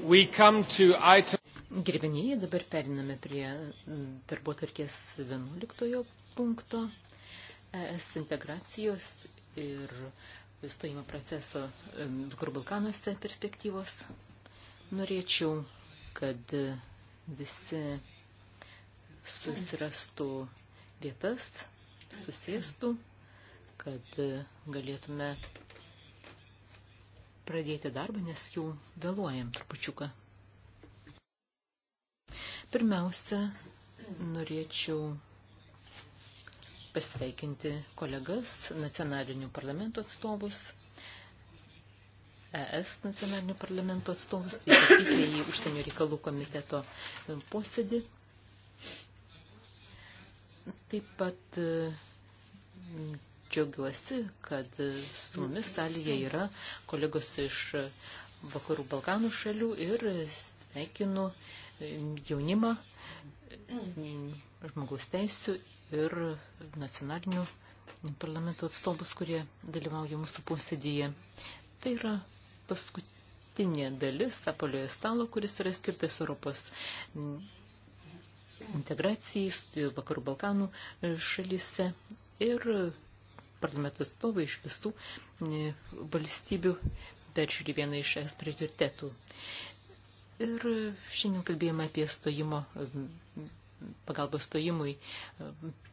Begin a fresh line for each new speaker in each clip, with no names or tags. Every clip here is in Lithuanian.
Item... Gerbėmieji, dabar periname prie mm, darbo tarkės 11 punkto ES integracijos ir stojimo proceso Vakarų Balkanuose perspektyvos. Norėčiau, kad visi susirastų vietas, susėstų, kad galėtume pradėti darbą, nes jau vėluojam trupučiuką. Pirmiausia, norėčiau pasveikinti kolegas, nacionalinių parlamento atstovus, ES nacionalinių parlamento atstovus, tai atvykę į užsienio reikalų komiteto posėdį. Taip pat džiaugiuosi, kad su mumis salėje yra kolegos iš Vakarų Balkanų šalių ir sveikinu jaunimą žmogaus teisų ir nacionalinių parlamento atstovus, kurie dalyvauja mūsų posėdyje. Tai yra paskutinė dalis Apolioje stalo, kuris yra skirtas Europos integracijai vakarų Balkanų šalyse ir parlamento atstovai iš visų e, valstybių peržiūri vieną iš es prioritetų. Ir šiandien kalbėjome apie stojimo, e, pagalbos stojimui, e,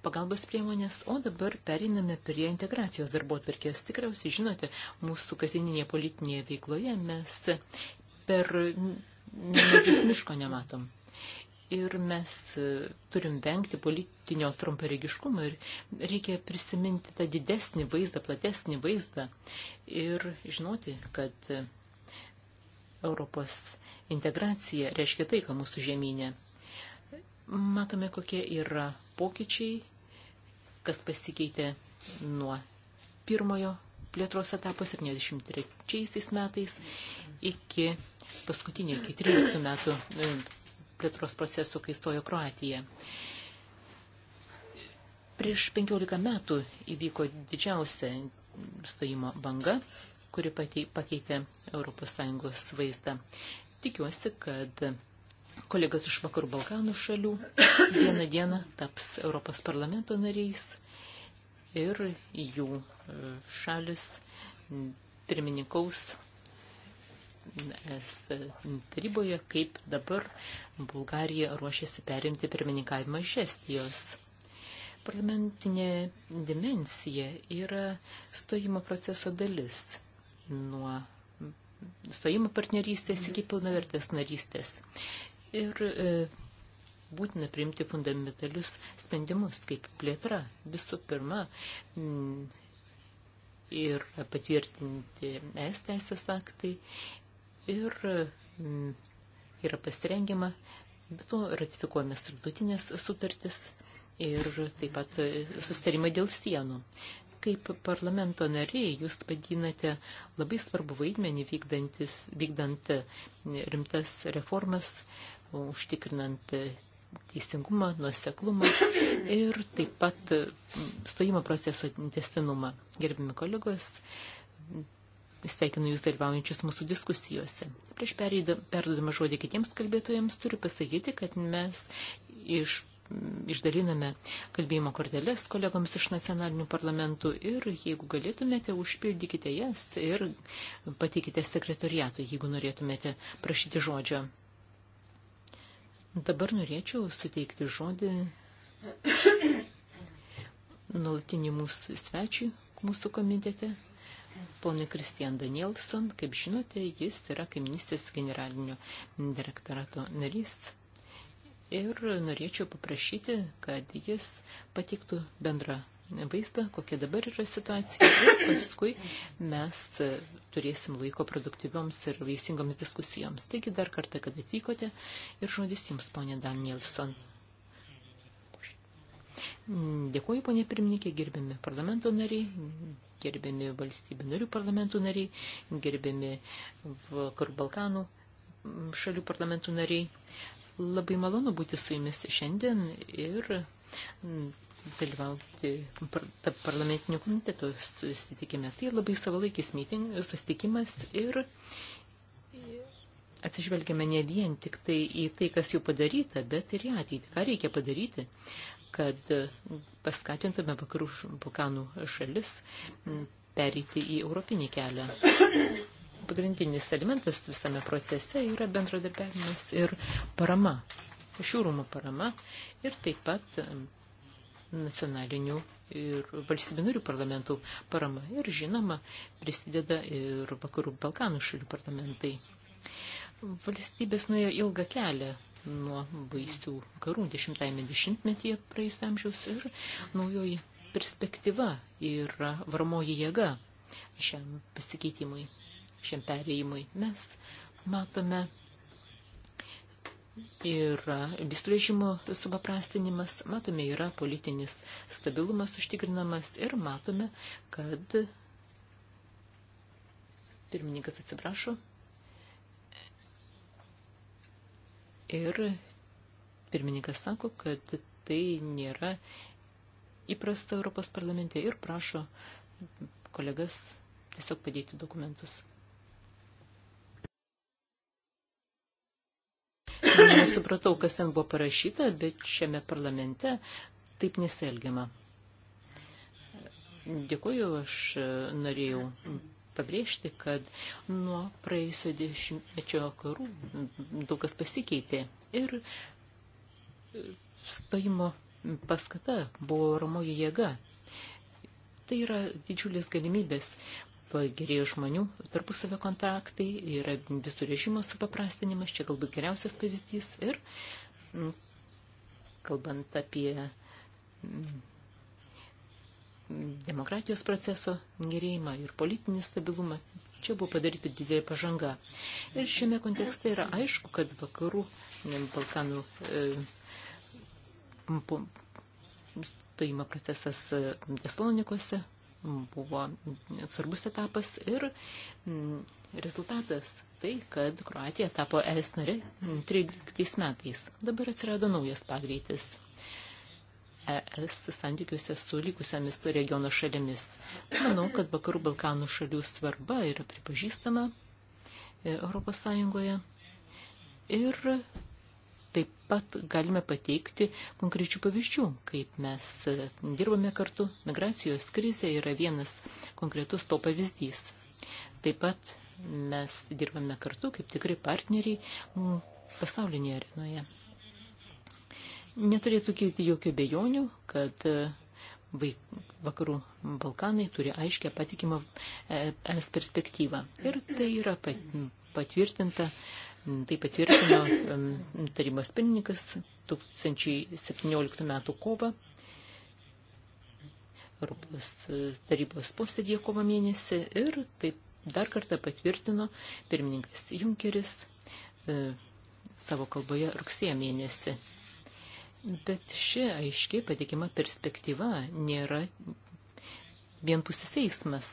pagalbos priemonės, o dabar periname prie integracijos darbo atverkės. Tikriausiai žinote, mūsų kasdieninėje politinėje veikloje mes per medžius miško nematom ir mes e, turim vengti politinio trumparegiškumo ir reikia prisiminti tą didesnį vaizdą, platesnį vaizdą ir žinoti, kad e, Europos integracija reiškia tai, ką mūsų žemynė. Matome, kokie yra pokyčiai, kas pasikeitė nuo pirmojo plėtros etapo 73 metais iki paskutinio, iki 13 metų e, plėtros procesu, kai stojo Kroatija. Prieš 15 metų įvyko didžiausia stojimo banga, kuri pakeitė ES vaizdą. Tikiuosi, kad kolegas iš Vakarų Balkanų šalių vieną dieną taps Europos parlamento nariais ir jų e, šalis pirmininkaus es taryboje, kaip dabar Bulgarija ruošiasi perimti pirmininkavimą iš Estijos. Parlamentinė dimensija yra stojimo proceso dalis nuo stojimo partnerystės iki pilnavertės narystės. Ir e, būtina priimti fundamentalius sprendimus, kaip plėtra. Visų pirma, m, ir patvirtinti es teisės aktai ir mm, yra pasirengiama, bet to ratifikuojame tarptautinės sutartis ir taip pat sustarimą dėl sienų. Kaip parlamento nariai, jūs padinate labai svarbu vaidmenį vykdant mm, rimtas reformas, užtikrinant teisingumą, nuoseklumą ir taip pat mm, stojimo proceso testinumą. Gerbimi kolegos, Sveikinu Jūs dalyvaujančius mūsų diskusijose. Prieš perdodama žodį kitiems kalbėtojams turiu pasakyti, kad mes iš išdaliname kalbėjimo korteles kolegoms iš nacionalinių parlamentų ir jeigu galėtumėte, užpildykite jas ir pateikite sekretoriatui, jeigu norėtumėte prašyti žodžio. Dabar norėčiau suteikti žodį nuolatinį mūsų svečiui mūsų komitete, ponui Kristian Danielson. Kaip žinote, jis yra kaimynystės generalinio direktorato narys. Ir norėčiau paprašyti, kad jis patiktų bendrą vaizdą, kokia dabar yra situacija ir paskui mes turėsim laiko produktyvioms ir vaisingoms diskusijoms. Taigi dar kartą, kad atvykote ir žodis jums, ponė Danielson. Dėkuoju, ponė pirmininkė, gerbiami parlamento nariai, gerbiami valstybių narių parlamentų nariai, gerbiami Vakarų Balkanų šalių parlamentų nariai. Labai malonu būti su jumis šiandien ir dalyvauti tarp parlamentinių komitetų susitikime. Tai labai savalaikis meeting, susitikimas ir atsižvelgiame ne vien tik tai į tai, kas jau padaryta, bet ir į ateitį, ką reikia padaryti kad paskatintume vakarų Balkanų šalis perėti į europinį kelią. Pagrindinis elementas visame procese yra bendradarbiavimas ir parama, šių rūmų parama ir taip pat nacionalinių ir valstybinarių parlamentų parama. Ir žinoma, prisideda ir vakarų Balkanų šalių parlamentai. Valstybės nuėjo ilgą kelią nuo baisių karų 10-metyje praeis amžiaus ir naujoji perspektyva yra varmoji jėga šiam pasikeitimui, šiam perėjimui. Mes matome yra visų režimo supaprastinimas, matome, yra politinis stabilumas užtikrinamas ir matome, kad pirmininkas atsiprašo. Ir pirmininkas sako, kad tai nėra įprasta Europos parlamente ir prašo kolegas tiesiog padėti dokumentus. Nesupratau, kas ten buvo parašyta, bet šiame parlamente taip nesielgiama. Dėkuoju, aš norėjau pabrėžti, kad nuo praėjusio dešimtmečio karų daug kas pasikeitė ir stojimo paskata buvo romoji jėga. Tai yra didžiulis galimybės pagerėjo žmonių tarpusavio kontaktai, yra visų režimo supaprastinimas, čia galbūt geriausias pavyzdys ir kalbant apie demokratijos proceso gerėjimą ir politinį stabilumą. Čia buvo padaryti didelė pažanga. Ir šiame kontekste yra aišku, kad vakarų Balkanų e, stojimo procesas Tesalonikose e, buvo svarbus etapas ir m, rezultatas tai, kad Kroatija tapo ES nare 13 metais. Dabar atsirado naujas pagreitis. E, ES santykiuose su likusiamis to regiono šalimis. Manau, kad Vakarų Balkanų šalių svarba yra pripažįstama e, Europos Sąjungoje ir taip pat galime pateikti konkrečių pavyzdžių, kaip mes e, dirbame kartu. Migracijos krizė yra vienas konkretus to pavyzdys. Taip pat mes dirbame kartu kaip tikri partneriai pasaulinėje arenoje. Neturėtų kilti jokių bejonių, kad e, vakarų Balkanai turi aiškę patikimą e, es perspektyvą. Ir tai yra patvirtinta, tai patvirtino tarybos pirmininkas 2017 m. kovą. Europos e, tarybos posėdėje kovo mėnesį ir taip dar kartą patvirtino pirmininkas Junkeris e, savo kalboje rugsėjo mėnesį. Bet ši aiškiai patikima perspektyva nėra vienpusis eismas.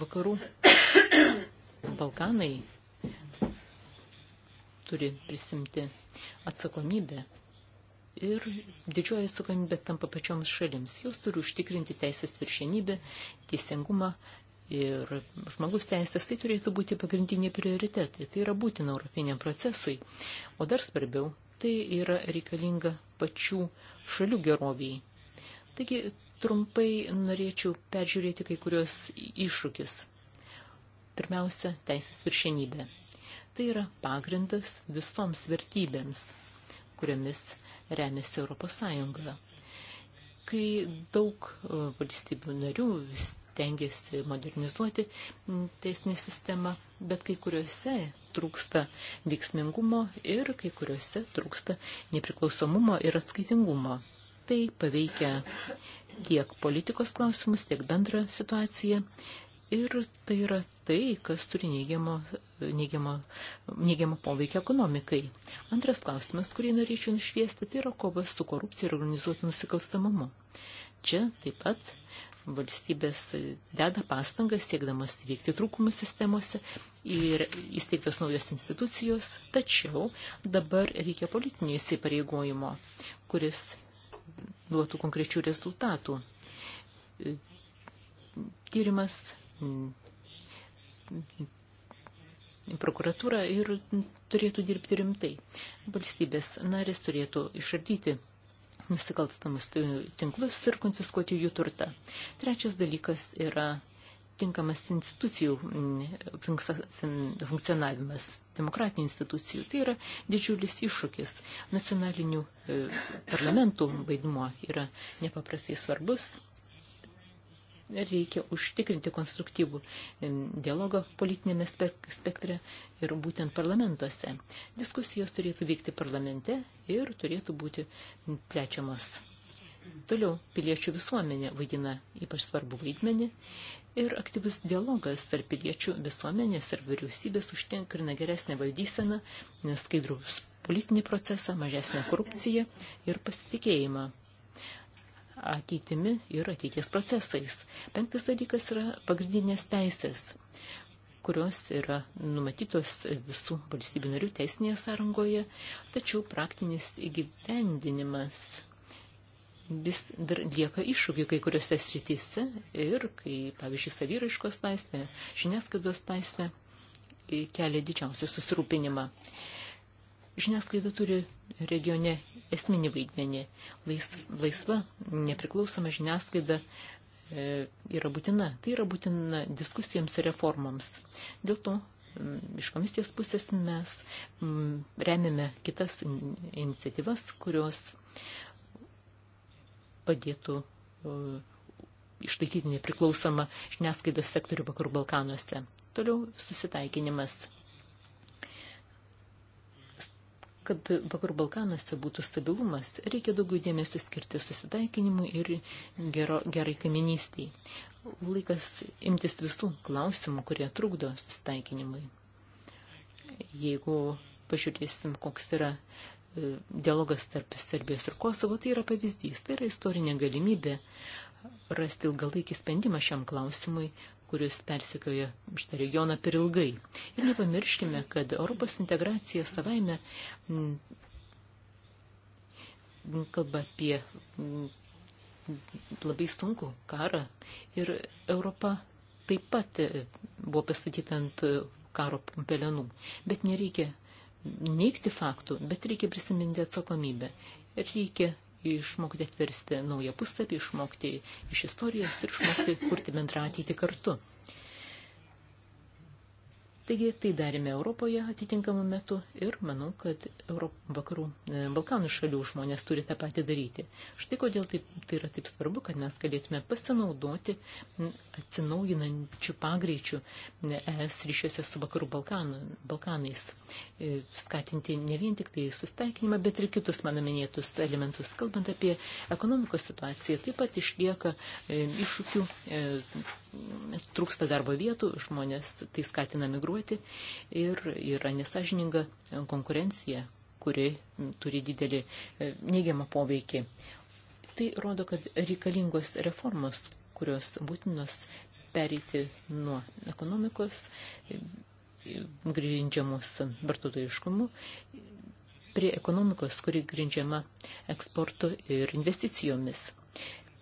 Vakarų Balkanai turi prisimti atsakomybę ir didžioji atsakomybė tampa pačioms šalims. Jos turi užtikrinti teisės viršenybę, teisingumą ir žmogus teisės. Tai turėtų būti pagrindiniai prioritetai. Tai yra būtina europiniam procesui. O dar svarbiau tai yra reikalinga pačių šalių geroviai. Taigi trumpai norėčiau peržiūrėti kai kurios iššūkius. Pirmiausia, teisės viršenybė. Tai yra pagrindas visoms vertybėms, kuriamis remiasi Europos Sąjunga kai daug e, valstybių narių tengiasi modernizuoti teisinį sistemą, bet kai kuriuose trūksta veiksmingumo ir kai kuriuose trūksta nepriklausomumo ir atskaitingumo. Tai paveikia tiek politikos klausimus, tiek bendrą situaciją. Ir tai yra tai, kas turi neigiamo, neigiamo, neigiamo poveikio ekonomikai. Antras klausimas, kurį norėčiau nušviesti, tai yra kova su korupcija ir organizuotu nusikalstamumu. Čia taip pat valstybės deda pastangas siekdamas įveikti trūkumus sistemose ir įsteigtos naujos institucijos, tačiau dabar reikia politinio įsipareigojimo, kuris duotų konkrečių rezultatų. Tyrimas prokuratūra ir turėtų dirbti rimtai. Valstybės narės turėtų išardyti nusikalstamus tinklus ir konfiskuoti jų turtą. Trečias dalykas yra tinkamas institucijų funkcionavimas, demokratinių institucijų. Tai yra didžiulis iššūkis. Nacionalinių e, parlamentų vaidmuo yra nepaprastai svarbus reikia užtikrinti konstruktyvų dialogą politinėme spektre ir būtent parlamentuose. Diskusijos turėtų vykti parlamente ir turėtų būti plečiamas. Toliau piliečių visuomenė vaidina ypač svarbu vaidmenį ir aktyvus dialogas tarp piliečių visuomenės ir vyriausybės užtinkrina geresnę valdyseną, skaidrus politinį procesą, mažesnę korupciją ir pasitikėjimą ateitimi ir ateities procesais. Penktas dalykas yra pagrindinės teisės kurios yra numatytos visų valstybių narių teisinėje sąrangoje, tačiau praktinis įgyvendinimas vis dar lieka iššūkių kai kuriuose srityse ir kai, pavyzdžiui, savyraiškos laisvė, žiniasklaidos laisvė e, kelia didžiausią susirūpinimą. Žiniasklaida turi regione esminį vaidmenį. Lais, laisva, nepriklausoma žiniasklaida e, yra būtina. Tai yra būtina diskusijams ir reformoms. Dėl to iš komisijos pusės mes m, remiame kitas iniciatyvas, kurios padėtų e, išlaikyti nepriklausomą žiniasklaidos sektorių vakarų Balkanuose. Toliau susitaikinimas kad vakarų Balkanuose būtų stabilumas, reikia daugiau dėmesio skirti susitaikinimui ir gero, gerai kaminystiai. Laikas imtis visų klausimų, kurie trukdo susitaikinimui. Jeigu pažiūrėsim, koks yra e, dialogas tarp Serbijos ir Kosovo, tai yra pavyzdys, tai yra istorinė galimybė rasti ilgalaikį sprendimą šiam klausimui, kuris persikioja šitą regioną per ilgai. Ir nepamirškime, kad Europos integracija savaime m, mm, kalba apie m, mm, labai sunku karą ir Europa taip pat e, buvo pastatyta ant e, karo pelenų. Bet nereikia neikti faktų, bet reikia prisiminti atsakomybę. Reikia išmokti atversti naują puslapį, išmokti iš istorijos ir išmokti kurti bendrą ateitį kartu. Taigi tai darėme Europoje atitinkamu metu ir manau, kad Europ, vakarų, e, Balkanų šalių žmonės turi tą patį daryti. Štai kodėl taip, tai yra taip svarbu, kad mes galėtume pasinaudoti atsinaujinančių pagreičių ES ryšiuose su vakarų Balkanu, Balkanais, e, skatinti ne vien tik tai sustaikinimą, bet ir kitus mano minėtus elementus. Kalbant apie ekonomikos situaciją, taip pat išlieka e, iššūkių trūksta darbo vietų, žmonės tai skatina migruoti ir yra nesažininga konkurencija, kuri turi didelį e, neigiamą poveikį. Tai rodo, kad reikalingos reformos, kurios būtinos pereiti nuo ekonomikos, grindžiamos vartotojiškumu, prie ekonomikos, kuri grindžiama eksportu ir investicijomis.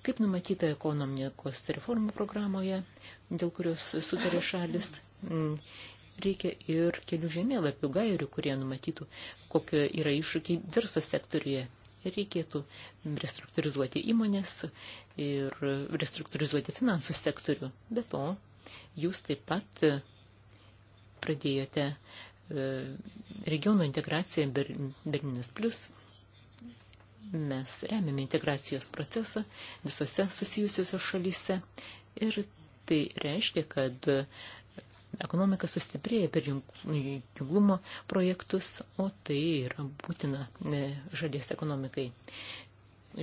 Kaip numatyta ekonomikos reformų programoje, dėl kurios sutarė šalis, reikia ir kelių žemėlapių gairių, kurie numatytų, kokie yra iššūkiai verslo sektoriuje. Reikėtų restruktūrizuoti įmonės ir restruktūrizuoti finansų sektorių. Be to, jūs taip pat e, pradėjote e, regiono integraciją Berlinas Plus Mes remiame integracijos procesą visose susijusiuose šalyse ir tai reiškia, kad ekonomika sustiprėja per junglumo projektus, o tai yra būtina žalies e, ekonomikai.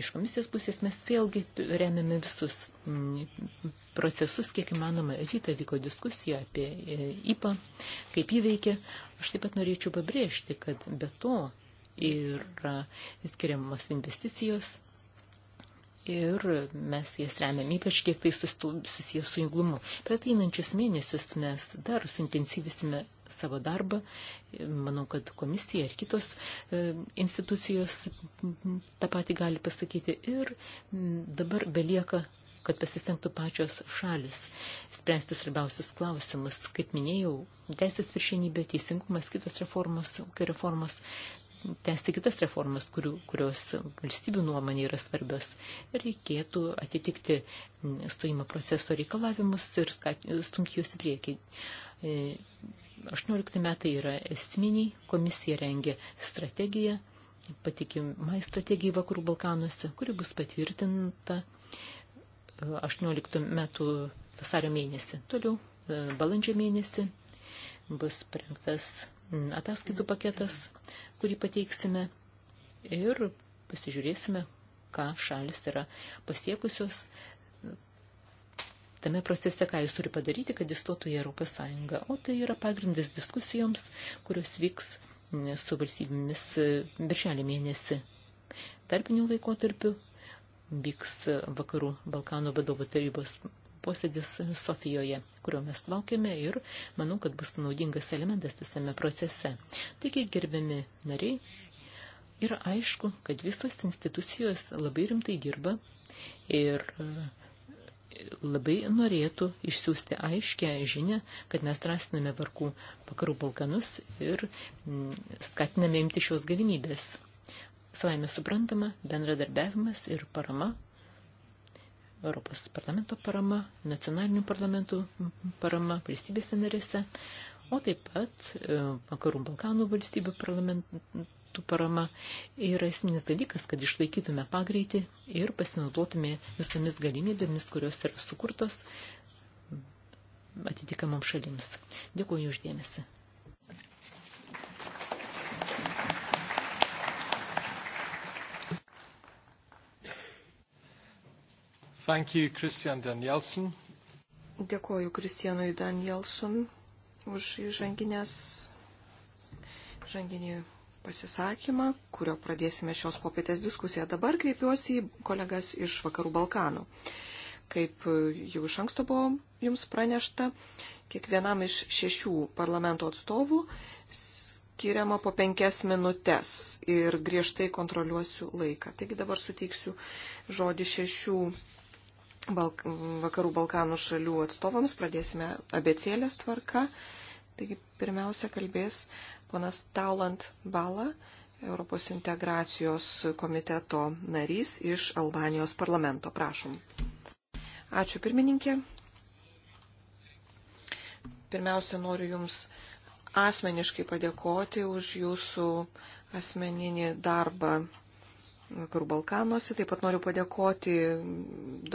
Iš komisijos pusės mes vėlgi remiame visus procesus, kiek įmanoma. Ryta vyko diskusija apie e, IPA, kaip jį veikia. Aš taip pat norėčiau pabrėžti, kad be to yra skiriamos investicijos ir mes jas remiam ypač kiek tai susijęs su inglumu. Per ateinančius mėnesius mes dar suintensyvisime savo darbą. Manau, kad komisija ir kitos e, institucijos tą patį gali pasakyti. Ir dabar belieka kad pasistengtų pačios šalis spręsti svarbiausius klausimus. Kaip minėjau, teisės viršienybė, teisingumas, kitos reformos, ūkio reformos, tęsti kitas reformas, kurių, kurios valstybių nuomonė yra svarbios. Reikėtų atitikti stojimo proceso reikalavimus ir stumti juos į priekį. 18 e, metai yra esminiai, komisija rengia strategiją, patikimai strategijai Vakarų Balkanuose, kuri bus patvirtinta 18 e, metų vasario mėnesį. Toliau, e, balandžio mėnesį bus parengtas ataskaitų paketas, kurį pateiksime ir pasižiūrėsime, ką šalis yra pasiekusios tame procese, ką jis turi padaryti, kad įstotų į Europos Sąjungą. O tai yra pagrindas diskusijoms, kurios vyks su valstybėmis birželį mėnesį. Tarpinių laikotarpių vyks vakarų Balkanų vadovų tarybos posėdis Sofijoje, kurio mes laukiame ir manau, kad bus naudingas elementas visame procese. Taigi, gerbiami nariai, yra aišku, kad visos institucijos labai rimtai dirba ir e, labai norėtų išsiųsti aiškę žinę, kad mes drąsiname varkų vakarų Balkanus ir skatiname imti šios galimybės. Savaime suprantama, bendradarbiavimas ir parama Europos parlamento parama, nacionalinių parlamentų parama valstybėse narėse, o taip pat e, vakarų Balkanų valstybių parlamentų parama yra esminis dalykas, kad išlaikytume pagreitį ir pasinaudotume visomis galimybėmis, kurios yra sukurtos atitinkamam šalims. Dėkuoju uždėmesi.
Thank you, Christian Danielson. Dėkoju Kristijanui Danielson už įžanginės, įžanginį pasisakymą, kurio pradėsime šios popietės diskusiją. Dabar kreipiuosi į kolegas iš Vakarų Balkanų. Kaip jau iš anksto buvo jums pranešta, kiekvienam iš šešių parlamento atstovų skiriama po penkias minutės ir griežtai kontroliuosiu laiką. Taigi dabar suteiksiu žodį šešių Balk vakarų Balkanų šalių atstovams. Pradėsime abecėlės tvarka. Taigi pirmiausia kalbės ponas Taulant Bala, Europos integracijos komiteto narys iš Albanijos parlamento. Prašom. Ačiū pirmininkė. Pirmiausia, noriu Jums asmeniškai padėkoti už Jūsų asmeninį darbą Vakarų Balkanuose. Taip pat noriu padėkoti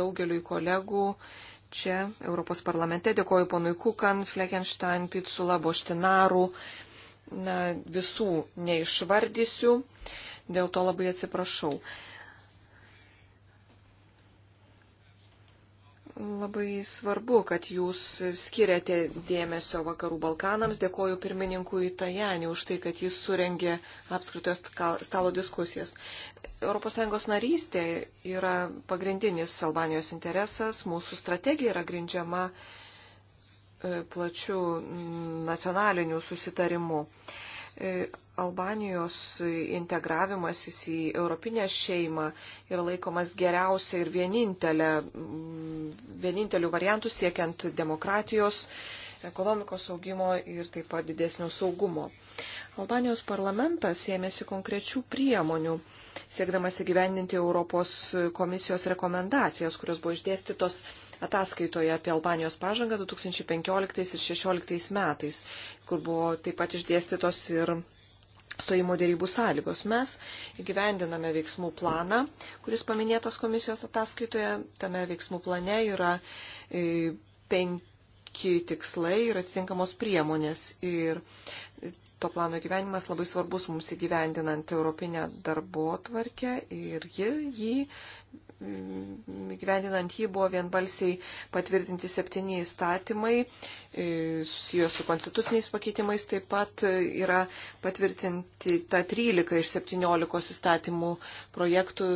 daugeliui kolegų čia Europos parlamente. Dėkoju ponui Kukan, Fleckenstein, Pitsula, Boštinaru. Na, visų neišvardysiu, dėl to labai atsiprašau. Labai svarbu, kad jūs skiriate dėmesio Vakarų Balkanams. Dėkoju pirmininkui Tajani už tai, kad jis surengė apskritos stalo diskusijas. ES narystė yra pagrindinis Albanijos interesas, mūsų strategija yra grindžiama e, plačių nacionalinių susitarimų. E, Albanijos integravimasis į Europinę šeimą yra laikomas geriausia ir vienintelė, mm, vieninteliu variantu siekiant demokratijos, ekonomikos augimo ir taip pat didesnio saugumo. Albanijos parlamentas ėmėsi konkrečių priemonių siekdamas įgyvendinti Europos komisijos rekomendacijas, kurios buvo išdėstytos ataskaitoje apie Albanijos pažangą 2015 ir 2016 metais, kur buvo taip pat išdėstytos ir stojimo dėrybų sąlygos. Mes įgyvendiname veiksmų planą, kuris paminėtas komisijos ataskaitoje. Tame veiksmų plane yra e, penki tikslai ir atitinkamos priemonės. Ir to plano gyvenimas labai svarbus mums įgyvendinant Europinę darbo tvarkę ir ji, jį mm, gyvendinant jį buvo vienbalsiai patvirtinti septyni įstatymai e, susijęs su konstituciniais pakeitimais, taip pat yra patvirtinti ta 13 iš 17 įstatymų projektų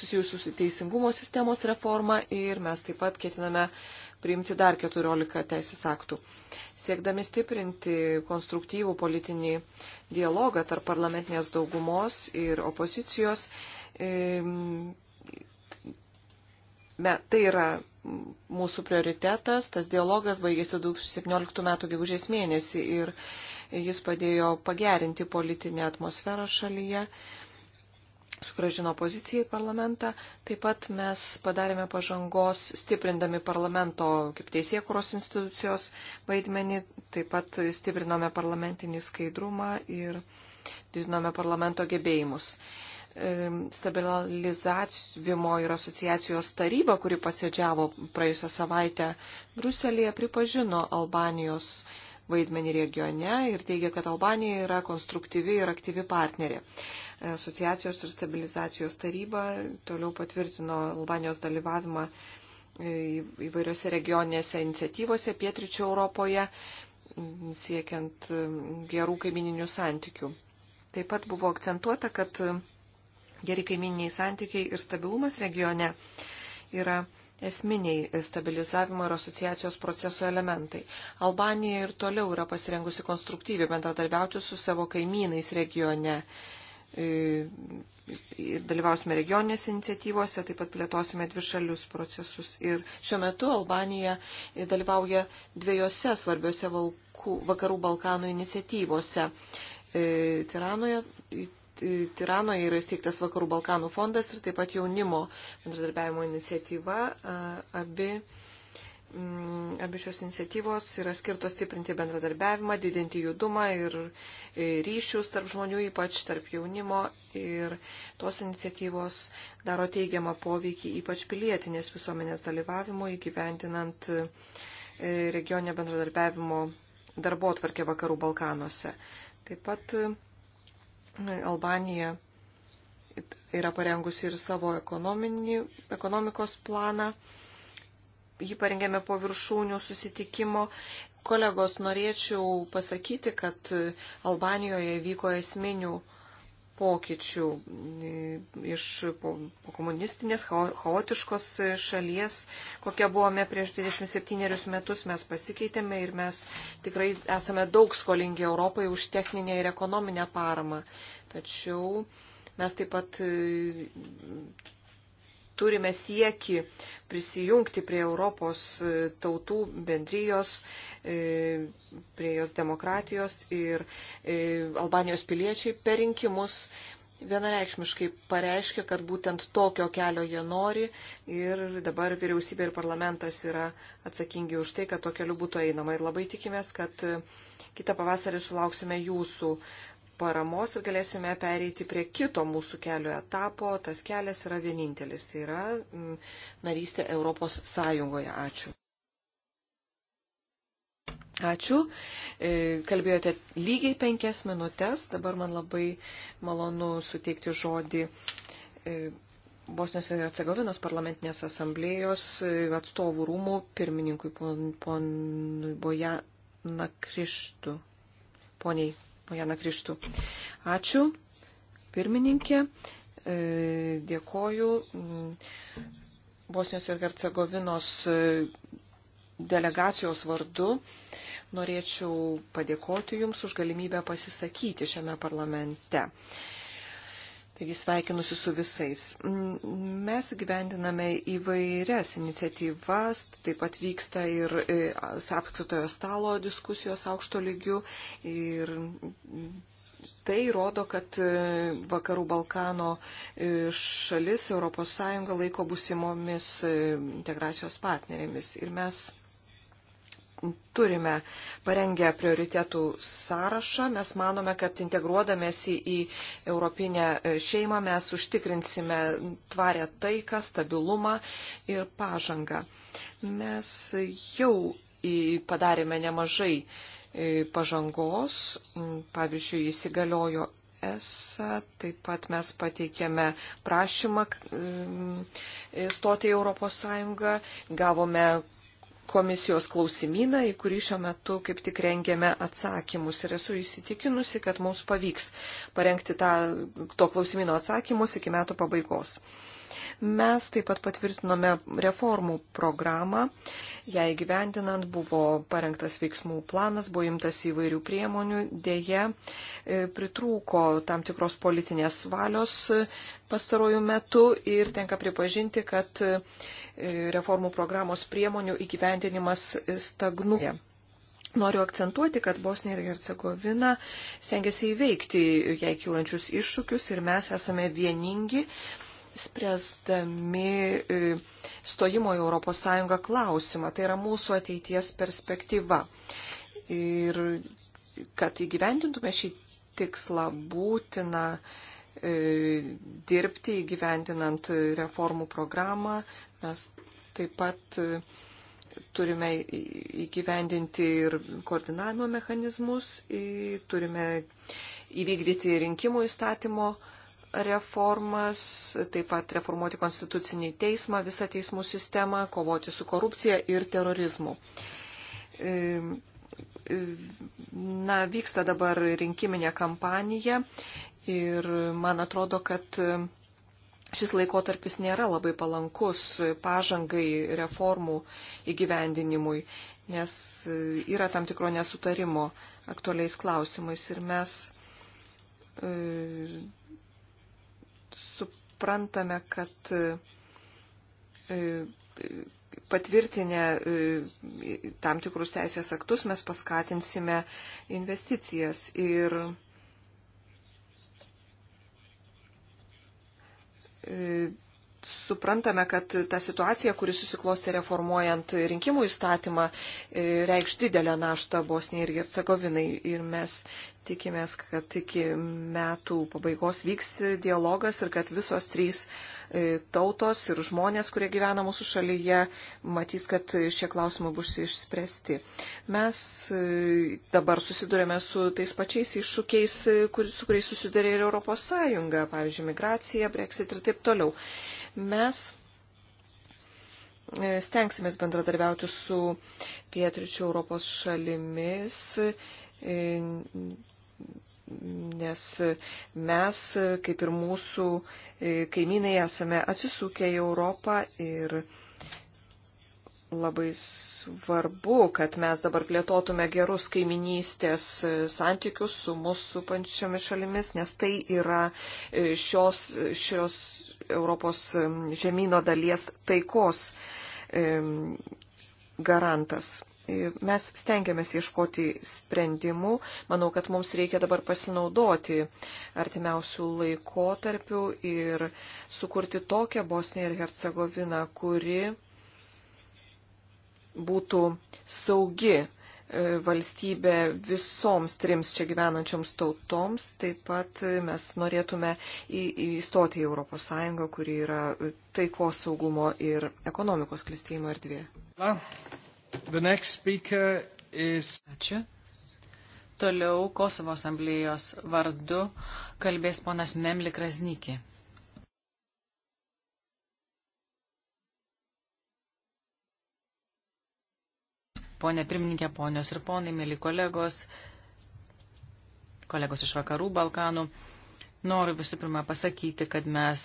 susijusių su teisingumo sistemos reforma ir mes taip pat ketiname uh, priimti dar 14 teisės aktų. Siekdami stiprinti konstruktyvų politinį dialogą tarp parlamentinės daugumos ir opozicijos, tai yra mūsų prioritetas, tas dialogas baigėsi 2017 m. gegužės mėnesį ir jis padėjo pagerinti politinę atmosferą šalyje sugražino poziciją į parlamentą. Taip pat mes padarėme pažangos stiprindami parlamento kaip teisėkuros institucijos vaidmenį, taip pat stiprinome parlamentinį skaidrumą ir didinome parlamento gebėjimus. Stabilizavimo ir asociacijos taryba, kuri pasėdžiavo praėjusią savaitę Bruselėje, pripažino Albanijos vaidmenį regione ir teigia, kad Albanija yra konstruktyvi ir aktyvi partnerė. Asociacijos ir stabilizacijos taryba toliau patvirtino Albanijos dalyvavimą e, įvairiose regioninėse iniciatyvose pietričio Europoje, siekiant e, gerų kaimininių santykių. Taip pat buvo akcentuota, kad e, geri kaimininiai santykiai ir stabilumas regione yra esminiai stabilizavimo ir asociacijos proceso elementai. Albanija ir toliau yra pasirengusi konstruktyviai bendradarbiauti su savo kaimynais regione. E, ir dalyvausime regioninės iniciatyvose, taip pat plėtosime dvišalius procesus. Ir šiuo metu Albanija dalyvauja dviejose svarbiose Valkų, vakarų Balkanų iniciatyvose. E, Tiranoje Tiranoje yra įsteigtas Vakarų Balkanų fondas ir taip pat jaunimo bendradarbiavimo iniciatyva. Abi, mm, abi šios iniciatyvos yra skirtos stiprinti bendradarbiavimą, didinti judumą ir e, ryšius tarp žmonių, ypač tarp jaunimo. Ir tos iniciatyvos daro teigiamą poveikį ypač pilietinės visuomenės dalyvavimo įgyvendinant e, regioninio bendradarbiavimo darbo atvarkė Vakarų Balkanuose. Taip pat Albanija yra parengusi ir savo ekonomikos planą. Jį parengėme po viršūnių susitikimo. Kolegos, norėčiau pasakyti, kad Albanijoje vyko esminių pokyčių iš po, po komunistinės chaotiškos šalies, kokia buvome prieš 27 metus, mes pasikeitėme ir mes tikrai esame daug skolingi Europai už techninę ir ekonominę paramą. Tačiau mes taip pat turime sieki prisijungti prie Europos e, tautų bendrijos, e, prie jos demokratijos ir e, Albanijos piliečiai per rinkimus vienareikšmiškai pareiškia, kad būtent tokio kelio jie nori ir dabar vyriausybė ir parlamentas yra atsakingi už tai, kad to keliu būtų einama. Ir labai tikimės, kad kitą pavasarį sulauksime jūsų paramos ir galėsime pereiti prie kito mūsų kelio etapo. Tas kelias yra vienintelis, tai yra mm, narystė Europos Sąjungoje. Ačiū. Ačiū. E, kalbėjote lygiai penkias minutės. Dabar man labai malonu suteikti žodį e, Bosnijos ir Hercegovinos parlamentinės asamblėjos e, atstovų rūmų pirmininkui ponui Bojana Krištų. Poniai Bojana Krištų. Ačiū, pirmininkė. E, dėkoju mm, Bosnijos ir Hercegovinos e, delegacijos vardu. Norėčiau padėkoti Jums už galimybę pasisakyti šiame parlamente. Taigi sveikinusi su visais. Mes gyvendiname įvairias iniciatyvas, taip pat vyksta ir e, apkritojo stalo diskusijos aukšto lygių ir Tai rodo, kad e, Vakarų Balkano e, šalis ES laiko busimomis integracijos partnerėmis. Ir mes turime parengę prioritetų sąrašą. Mes manome, kad integruodamėsi į Europinę šeimą mes užtikrinsime tvarę taiką, stabilumą ir pažangą. Mes jau padarėme nemažai pažangos, pavyzdžiui, įsigaliojo ESA, taip pat mes pateikėme prašymą stoti į Europos Sąjungą, gavome komisijos klausimyną, į kurį šiuo metu kaip tik rengiame atsakymus. Ir esu įsitikinusi, kad mums pavyks parengti tą, to klausimino atsakymus iki metų pabaigos. Mes taip pat patvirtinome reformų programą. Ją įgyvendinant buvo parengtas veiksmų planas, buvo imtas įvairių priemonių. Deja, e, pritrūko tam tikros politinės valios e, pastarojų metų ir tenka pripažinti, kad e, reformų programos priemonių įgyvendinimas stagnuoja. Noriu akcentuoti, kad Bosnija ir Hercegovina stengiasi įveikti jai kilančius iššūkius ir mes esame vieningi spręsdami e, stojimo į ES klausimą. Tai yra mūsų ateities perspektyva. Ir kad įgyvendintume šį tikslą būtina e, dirbti įgyvendinant reformų programą, Mes taip pat e, turime įgyvendinti ir koordinavimo mechanizmus, turime įvykdyti rinkimų įstatymo reformas, taip pat reformuoti konstitucinį teismą, visą teismų sistemą, kovoti su korupcija ir terorizmu. E, na, vyksta dabar rinkiminė kampanija ir man atrodo, kad šis laikotarpis nėra labai palankus pažangai reformų įgyvendinimui, nes yra tam tikro nesutarimo aktualiais klausimais ir mes e, suprantame, kad e, patvirtinę e, tam tikrus teisės aktus mes paskatinsime investicijas ir e, e, suprantame, kad ta situacija, kuri susiklosti reformuojant rinkimų įstatymą, e, reikš didelę naštą Bosnijai ir Hercegovinai. Ir mes tikimės, kad iki metų pabaigos vyks dialogas ir kad visos trys e, tautos ir žmonės, kurie gyvena mūsų šalyje, matys, kad šie klausimai bus išspręsti. Mes e, dabar susidurėme su tais pačiais iššūkiais, su kuriais susidurė ir Europos Sąjunga, pavyzdžiui, migracija, Brexit ir taip toliau. Mes e, stengsimės bendradarbiauti su pietričių Europos šalimis, e, nes mes, kaip ir mūsų e, kaimynai, esame atsisukę į Europą ir labai svarbu, kad mes dabar plėtotume gerus kaiminystės santykius su mūsų supančiomis šalimis, nes tai yra šios, šios Europos žemynų dalies taikos garantas. E mes stengiamės ieškoti sprendimų. Manau, kad mums reikia dabar pasinaudoti artimiausių laikotarpių ir sukurti tokią Bosniją ir Hercegoviną, kuri būtų saugi E, valstybė visoms trims čia gyvenančioms tautoms. Taip pat e, mes norėtume į, įstoti į Europos Sąjungą, kuri yra e, taikos saugumo ir ekonomikos klistėjimo erdvė.
Is... Ačiū. Toliau Kosovo asamblėjos vardu kalbės ponas Memli Krasnikė. Pone pirmininkė, ponios ir ponai, mėly kolegos, kolegos iš vakarų Balkanų, noriu visų pirma pasakyti, kad mes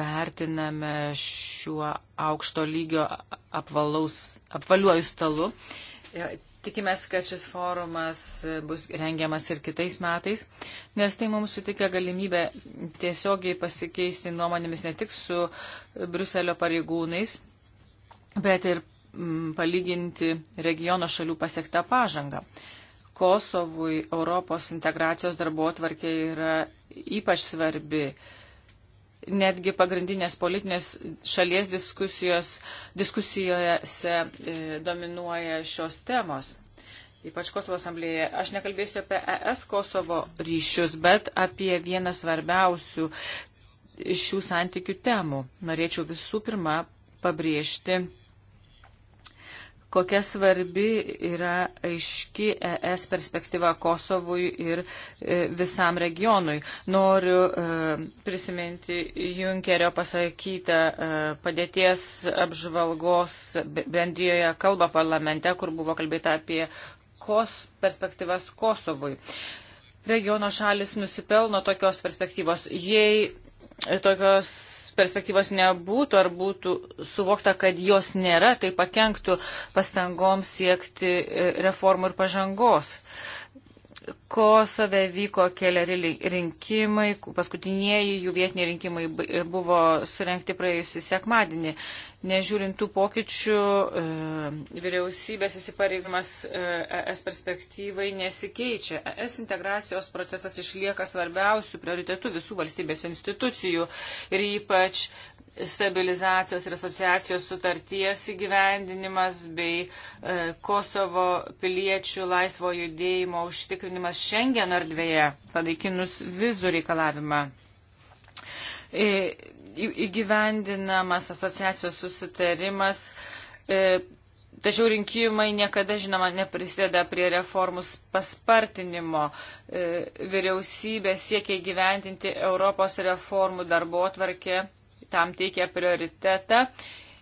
vertiname šiuo aukšto lygio apvalaus, apvaliuoju stalu. E, tikimės, kad šis forumas bus rengiamas ir kitais metais, nes tai mums sutikia galimybę tiesiogiai pasikeisti nuomonėmis ne tik su Bruselio pareigūnais, bet ir Mm, palyginti regiono šalių pasiektą pažangą. Kosovui Europos integracijos darbo atvarkė yra ypač svarbi. Netgi pagrindinės politinės šalies diskusijose e, dominuoja šios temos. Ypač Kosovo asamblėje. Aš nekalbėsiu apie ES Kosovo ryšius, bet apie vieną svarbiausių šių santykių temų. Norėčiau visų pirma pabrėžti kokia svarbi yra aiški ES perspektyva Kosovui ir e, visam regionui. Noriu e, prisiminti Junkerio pasakytą e, padėties apžvalgos bendrijoje kalbą parlamente, kur buvo kalbėta apie kos perspektyvas Kosovui regiono šalis nusipelno tokios perspektyvos. Jei tokios perspektyvos nebūtų ar būtų suvokta, kad jos nėra, tai pakenktų pastangoms siekti e, reformų ir pažangos. Uh, Kosove vyko keliari rinkimai, paskutinieji jų vietiniai rinkimai buvo surenkti praėjusį sekmadienį. Nežiūrintų pokyčių, e, vyriausybės įsipareigimas ES e perspektyvai nesikeičia. ES integracijos procesas išlieka svarbiausių prioritetų visų valstybės institucijų ir ypač stabilizacijos ir asociacijos sutarties įgyvendinimas bei e, Kosovo piliečių laisvo judėjimo užtikrinimas Schengen erdvėje, panaikinus vizų reikalavimą. E, įgyvendinamas asociacijos susitarimas e, Tačiau rinkimai niekada, žinoma, neprisideda prie reformų paspartinimo. Vyriausybė siekia gyventinti Europos reformų darbo tvarkę tam teikia prioritetą.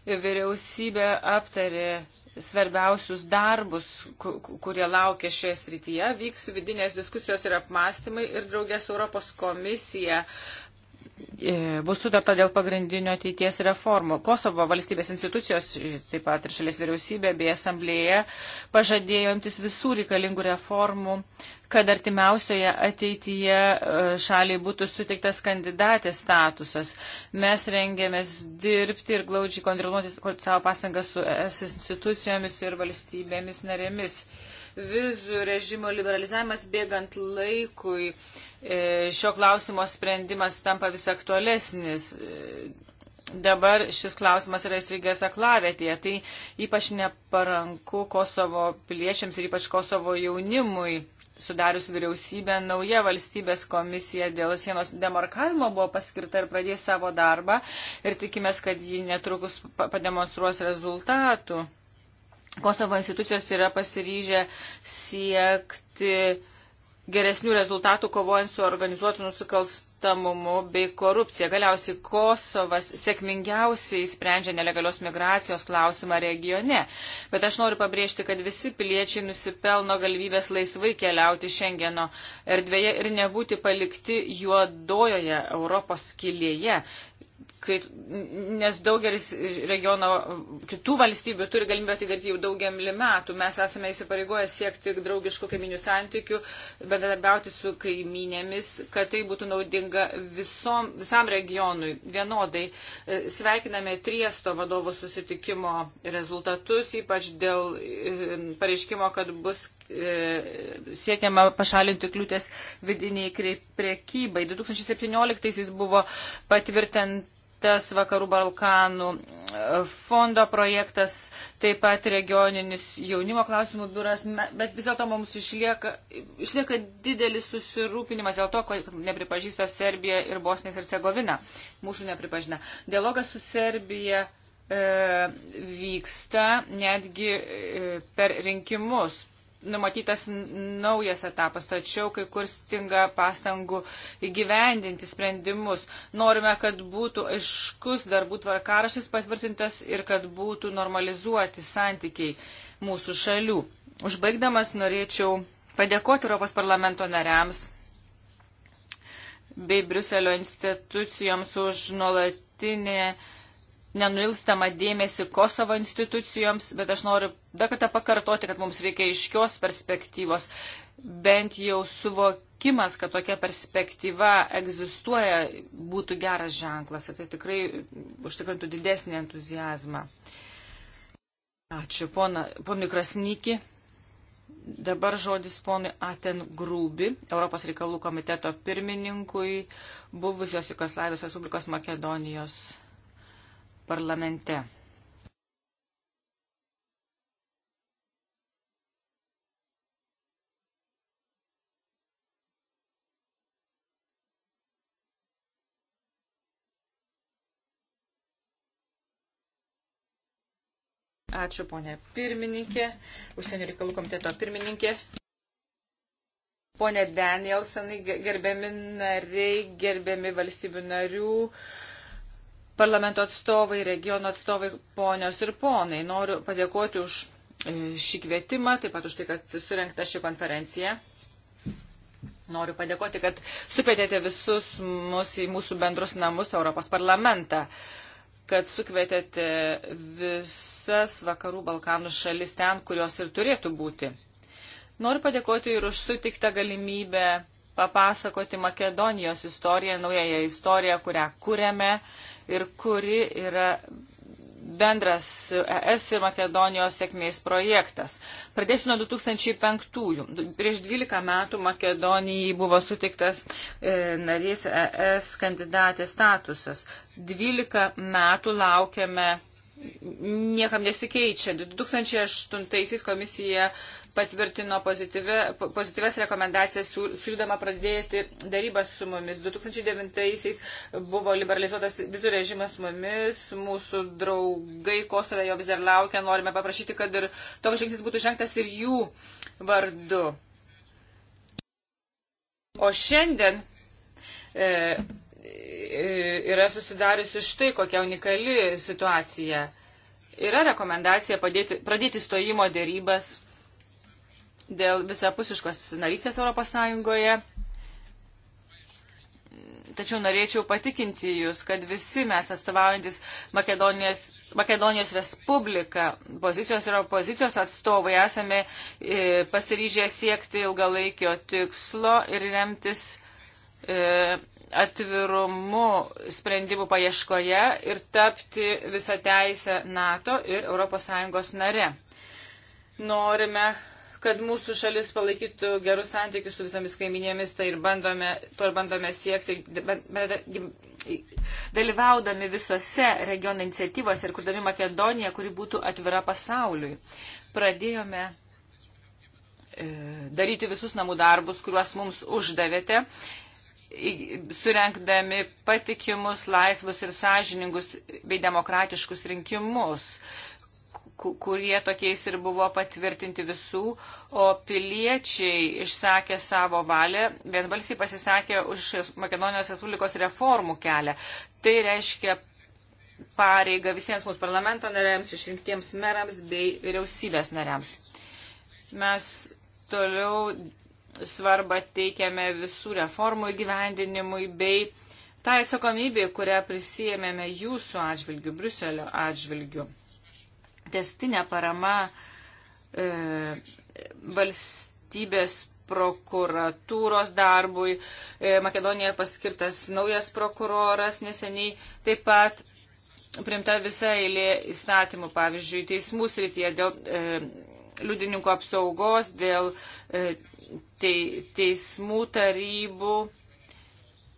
Vyriausybė aptarė svarbiausius darbus, kurie laukia šioje srityje. Vyks vidinės diskusijos ir apmąstymai ir draugės Europos komisija e, bus sutarta dėl pagrindinio ateities reformų. Kosovo valstybės institucijos, e, taip pat ir šalies vyriausybė bei asamblėje, pažadėjo imtis visų reikalingų reformų kad artimiausioje ateityje e, šaliai būtų suteiktas kandidatės statusas. Mes rengėmės dirbti ir glaudžiai kontroliuoti savo pastangas su ES institucijomis ir valstybėmis narėmis. Vizų režimo liberalizavimas bėgant laikui e, šio klausimo sprendimas tampa vis aktualesnis e, dabar šis klausimas yra įstrigęs aklavėtėje. Tai ypač neparanku Kosovo piliečiams ir ypač Kosovo jaunimui sudarius vyriausybę, nauja valstybės komisija dėl sienos demarkavimo buvo paskirta ir pradės savo darbą ir tikimės, kad ji netrukus pademonstruos rezultatų. Kosovo institucijos yra pasiryžę siekti geresnių rezultatų kovojant su organizuotu nusikalstamumu bei korupcija. Galiausiai Kosovas sėkmingiausiai sprendžia nelegalios migracijos klausimą regione. Bet aš noriu pabrėžti, kad visi piliečiai nusipelno galimybės laisvai keliauti Šengeno erdvėje ir nebūti palikti juodojoje Europos kilėje kai, nes daugelis regiono kitų valstybių turi galimybę atidaryti jau daugelį metų. Mes esame įsipareigoję siekti draugiškų kaiminių santykių, bendradarbiauti su kaiminėmis, kad tai būtų naudinga visom, visam regionui vienodai. E, sveikiname Triesto vadovų susitikimo rezultatus, ypač dėl e, pareiškimo, kad bus e, siekiama pašalinti kliūtės vidiniai prekybai. 2017 buvo patvirtinti projektas, Vakarų Balkanų e, fondo projektas, taip pat regioninis jaunimo klausimų biuras, bet vis dėlto mums išlieka, išlieka didelis susirūpinimas dėl to, kad nepripažįsta Serbija ir Bosnija ir Hercegovina. Mūsų nepripažina. Dialogas su Serbija e, vyksta netgi e, per rinkimus numatytas naujas etapas, tačiau kai kur stinga pastangų įgyvendinti sprendimus. Norime, kad būtų aiškus darbų tvarkaraštis patvirtintas ir kad būtų normalizuoti santykiai mūsų šalių. Užbaigdamas norėčiau padėkoti Europos parlamento nariams bei Briuselio institucijoms už nuolatinę nenuilstamą dėmesį Kosovo institucijoms, bet aš noriu dar kartą pakartoti, kad mums reikia iškios perspektyvos, bent jau suvokimas, kad tokia perspektyva egzistuoja, būtų geras ženklas ir tai tikrai užtikrintų didesnį entuzijazmą. Ačiū, pona, ponui Krasnyki. Dabar žodis ponui Aten Grūbi, Europos reikalų komiteto pirmininkui, buvusios Jugoslavijos Respublikos Makedonijos parlamente. Ačiū, ponė pirmininkė, užsienio reikalų komiteto pirmininkė. Pone Danielsenai, gerbiami nariai, gerbiami valstybių narių, uh, parlamento atstovai, regiono atstovai, ponios ir ponai. Noriu padėkoti už e, šį kvietimą, taip pat už tai, kad surinkta ši konferencija. Noriu padėkoti, kad sukvietėte visus mus į mūsų bendrus namus Europos parlamentą, kad sukvietėte visas vakarų Balkanų šalis ten, kurios ir turėtų būti. Noriu padėkoti ir už sutiktą galimybę papasakoti Makedonijos istoriją, naująją istoriją, kurią kūrėme ir kuri yra bendras ES ir Makedonijos sėkmės projektas. Pradėsiu nuo 2005-ųjų. Prieš 12 metų Makedonijai buvo sutiktas e, narys ES kandidatės statusas. 12 metų laukiame niekam nesikeičia. 2008 komisija patvirtino pozityvę, pozityves rekomendacijas, siūlydama pradėti darybas su mumis. 2009 buvo liberalizuotas vizų režimas su mumis, mūsų draugai Kosove jo vis dar laukia, norime paprašyti, kad ir toks žingsnis būtų žengtas ir jų vardu. O šiandien e, yra susidariusi štai kokia unikali situacija. Yra rekomendacija padėti, pradėti stojimo dėrybas dėl visapusiškos narystės Europos Sąjungoje. Tačiau norėčiau patikinti Jūs, kad visi mes atstovaujantis Makedonijos, Makedonijos Respubliką, pozicijos ir opozicijos atstovai, esame e, pasiryžę siekti ilgalaikio tikslo ir remtis E, atvirumu sprendimų paieškoje ir tapti visą teisę NATO ir ES nare. Norime, kad mūsų šalis palaikytų gerus santykius su visomis kaiminėmis, tai ir bandome, to ir bandome siekti, dalyvaudami visose regiono iniciatyvose ir kurdami Makedoniją, kuri būtų atvira pasauliui. Pradėjome e, daryti visus namų darbus, kuriuos mums uždavėte surenkdami patikimus, laisvus ir sąžiningus bei demokratiškus rinkimus, kurie tokiais ir buvo patvirtinti visų, o piliečiai išsakė savo valią, vienbalsiai pasisakė už Makedonijos Respublikos reformų kelią. Tai reiškia pareiga visiems mūsų parlamento nariams, išrinktiems merams bei vyriausybės nariams. Mes toliau svarbą teikiame visų reformų įgyvendinimui bei tą atsakomybę, kurią prisijėmėme jūsų atžvilgių, Bruselio atžvilgių. Testinė parama e, valstybės prokuratūros darbui. E, Makedonijoje paskirtas naujas prokuroras neseniai. Taip pat primta visa eilė įstatymų, pavyzdžiui, teismų srityje dėl e, liudininkų apsaugos, dėl e, te, teismų tarybų,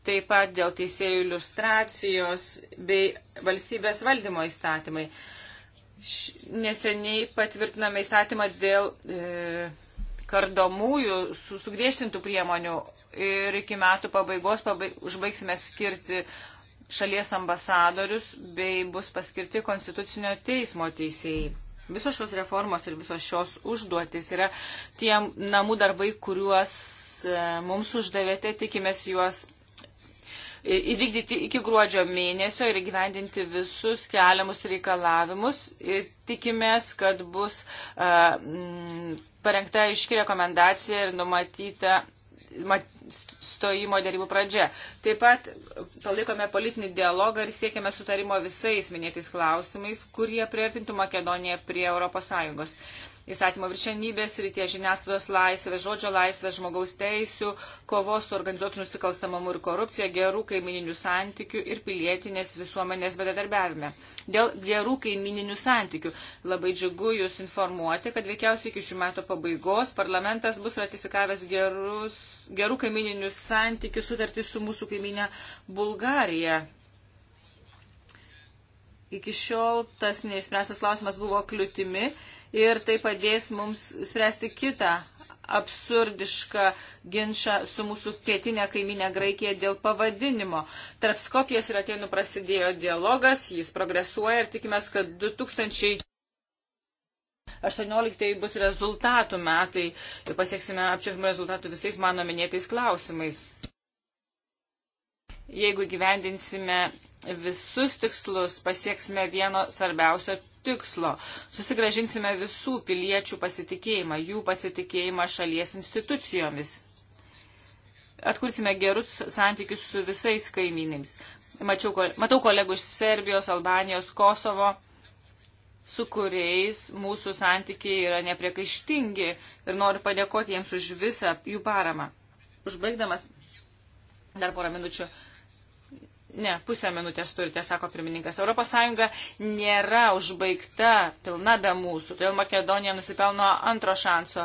taip pat dėl teisėjų iliustracijos bei valstybės valdymo įstatymai. Neseniai patvirtiname įstatymą dėl e, kardomųjų su, sugriežtintų priemonių ir iki metų pabaigos pabaig, užbaigsime skirti šalies ambasadorius bei bus paskirti Konstitucinio teismo teisėjai. Visos šios reformos ir visos šios užduotis yra tie namų darbai, kuriuos e, mums uždavėte, tikimės juos įvykdyti iki gruodžio mėnesio ir įgyvendinti visus keliamus reikalavimus. Ir tikimės, kad bus uh, parengta iški rekomendacija ir numatyta stojimo dėrybų pradžia. Taip pat palaikome politinį dialogą ir siekiame sutarimo visais minėtais klausimais, kurie priartintų Makedoniją prie ES įstatymo viršenybės rytie žiniasklaidos laisvės, žodžio laisvės, žmogaus teisų, kovos su organizuotų nusikalstamumu ir korupcija, gerų kaimininių santykių ir pilietinės visuomenės bedadarbiavime. Dėl gerų kaimininių santykių labai džiugu Jūs informuoti, kad veikiausiai iki šių metų pabaigos parlamentas bus ratifikavęs gerus, gerų kaimininių santykių sutartį su mūsų kaiminė Bulgarija. Iki šiol tas neišspręstas klausimas buvo kliūtimi ir tai padės mums spręsti kitą absurdišką ginčą su mūsų pietinė kaiminė Graikija dėl pavadinimo. Tarp Skopijas ir Atenų prasidėjo dialogas, jis progresuoja ir tikimės, kad 2000. 18 bus rezultatų metai ir pasieksime apčiopimų rezultatų visais mano minėtais klausimais. Jeigu gyvendinsime visus tikslus pasieksime vieno svarbiausio tikslo. Susigražinsime visų piliečių pasitikėjimą, jų pasitikėjimą šalies institucijomis. Atkursime gerus santykius su visais kaimynėmis. Mačiau, matau kolegų iš Serbijos, Albanijos, Kosovo, su kuriais mūsų santykiai yra nepriekaištingi ir noriu padėkoti jiems už visą jų paramą. Užbaigdamas dar porą minučių Ne, pusę minutės turite, sako pirmininkas. ES nėra užbaigta pilna be mūsų, todėl Makedonija nusipelno antro šanso.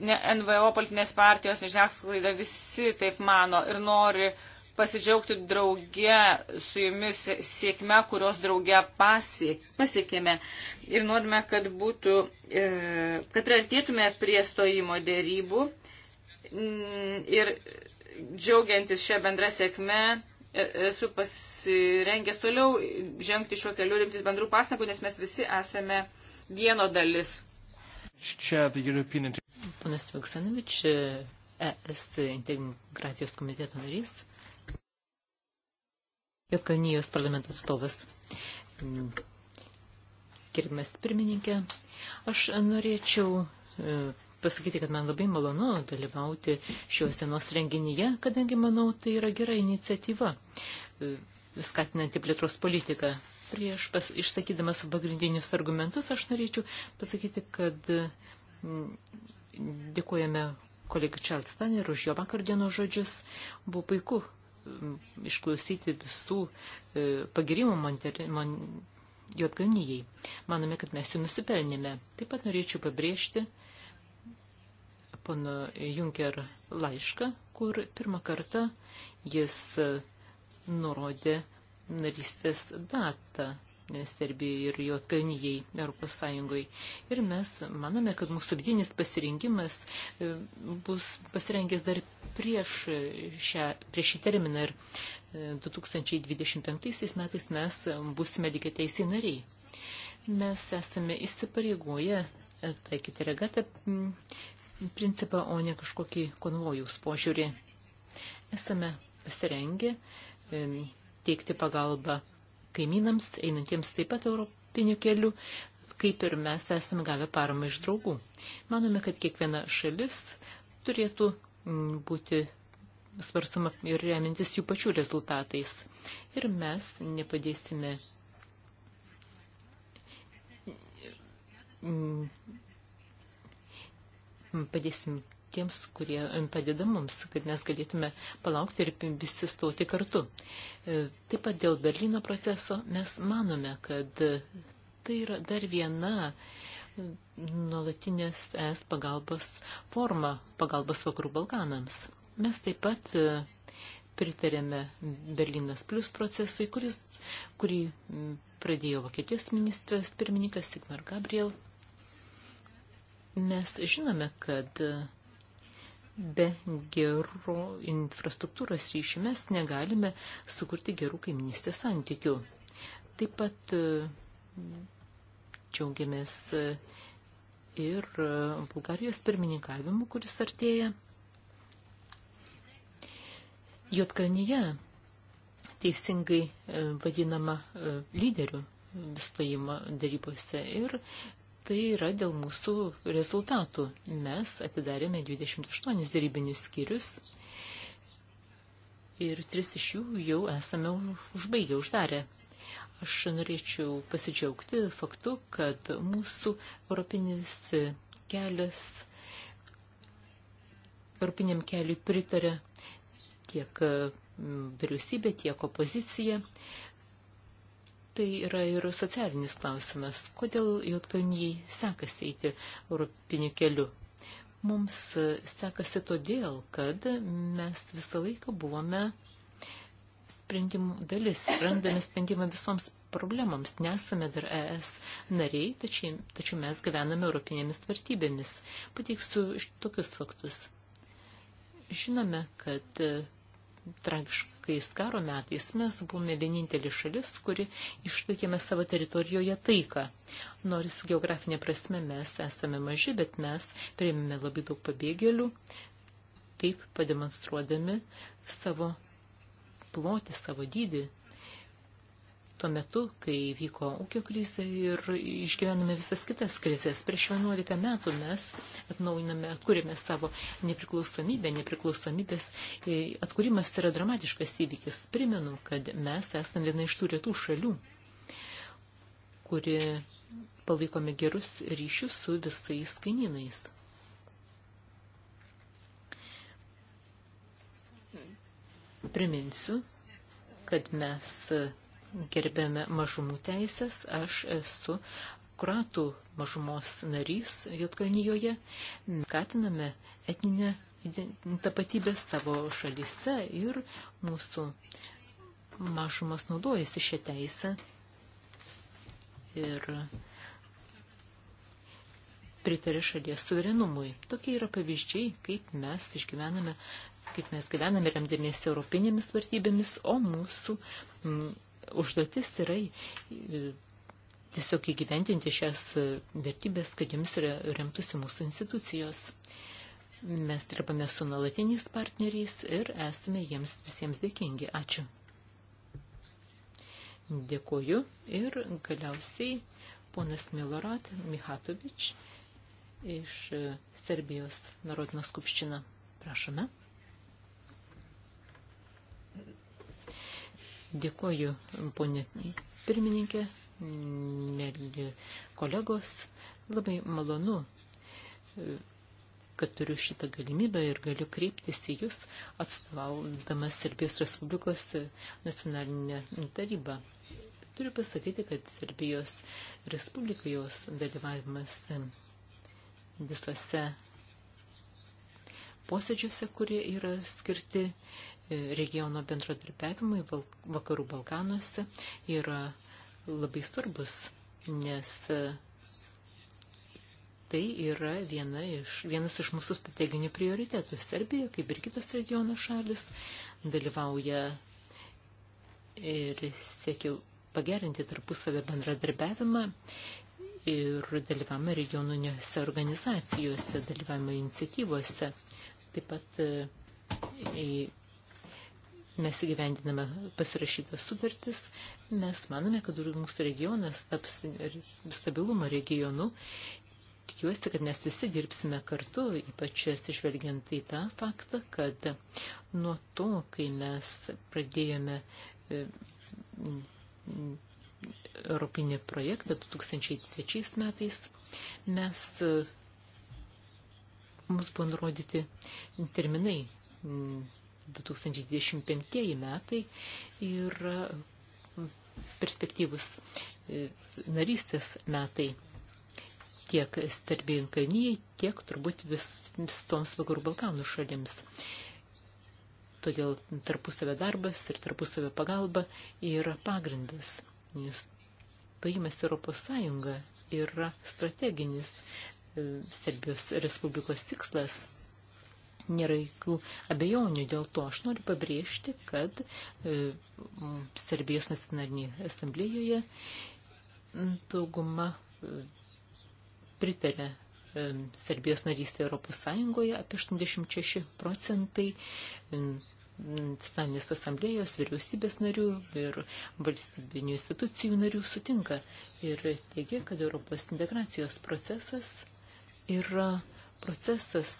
Ne NVO politinės partijos, ne žiniasklaida, visi taip mano ir nori pasidžiaugti drauge su jumis sėkme, kurios drauge pasiekėme. Ir norime, kad, būtų, e, kad priartėtume prie stojimo dėrybų mm, ir džiaugiantis šią bendrą sėkmę esu pasirengęs toliau žengti šiuo keliu rimtis bendrų pasnagų, nes mes visi esame vieno dalis.
Panas Viksanovič, ES integracijos komiteto narys, Jotkalnyjos parlamento atstovas. Kirmas pirmininkė, aš norėčiau e, pasakyti, kad man labai malonu dalyvauti šios dienos renginyje, kadangi, manau, tai yra gera iniciatyva, e, skatinanti plėtros politiką. Prieš pas, išsakydamas pagrindinius argumentus, aš norėčiau pasakyti, kad dėkojame kolegai Charles Tanner už jo vakardienos žodžius. Buvo puiku išklausyti visų e, pagirimų Jotganijai. Manome, kad mes jų nusipelnėme. Taip pat norėčiau pabrėžti, pono Junker laišką, kur pirmą kartą jis e, nurodė narystės datą Serbijai ir jo tanijai Europos Sąjungoje. Ir mes manome, kad mūsų vidinis pasirinkimas e, bus pasirengęs dar prieš, šią, prieš šį terminą ir 2025 e, metais mes busime lygiai teisiai nariai. Mes esame įsipareigoję taikyti regatą mm, principą, o ne kažkokį konvojus požiūrį. Esame pasirengę teikti pagalbą kaimynams, einantiems taip pat europinių kelių, kaip ir mes esame gavę paramą iš draugų. Manome, kad kiekviena šalis turėtų būti svarstama ir remintis jų pačių rezultatais. Ir mes nepadėsime Mm, mm, padėsim tiems, kurie mm, padeda mums, kad mes galėtume palaukti ir visi stoti kartu. E, taip pat dėl Berlyno proceso mes manome, kad tai yra dar viena nuolatinės es pagalbos forma pagalbos vakarų Balkanams. Mes taip pat e, pritarėme Berlynas plus procesui, kuris, kurį pradėjo Vokietijos ministras pirmininkas Sigmar Gabriel Mes žinome, kad be gerų infrastruktūros ryšių mes negalime sukurti gerų kaiminystės santykių. Taip pat e, džiaugiamės e, ir e, Bulgarijos pirmininkavimu, kuris artėja. Jotkalnyje teisingai vadinama lyderių stojimo darybose ir tai yra dėl mūsų rezultatų. Mes atidarėme 28 dėrybinius skyrius ir tris iš jų jau esame užbaigę, uždarę. Aš norėčiau pasidžiaugti faktu, kad mūsų europinis kelias, europiniam keliui pritarė tiek mm, vyriausybė, tiek opozicija tai yra ir socialinis klausimas. Kodėl Jotkalnyjai sekasi eiti europiniu keliu? Mums sekasi todėl, kad mes visą laiką buvome sprendimų dalis, randame sprendimą visoms problemams. Nesame dar ES nariai, tačiau, tačiau mes gyvename europinėmis vertybėmis. Pateiksiu tokius faktus. Žinome, kad tragiška laikais, karo metais, mes buvome vienintelė šalis, kuri išlaikėme savo teritorijoje taiką. Nors geografinė prasme mes esame maži, bet mes priėmėme labai daug pabėgėlių, taip pademonstruodami savo plotį, savo dydį tuo metu, kai vyko ūkio krizė ir išgyvename visas kitas krizės. Prieš 11 metų mes atnaujiname, atkūrėme savo nepriklausomybę, nepriklausomybės e, atkūrimas tai yra dramatiškas įvykis. Primenu, kad mes esame viena iš tų retų šalių, kuri palaikome gerus ryšius su visais kaimynais. Priminsiu, kad mes gerbėme mažumų teisės, aš esu kuratų mažumos narys Jotkalnyjoje, skatiname etninę tapatybę savo šalyse ir mūsų mažumas naudojasi šią teisę ir pritarė šalies suverenumui. Tokie yra pavyzdžiai, kaip mes išgyvename, kaip mes gyvename remdamiesi europinėmis vartybėmis, o mūsų užduotis yra e, tiesiog įgyventinti šias e, vertybės, kad jomis remtųsi mūsų institucijos. Mes dirbame su nuolatiniais partneriais ir esame jiems visiems dėkingi. Ačiū. Dėkoju ir galiausiai ponas Milorat Mihatovič iš e, Serbijos Narodnos Kupščina. Prašome. Dėkoju, ponė pirmininkė, mėly kolegos. Labai malonu, kad turiu šitą galimybę ir galiu kreiptis į Jūs, atstovaudamas Serbijos Respublikos nacionalinę tarybą. Turiu pasakyti, kad Serbijos Respublika jos dalyvavimas visose posėdžiuose, kurie yra skirti regiono bendradarbiavimui vakarų Balkanuose yra labai svarbus, nes e, tai yra viena iš, vienas iš mūsų strateginių prioritetų. Serbija, kaip ir kitos regiono šalis, dalyvauja ir siekia pagerinti tarpusavę bendradarbiavimą ir dalyvavimą regioninėse organizacijose, dalyvavimą iniciatyvose. Taip pat e, mes įgyvendiname pasirašytas sutartis, mes manome, kad mūsų regionas taps stabilumo regionu. Tikiuosi, kad mes visi dirbsime kartu, ypač atsižvelgiant į tą faktą, kad nuo to, kai mes pradėjome e, Europinį projektą 2003 metais, mes e, mums buvo nurodyti terminai 2025 metai yra perspektyvus e, narystės metai tiek Sterbinkanijai, tiek turbūt vis, visoms vakarų Balkanų šalims. Todėl tarpusavio darbas ir tarpusavio pagalba yra pagrindas. Stojimas Europos Sąjunga yra strateginis e, Serbijos Respublikos tikslas nėra jokių abejonių. Dėl to aš noriu pabrėžti, kad e, Serbijos nacionalinėje asamblėjoje dauguma e, pritarė e, Serbijos narystė Europos Sąjungoje apie 86 procentai nacionalinės asamblėjos, vyriausybės narių ir valstybinių institucijų narių sutinka ir teigia, kad Europos integracijos procesas yra procesas,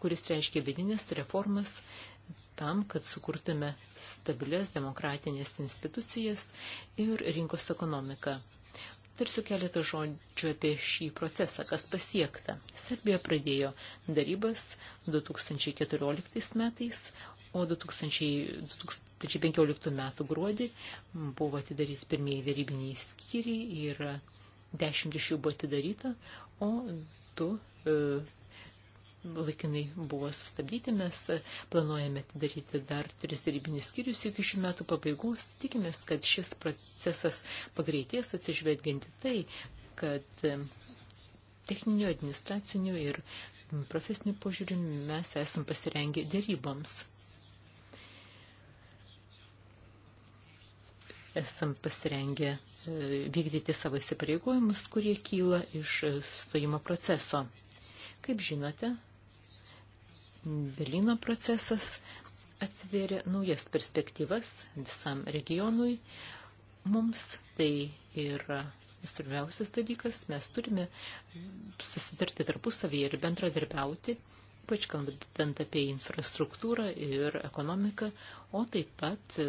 kuris reiškia vidinės reformas tam, kad sukurtume stabilės demokratinės institucijas ir rinkos ekonomiką. Tarsiu keletą žodžių apie šį procesą, kas pasiekta. Serbija pradėjo darybas 2014 metais, o 2000, 2015 metų gruodį buvo atidaryti pirmieji darybiniai skyriai ir dešimt iš jų buvo atidaryta, o du e, laikinai buvo sustabdyti. Mes planuojame atidaryti dar tris darybinius skyrius iki šių metų pabaigos. Tikimės, kad šis procesas pagreitės atsižvelgiant į tai, kad e, techninių, administracinių ir profesinių požiūrių mes esam pasirengę dėryboms. Esam pasirengę e, vykdyti savo įsipareigojimus, kurie kyla iš e, stojimo proceso. Kaip žinote, Berlyno procesas atvėrė naujas perspektyvas visam regionui. Mums tai yra svarbiausias dalykas, mes turime susitarti tarpusavyje ir bendradarbiauti, ypač kalbant apie infrastruktūrą ir ekonomiką, o taip pat e,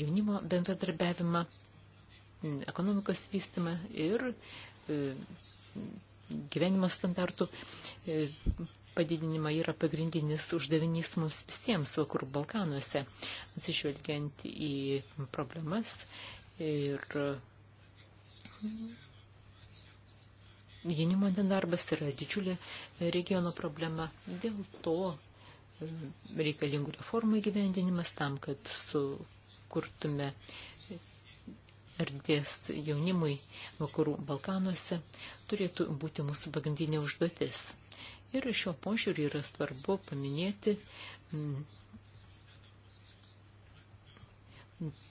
jaunimo bendradarbiavimą, e, ekonomikos vystimą ir e, gyvenimo standartų e, padidinimą yra pagrindinis uždavinys mums visiems vakarų Balkanuose, atsižvelgiant į problemas ir jaunimo mm, nedarbas yra didžiulė regiono problema. Dėl to e, reikalingų reformų įgyvendinimas tam, kad sukurtume erdvės jaunimui vakarų Balkanuose turėtų būti mūsų pagrindinė užduotis. Ir šiuo požiūriu yra svarbu paminėti mm,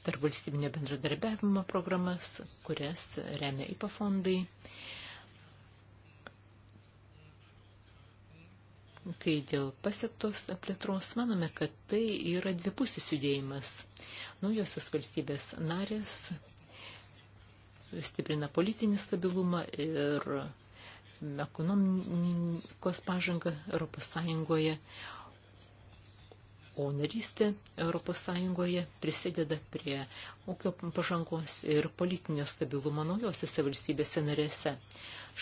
tarp valstybinio bendradarbiavimo programas, kurias remia IPA fondai. Kai dėl pasiektos plėtros manome, kad tai yra dvipusis judėjimas. Naujosios valstybės narės stiprina politinį stabilumą ir ekonomikos pažangą Europos Sąjungoje, o narystė Europos Sąjungoje prisideda prie ūkio pažangos ir politinio stabilumo naujosiose valstybėse narėse.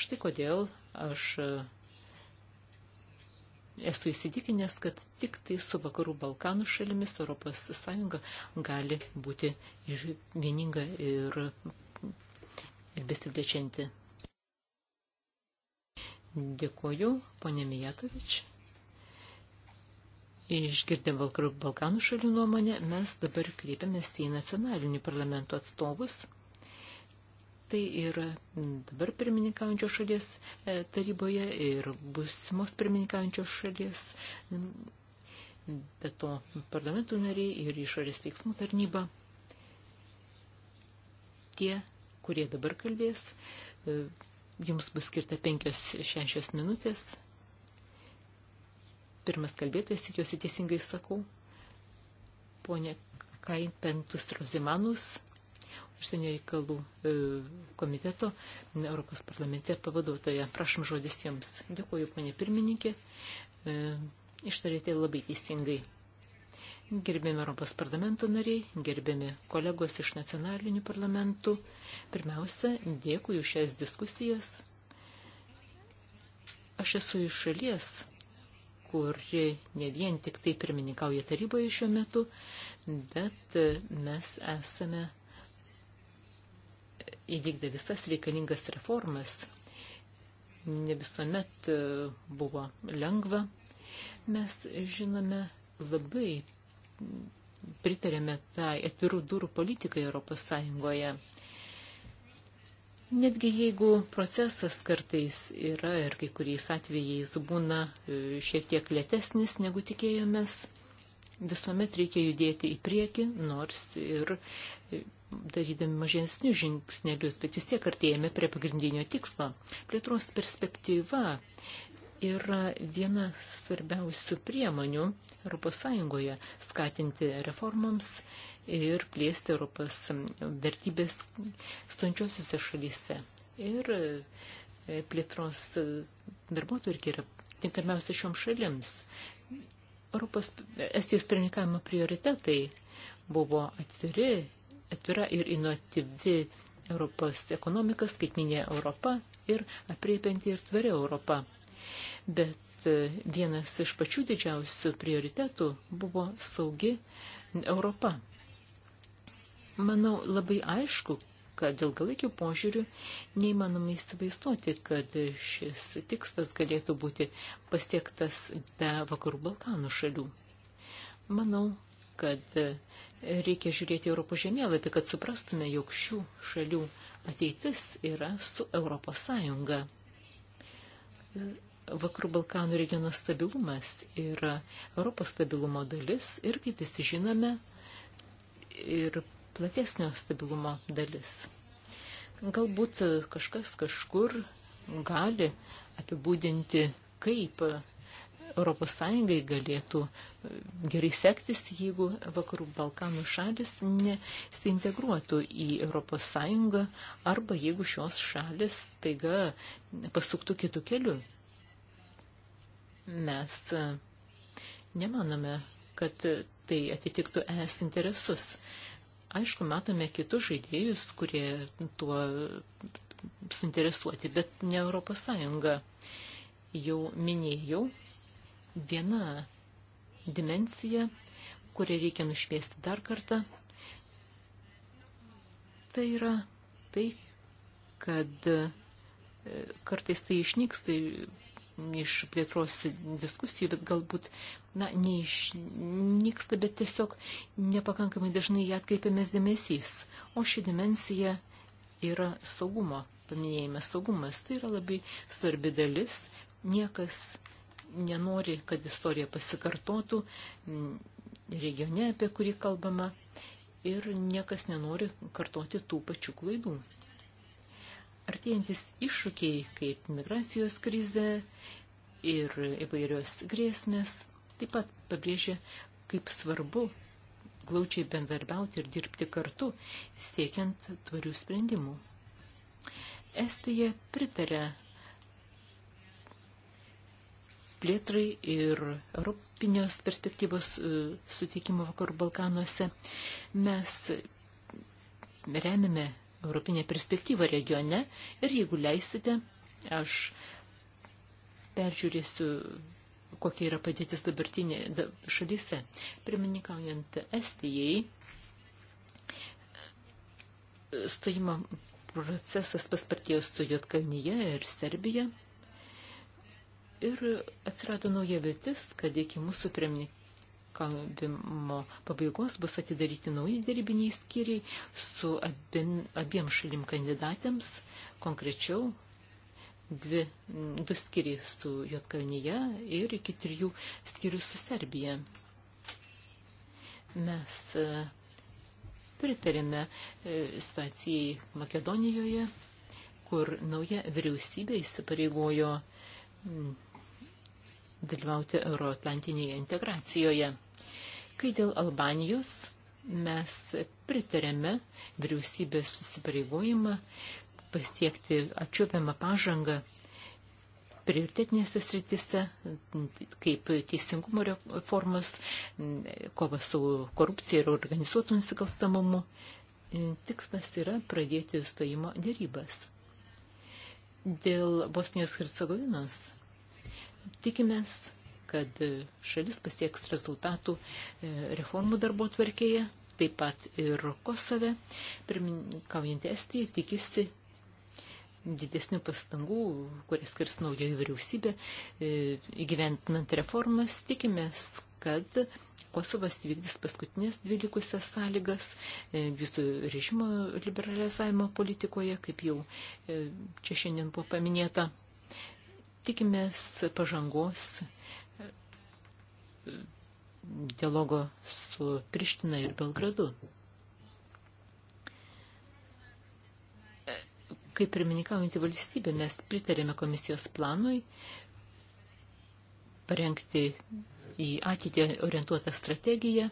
Štai kodėl aš e, esu įsitikinęs, kad tik tai su vakarų Balkanų šalimis Europos Sąjunga gali būti vieninga ir besivlečianti. Dėkuoju, ponė Mijatovič. Išgirdėm Balkanų šalių nuomonę, mes dabar kreipiamės į nacionalinių parlamento atstovus. Tai yra dabar pirmininkaujančios šalies e, taryboje ir būsimos pirmininkaujančios šalies be to parlamentų nariai ir išorės veiksmų tarnyba. Tie kurie dabar kalbės. E, jums bus skirta 5-6 minutės. Pirmas kalbėtojas, tikiuosi teisingai sakau, ponė Kainpentus Rozimanus, užsienio reikalų e, komiteto Europos parlamente pavaduotoja. Prašom žodis jums. Dėkuoju, ponė pirmininkė. E, ištarėte labai teisingai. Gerbėmi Europos parlamento nariai, gerbėmi kolegos iš nacionalinių parlamentų. Pirmiausia, dėkui už šias diskusijas. Aš esu iš šalies, kuri ne vien tik tai pirmininkauja taryboje šiuo metu, bet mes esame įvykdę visas reikalingas reformas. Ne visuomet buvo lengva. Mes žinome labai pritarėme tą atvirų durų politiką Europos Sąjungoje. Netgi jeigu procesas kartais yra ir kai kuriais atvejais būna e, šiek tiek lėtesnis negu tikėjomės, visuomet reikia judėti į priekį, nors ir e, darydami mažesnius žingsnelius, bet vis tiek artėjame prie pagrindinio tikslo. Plėtros perspektyva yra viena svarbiausių priemonių ES skatinti reformams ir plėsti Europos vertybės stončiosiuose šalyse. Ir e, plėtros darbotvarkė yra tinkamiausia šioms šalims. Europos Estijos pirmininkavimo prioritetai buvo atviri, atvira ir inovatyvi Europos ekonomika, skaitminė Europa ir apriepianti ir tvari Europa bet e, vienas iš pačių didžiausių prioritetų buvo saugi Europa. Manau, labai aišku, kad ilgalaikių požiūrių neįmanoma įsivaizduoti, kad šis tikslas galėtų būti pasiektas be vakarų Balkanų šalių. Manau, kad e, reikia žiūrėti Europos žemėlapį, kad suprastume, jog šių šalių ateitis yra su Europos Sąjunga. Vakarų Balkanų regiono stabilumas yra Europos stabilumo dalis ir, kaip visi žinome, ir platesnio stabilumo dalis. Galbūt kažkas kažkur gali apibūdinti, kaip Europos Sąjungai galėtų gerai sektis, jeigu vakarų Balkanų šalis nesintegruotų į Europos Sąjungą arba jeigu šios šalis taiga pasuktų kitų kelių mes e, nemanome, kad tai atitiktų es interesus. Aišku, matome kitus žaidėjus, kurie tuo suinteresuoti, bet ne Europos Sąjunga. Jau minėjau, viena dimensija, kurią reikia nušviesti dar kartą, tai yra tai, kad e, kartais tai išnyks, tai iš plėtros diskusijų, bet galbūt, na, neišnyksta, bet tiesiog nepakankamai dažnai ją atkreipiamės dėmesys. O ši dimensija yra saugumo, paminėjime saugumas, tai yra labai svarbi dalis, niekas nenori, kad istorija pasikartotų regione, apie kurį kalbama, ir niekas nenori kartoti tų pačių klaidų artėjantis iššūkiai kaip migracijos krize ir įvairios grėsmės taip pat pabrėžia, kaip svarbu glaučiai bendarbiauti ir dirbti kartu, siekiant tvarių sprendimų. Estija pritarė plėtrai ir europinės perspektyvos e, sutikimo vakarų Balkanuose. Mes remiame europinę perspektyvą regione ir jeigu leisite, aš peržiūrėsiu, kokia yra padėtis dabartinė da, šalyse. Pirmininkaujant Estijai, stojimo procesas paspartėjo su Jotkalnyje ir Serbija. Ir atsirado nauja viltis, kad iki mūsų pirmininkaujant pirmininkavimo pabaigos bus atidaryti nauji dėrybiniai skyriai su abiem, abiem šalim kandidatėms, konkrečiau dvi, du skyriai su Jotkalnyje ir iki trijų skyrių su Serbija. Mes e, pritarėme e, situacijai Makedonijoje, kur nauja vyriausybė įsipareigojo dalyvauti Euroatlantinėje integracijoje. Kai dėl Albanijos mes pritarėme vyriausybės įsipareigojimą pasiekti apčiuopiamą pažangą prioritetinėse sritise, kaip teisingumo reformas, kova su korupcija ir organizuotų nusikalstamumu. Tikslas yra pradėti stojimo dėrybas. Dėl Bosnijos Hercegovinos Tikimės, kad šalis pasieks rezultatų e, reformų darbo tvarkėje, taip pat ir Kosove. Pirmininkaujantį Estiją tikisi didesnių pastangų, kurias skirs naujoji vyriausybė, e, įgyventinant reformas, tikimės, kad Kosovas vykdys paskutinės dvi likusias sąlygas e, visų režimo liberalizavimo politikoje, kaip jau čia šiandien buvo paminėta. Tikimės pažangos dialogo su Priština ir Belgradu. Kaip pirmininkaujantį valstybę mes pritarėme komisijos planui parengti į ateitį orientuotą strategiją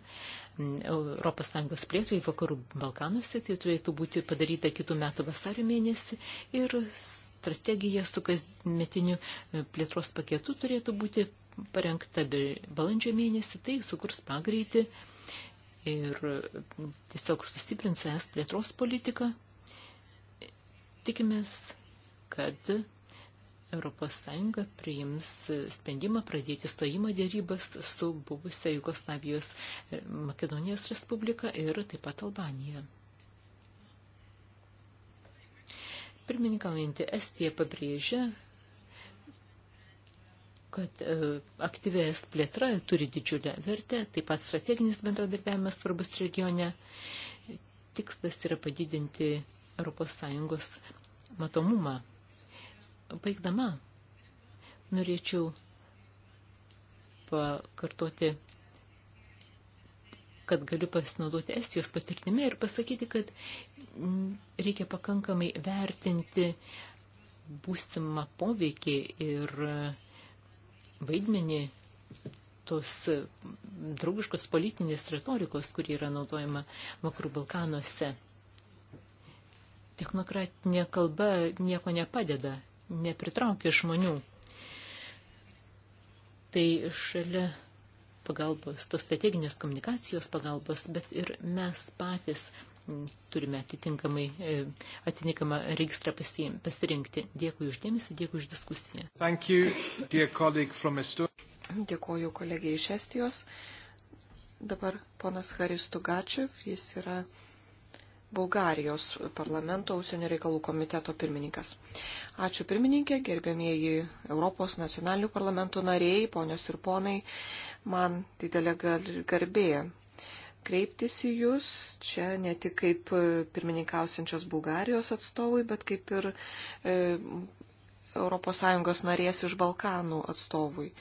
Europos Sąjungos plėtrai vakarų Balkanuose, tai turėtų būti padaryta kitų metų vasario mėnesį ir strategija su kasmetiniu e, plėtros paketu turėtų būti parengta balandžio mėnesį, tai sukurs pagreitį ir e, tiesiog sustiprins es plėtros politiką. Tikimės, kad ES priims sprendimą pradėti stojimo dėrybas su buvusia Jugoslavijos e, Makedonijos Respublika ir taip pat Albanija. Pirmininkaujantį Estiją pabrėžia, kad e, aktyvės plėtra turi didžiulę vertę, taip pat strateginis bendradarbiavimas svarbus regione. Tikslas yra padidinti ES matomumą. Baigdama, norėčiau pakartoti kad galiu pasinaudoti Estijos patirtimi ir pasakyti, kad reikia pakankamai vertinti būsimą poveikį ir vaidmenį tos draugiškos politinės retorikos, kuri yra naudojama Vakarų Balkanuose. Technokratinė kalba nieko nepadeda, nepritraukia žmonių. Tai šalia pagalbos, tos strateginės komunikacijos pagalbos, bet ir mes patys turime atitinkamai e, atitinkamą registrą pasirinkti. Dėkui uždėmesi,
dėkui už diskusiją. Thank you, dear colleague from Estonia. Dėkoju kolegijai iš Estijos. Dabar ponas Haris Tugačiov, jis yra Bulgarijos parlamento užsienio reikalų komiteto pirmininkas. Ačiū pirmininkė, gerbėmieji Europos nacionalinių parlamentų nariai, ponios ir ponai, man didelė garbė kreiptis į Jūs čia ne tik kaip pirmininkausiančios Bulgarijos atstovui, bet kaip ir e, ES narės iš Balkanų atstovui.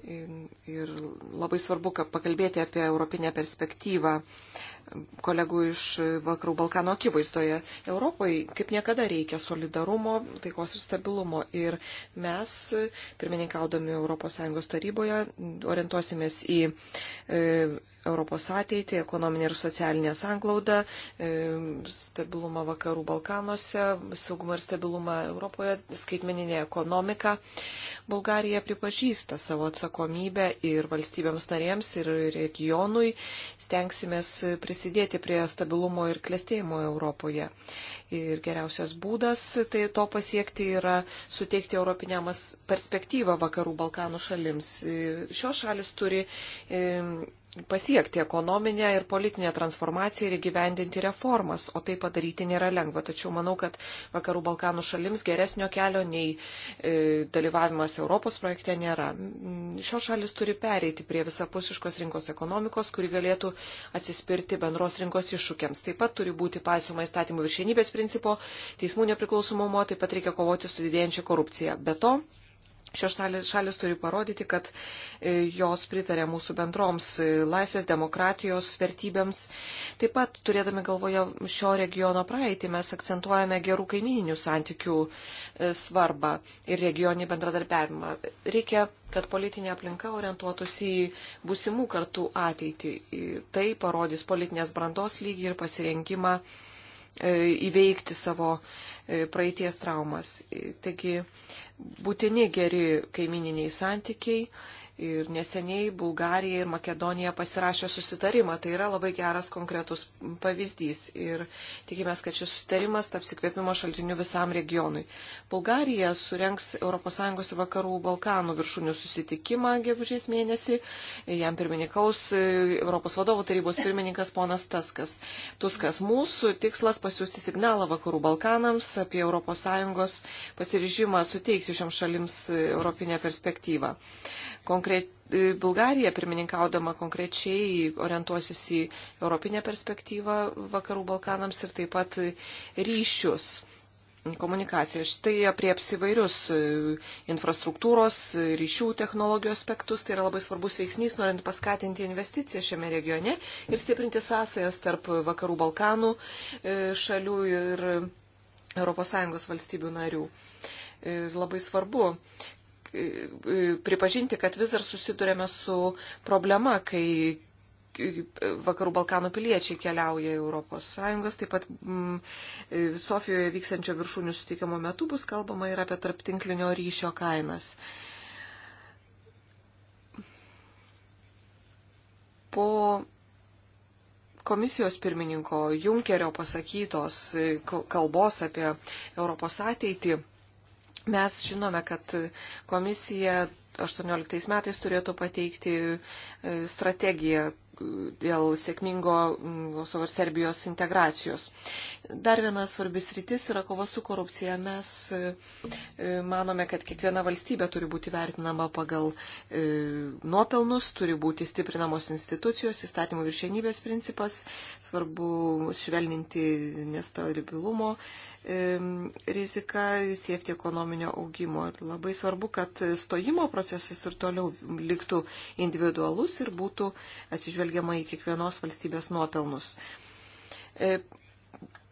Ir labai svarbu pakalbėti apie europinę perspektyvą kolegų iš Vakarų Balkano akivaizdoje. Europai kaip niekada reikia solidarumo, taikos ir stabilumo. Ir mes, pirmininkaudami ES taryboje, orientuosimės į e, Europos ateitį, ekonominę ir socialinę sanglaudą, e, stabilumą Vakarų Balkanuose, saugumą ir stabilumą Europoje, skaitmeninę ekonomiką. Bulgarija pripažįsta savo atsakomybę ir valstybėms narėms, ir regionui. Stengsimės prie prisidėti prie stabilumo ir klėstėjimo Europoje. Ir geriausias būdas tai to pasiekti yra suteikti europiniam perspektyvą vakarų Balkanų šalims. Šios šalis turi pasiekti ekonominę ir politinę transformaciją ir įgyvendinti reformas, o tai padaryti nėra lengva. Tačiau manau, kad Vakarų Balkanų šalims geresnio kelio nei e, dalyvavimas Europos projekte nėra. Šios šalis turi pereiti prie visapusiškos rinkos ekonomikos, kuri galėtų atsispirti bendros rinkos iššūkiams. Taip pat turi būti paisoma įstatymų viršienybės principo, teismų nepriklausomumo, taip pat reikia kovoti su didėjančia korupcija. Be to, Šios šalis, šalis turi parodyti, kad e, jos pritarė mūsų bendroms e, laisvės, demokratijos vertybėms. Taip pat, turėdami galvoje šio regiono praeitį, mes akcentuojame gerų kaimininių santykių e, svarbą ir regionį bendradarbiavimą. Reikia, kad politinė aplinka orientuotųsi į busimų kartų ateitį. Tai parodys politinės brandos lygį ir pasirinkimą E, įveikti savo e, praeities traumas. Taigi būtini geri kaimininiai santykiai Ir neseniai Bulgarija ir Makedonija pasirašė susitarimą. Tai yra labai geras konkretus pavyzdys. Ir tikimės, kad šis susitarimas taps įkvėpimo šaltiniu visam regionui. Bulgarija surenks ES ir Vakarų Balkanų viršūnių susitikimą gegužės mėnesį. Jam pirmininkaus Europos vadovų tarybos pirmininkas ponas Taskas. Tuskas, mūsų tikslas pasiūsti signalą Vakarų Balkanams apie ES pasiryžimą suteikti šiam šalims europinę perspektyvą. Konkre konkre... Bulgarija pirmininkaudama konkrečiai orientuosis į europinę perspektyvą vakarų Balkanams ir taip pat ryšius komunikacija. Štai aprieps įvairius e, infrastruktūros, ryšių technologijų aspektus. Tai yra labai svarbus veiksnys, norint paskatinti investiciją šiame regione ir stiprinti sąsajas tarp vakarų Balkanų e, šalių ir ES valstybių narių. E, labai svarbu, pripažinti, kad vis dar susidurėme su problema, kai vakarų Balkanų piliečiai keliauja į Europos Sąjungas. Taip pat mm, Sofijoje vyksančio viršūnių sutikimo metu bus kalbama ir apie tarptinklinio ryšio kainas. Po komisijos pirmininko Junkerio pasakytos kalbos apie Europos ateitį Mes žinome, kad komisija 18 metais turėtų pateikti e, strategiją e, dėl sėkmingo Kosovo ir Serbijos integracijos. Dar vienas svarbis rytis yra kova su korupcija. Mes e, manome, kad kiekviena valstybė turi būti vertinama pagal nuopelnus, turi būti stiprinamos institucijos, įstatymų viršienybės principas, svarbu švelninti nestabilumo riziką siekti ekonominio augimo. Ir labai svarbu, kad stojimo procesas ir toliau liktų individualus ir būtų atsižvelgiama į kiekvienos valstybės nuopelnus. E,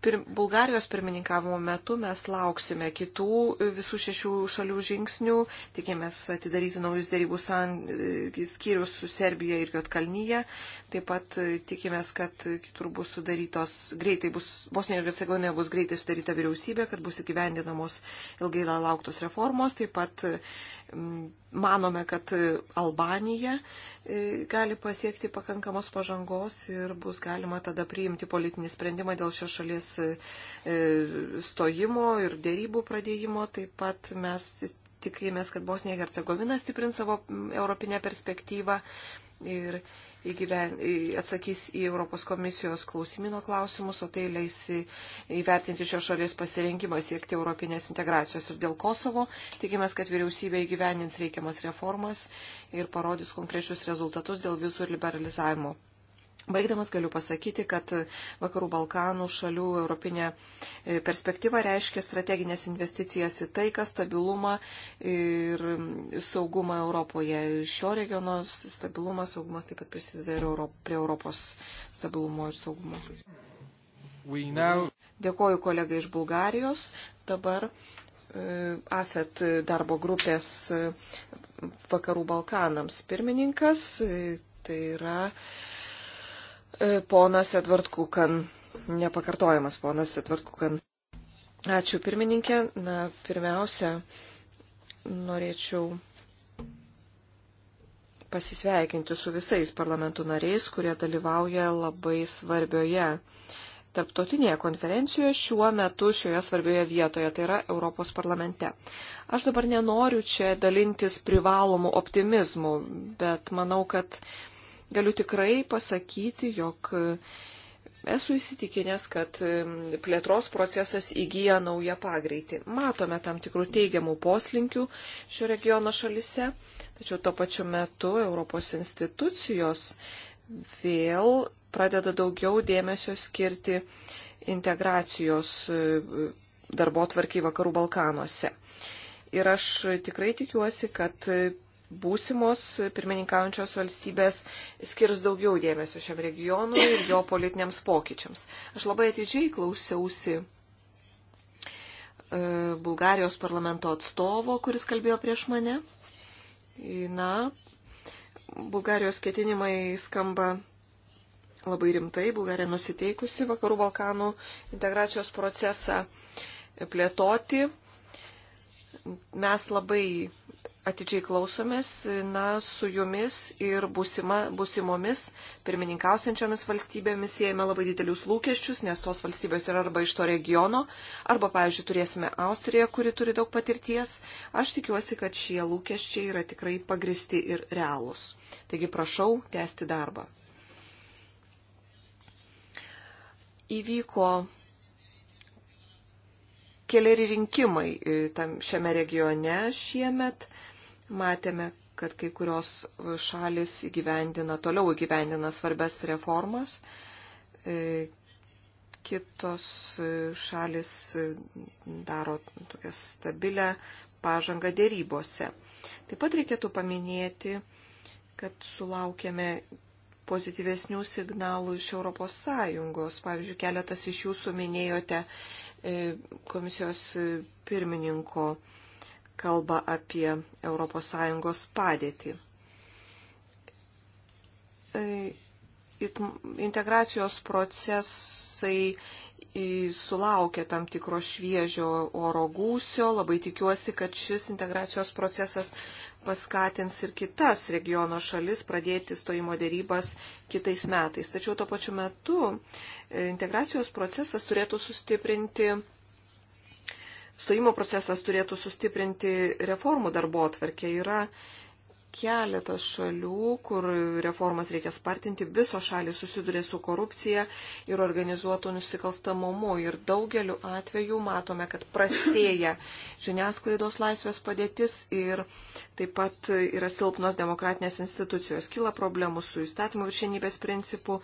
pir, Bulgarijos pirmininkavimo metu mes lauksime kitų visų šešių šalių žingsnių, tikėmės atidaryti naujus dėrybų e, skyrius su Serbija ir Jotkalnyje, Taip pat e, tikimės, kad kitur bus sudarytos greitai, bus, Bosnijoje ir Hercegovinoje bus greitai sudaryta vyriausybė, kad bus įgyvendinamos ilgai lauktos reformos. Taip pat e, manome, kad Albanija e, gali pasiekti pakankamos pažangos ir bus galima tada priimti politinį sprendimą dėl šios šalies stojimo ir dėrybų pradėjimo. Taip pat mes tikimės, kad Bosnija ir Hercegovina stiprins savo europinę perspektyvą. Ir įgyven, atsakys į Europos komisijos klausimino klausimus, o tai leis įvertinti šios šalies pasirinkimą siekti europinės integracijos. Ir dėl Kosovo tikimės, kad vyriausybė įgyvenins reikiamas reformas ir parodys konkrečius rezultatus dėl vizų ir liberalizavimo. Baigdamas galiu pasakyti, kad Vakarų Balkanų šalių europinė e, perspektyva reiškia strateginės investicijas į taiką, stabilumą ir saugumą Europoje. Šio regiono stabilumas, saugumas taip pat prisideda ir Europ, prie Europos stabilumo ir saugumo. Now... Dėkoju kolegai iš Bulgarijos. Dabar e, AFET darbo grupės e, Vakarų Balkanams pirmininkas. Tai yra ponas Edvard Kukan, nepakartojamas ponas Edvard Kukan. Ačiū pirmininkė. Na, pirmiausia, norėčiau pasisveikinti su visais parlamentų nariais, kurie dalyvauja labai svarbioje tarptautinėje konferencijoje šiuo metu šioje svarbioje vietoje, tai yra Europos parlamente. Aš dabar nenoriu čia dalintis privalomų optimizmų, bet manau, kad galiu tikrai pasakyti, jog e, esu įsitikinęs, kad e, plėtros procesas įgyja naują pagreitį. Matome tam tikrų teigiamų poslinkių šio regiono šalise, tačiau tuo pačiu metu Europos institucijos vėl pradeda daugiau dėmesio skirti integracijos e, darbo tvarkiai Vakarų Balkanuose. Ir aš tikrai tikiuosi, kad būsimos pirmininkaujančios valstybės skirs daugiau dėmesio šiam regionui ir jo politiniams pokyčiams. Aš labai atidžiai klausiausi e, Bulgarijos parlamento atstovo, kuris kalbėjo prieš mane. Na, Bulgarijos ketinimai skamba labai rimtai. Bulgarija nusiteikusi Vakarų Balkanų integracijos procesą plėtoti. Mes labai atidžiai klausomės, na, su jumis ir busima, busimomis pirmininkausiančiomis valstybėmis siejame labai didelius lūkesčius, nes tos valstybės yra arba iš to regiono, arba, pavyzdžiui, turėsime Austriją, kuri turi daug patirties. Aš tikiuosi, kad šie lūkesčiai yra tikrai pagristi ir realūs. Taigi prašau tęsti darbą. Įvyko keliari rinkimai e, tam, šiame regione šiemet. Matėme, kad kai kurios šalis įgyvendina, toliau įgyvendina svarbes reformas, e, kitos šalis daro tokią stabilę pažangą dėrybose. Taip pat reikėtų paminėti, kad sulaukėme pozityvesnių signalų iš ES. Pavyzdžiui, keletas iš jūsų minėjote e, komisijos pirmininko kalba apie ES padėtį. E, integracijos procesai sulaukia tam tikro šviežio oro gūsio. Labai tikiuosi, kad šis integracijos procesas paskatins ir kitas regiono šalis pradėti stojimo dėrybas kitais metais. Tačiau tuo pačiu metu e, integracijos procesas turėtų sustiprinti stojimo procesas turėtų sustiprinti reformų darbo atverkė. Yra keletas šalių, kur reformas reikia spartinti, visos šalis susiduria su korupcija ir organizuotų nusikalstamumu. Ir daugeliu atveju matome, kad prastėja žiniasklaidos laisvės padėtis ir taip pat yra silpnos demokratinės institucijos. Kila problemų su įstatymų viršinybės principu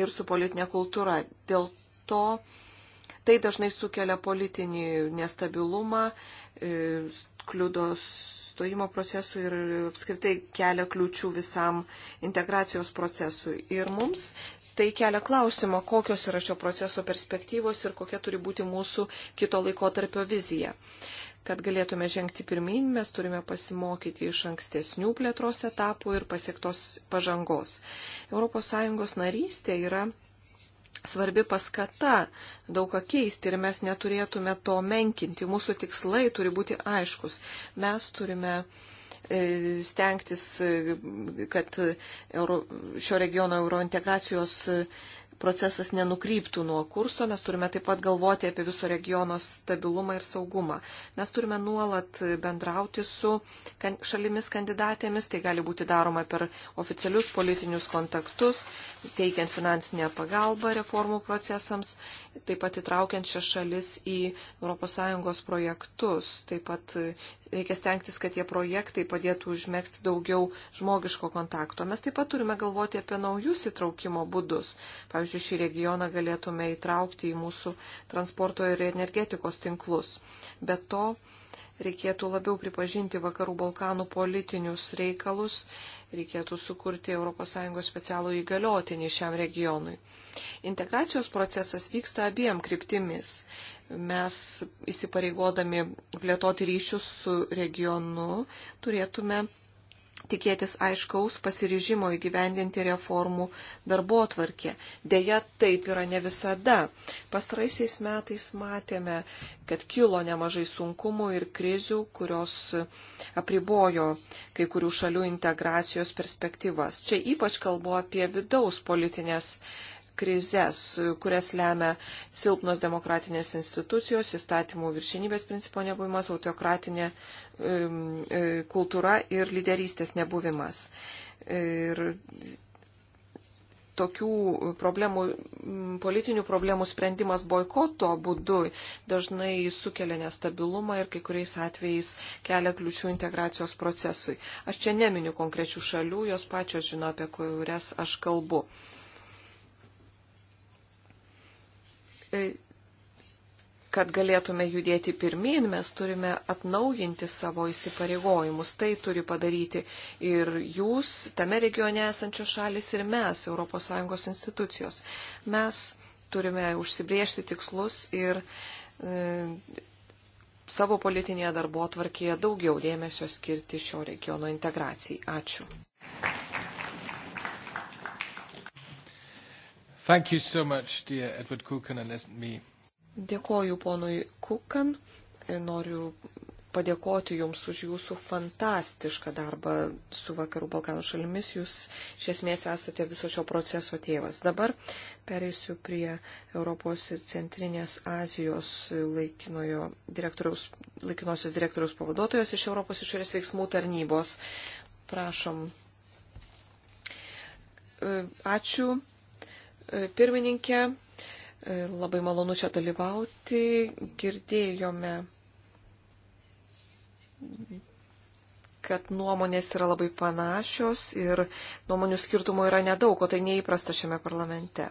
ir su politinė kultūra. Dėl to Tai dažnai sukelia politinį nestabilumą, e, kliudo stojimo procesui ir apskritai kelia kliučių visam integracijos procesui. Ir mums tai kelia klausimą, kokios yra šio proceso perspektyvos ir kokia turi būti mūsų kito laikotarpio vizija. Kad galėtume žengti pirmin, mes turime pasimokyti iš ankstesnių plėtros etapų ir pasiektos pažangos. ES narystė yra svarbi paskata daug ką keisti ir mes neturėtume to menkinti. Mūsų tikslai turi būti aiškus. Mes turime e, stengtis, e, kad šio regiono eurointegracijos e, procesas nenukryptų nuo kurso, mes turime taip pat galvoti apie viso regiono stabilumą ir saugumą. Mes turime nuolat bendrauti su šalimis kandidatėmis, tai gali būti daroma per oficialius politinius kontaktus, teikiant finansinę pagalbą reformų procesams taip pat įtraukiant šias šalis į ES projektus. Taip pat e, reikia stengtis, kad tie projektai padėtų užmėgsti daugiau žmogiško kontakto. Mes taip pat turime galvoti apie naujus įtraukimo būdus. Pavyzdžiui, šį regioną galėtume įtraukti į mūsų transporto ir energetikos tinklus. Be to, reikėtų labiau pripažinti Vakarų Balkanų politinius reikalus, reikėtų sukurti ES specialų įgaliotinį šiam regionui. Integracijos procesas vyksta abiem kryptimis. Mes įsipareigodami plėtoti ryšius su regionu turėtume tikėtis aiškaus pasiryžimo įgyvendinti reformų darbo atvarkė. Deja, taip yra ne visada. Pastaraisiais metais matėme, kad kilo nemažai sunkumų ir krizių, kurios apribojo kai kurių šalių integracijos perspektyvas. Čia ypač kalbu apie vidaus politinės krizės, kurias lemia silpnos demokratinės institucijos, įstatymų viršinybės principo nebuvimas, autokratinė e, kultūra ir lyderystės nebuvimas. Ir tokių problemų, politinių problemų sprendimas boikoto būdu dažnai sukelia nestabilumą ir kai kuriais atvejais kelia kliučių integracijos procesui. Aš čia neminiu konkrečių šalių, jos pačios žino, apie kurias aš kalbu. E, kad galėtume judėti pirmin, mes turime atnaujinti savo įsipareigojimus. Tai turi padaryti ir jūs, tame regione esančios šalis, ir mes, ES institucijos. Mes turime užsibriežti tikslus ir e, savo politinėje darbo tvarkėje daugiau dėmesio skirti šio regiono integracijai. Ačiū. Thank you so much, dear Edward Kukan, and let me. Dėkoju ponui Kukan. Noriu padėkoti Jums už Jūsų fantastišką darbą su Vakarų Balkanų šalimis. Jūs iš esmės esate viso šio proceso tėvas. Dabar pereisiu prie Europos ir Centrinės Azijos laikinojo direktoriaus, laikinosios direktoriaus pavaduotojos iš Europos išorės veiksmų tarnybos. Prašom. Ačiū pirmininkė. Labai malonu čia dalyvauti. Girdėjome, kad nuomonės yra labai panašios ir nuomonių skirtumų yra nedaug, o tai neįprasta šiame parlamente.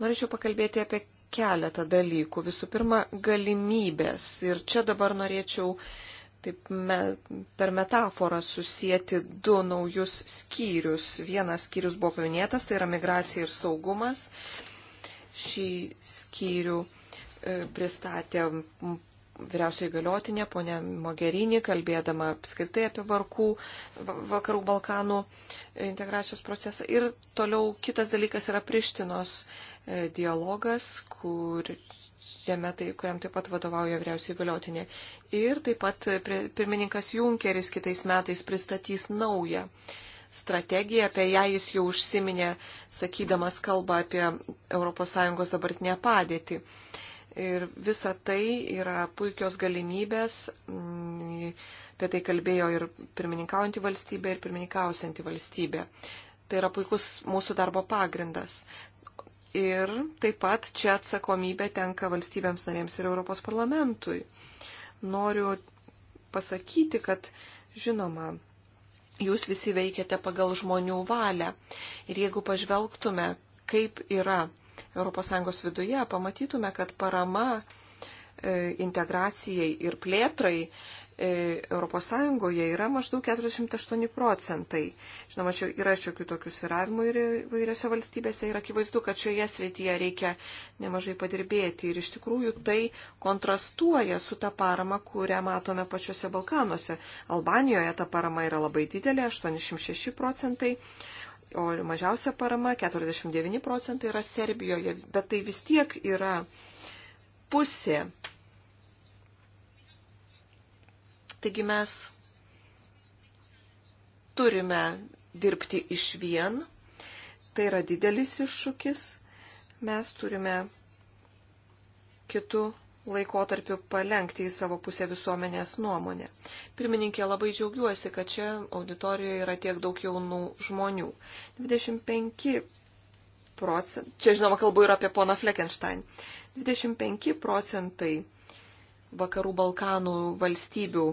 Norėčiau pakalbėti apie keletą dalykų. Visų pirma, galimybės. Ir čia dabar norėčiau uh, taip me, per metaforą susijęti du naujus skyrius. Vienas skyrius buvo paminėtas, tai yra migracija ir saugumas. Šį skyrių e, pristatė vyriausioji galiotinė, ponė Mogerinė, kalbėdama apskritai apie varkų, vakarų Balkanų e, integracijos procesą. Ir toliau kitas dalykas yra Prištinos e, dialogas, kur jame, tai, kuriam taip pat vadovauja vyriausiai galiotinė. Ir taip pat pirmininkas Junkeris kitais metais pristatys naują strategiją, apie ją jis jau užsiminė, sakydamas kalbą apie ES dabartinę padėtį. Ir visa tai yra puikios galimybės, mm, apie tai kalbėjo ir pirmininkaujanti valstybė, ir pirmininkausianti valstybė. Tai yra puikus mūsų darbo pagrindas. Ir taip pat čia atsakomybė tenka valstybėms narėms ir Europos parlamentui. Noriu pasakyti, kad žinoma, jūs visi veikiate pagal žmonių valią. Ir jeigu pažvelgtume, kaip yra ES viduje, pamatytume, kad parama e, integracijai ir plėtrai ES yra maždaug 48 procentai. Žinoma, čia yra šiokių tokių sviravimų ir vairiose valstybėse ir akivaizdu, kad šioje srityje reikia nemažai padirbėti ir iš tikrųjų tai kontrastuoja su ta parama, kurią matome pačiuose Balkanuose. Albanijoje ta parama yra labai didelė - 86 procentai. O mažiausia parama, 49 procentai, yra Serbijoje, bet tai vis tiek yra pusė Taigi mes turime dirbti iš vien. Tai yra didelis iššūkis. Mes turime kitų laikotarpiu palengti į savo pusę visuomenės nuomonę. Pirmininkė, labai džiaugiuosi, kad čia auditorijoje yra tiek daug jaunų žmonių. 25 procentai, čia žinoma kalbu ir apie poną Fleckenstein, 25 procentai vakarų Balkanų valstybių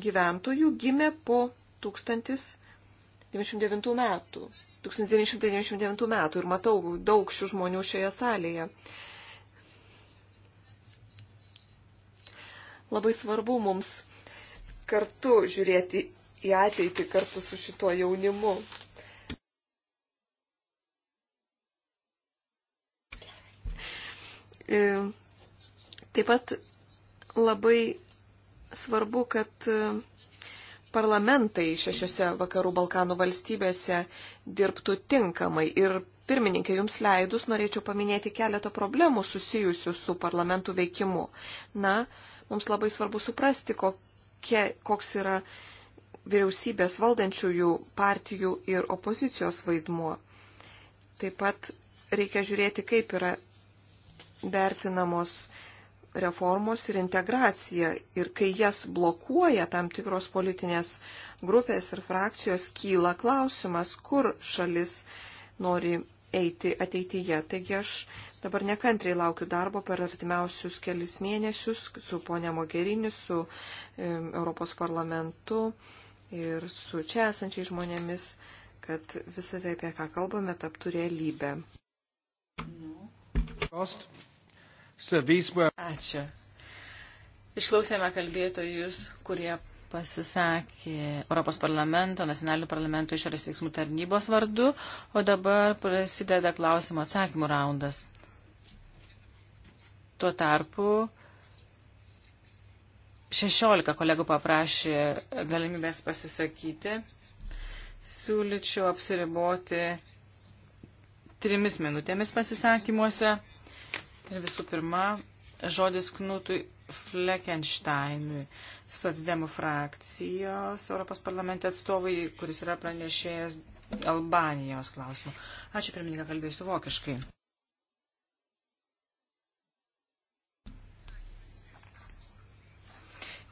gyventojų gimė po 1999 metų. 1999 metų ir matau daug šių žmonių šioje salėje. Labai svarbu mums kartu žiūrėti į ateitį kartu su šituo jaunimu. E, taip pat labai svarbu, kad e, parlamentai šešiose vakarų Balkanų valstybėse dirbtų tinkamai. Ir pirmininkė, jums leidus norėčiau paminėti keletą problemų susijusių su parlamentų veikimu. Na, mums labai svarbu suprasti, kokie, koks yra vyriausybės valdančiųjų partijų ir opozicijos vaidmuo. Taip pat reikia žiūrėti, kaip yra vertinamos reformos ir integracija. Ir kai jas blokuoja tam tikros politinės grupės ir frakcijos, kyla klausimas, kur šalis nori eiti ateityje. Taigi aš dabar nekantriai laukiu darbo per artimiausius kelis mėnesius su ponia Mogerini, su e, Europos parlamentu ir su čia esančiai žmonėmis, kad visą tai, apie ką kalbame, taptų realybę. Cost.
Ačiū. Išklausėme kalbėtojus, kurie pasisakė Europos parlamento, nacionalinių parlamento išorės veiksmų tarnybos vardu, o dabar prasideda klausimo atsakymų raundas. Tuo tarpu 16 kolegų paprašė galimybės pasisakyti. Siūlyčiau apsiriboti trimis minutėmis pasisakymuose. Ir visų pirma, žodis Knutui Fleckensteinui, socdemų frakcijos Europos parlamente atstovui, kuris yra pranešėjęs Albanijos klausimų. Ačiū, pirmininką, kalbėsiu vokiškai.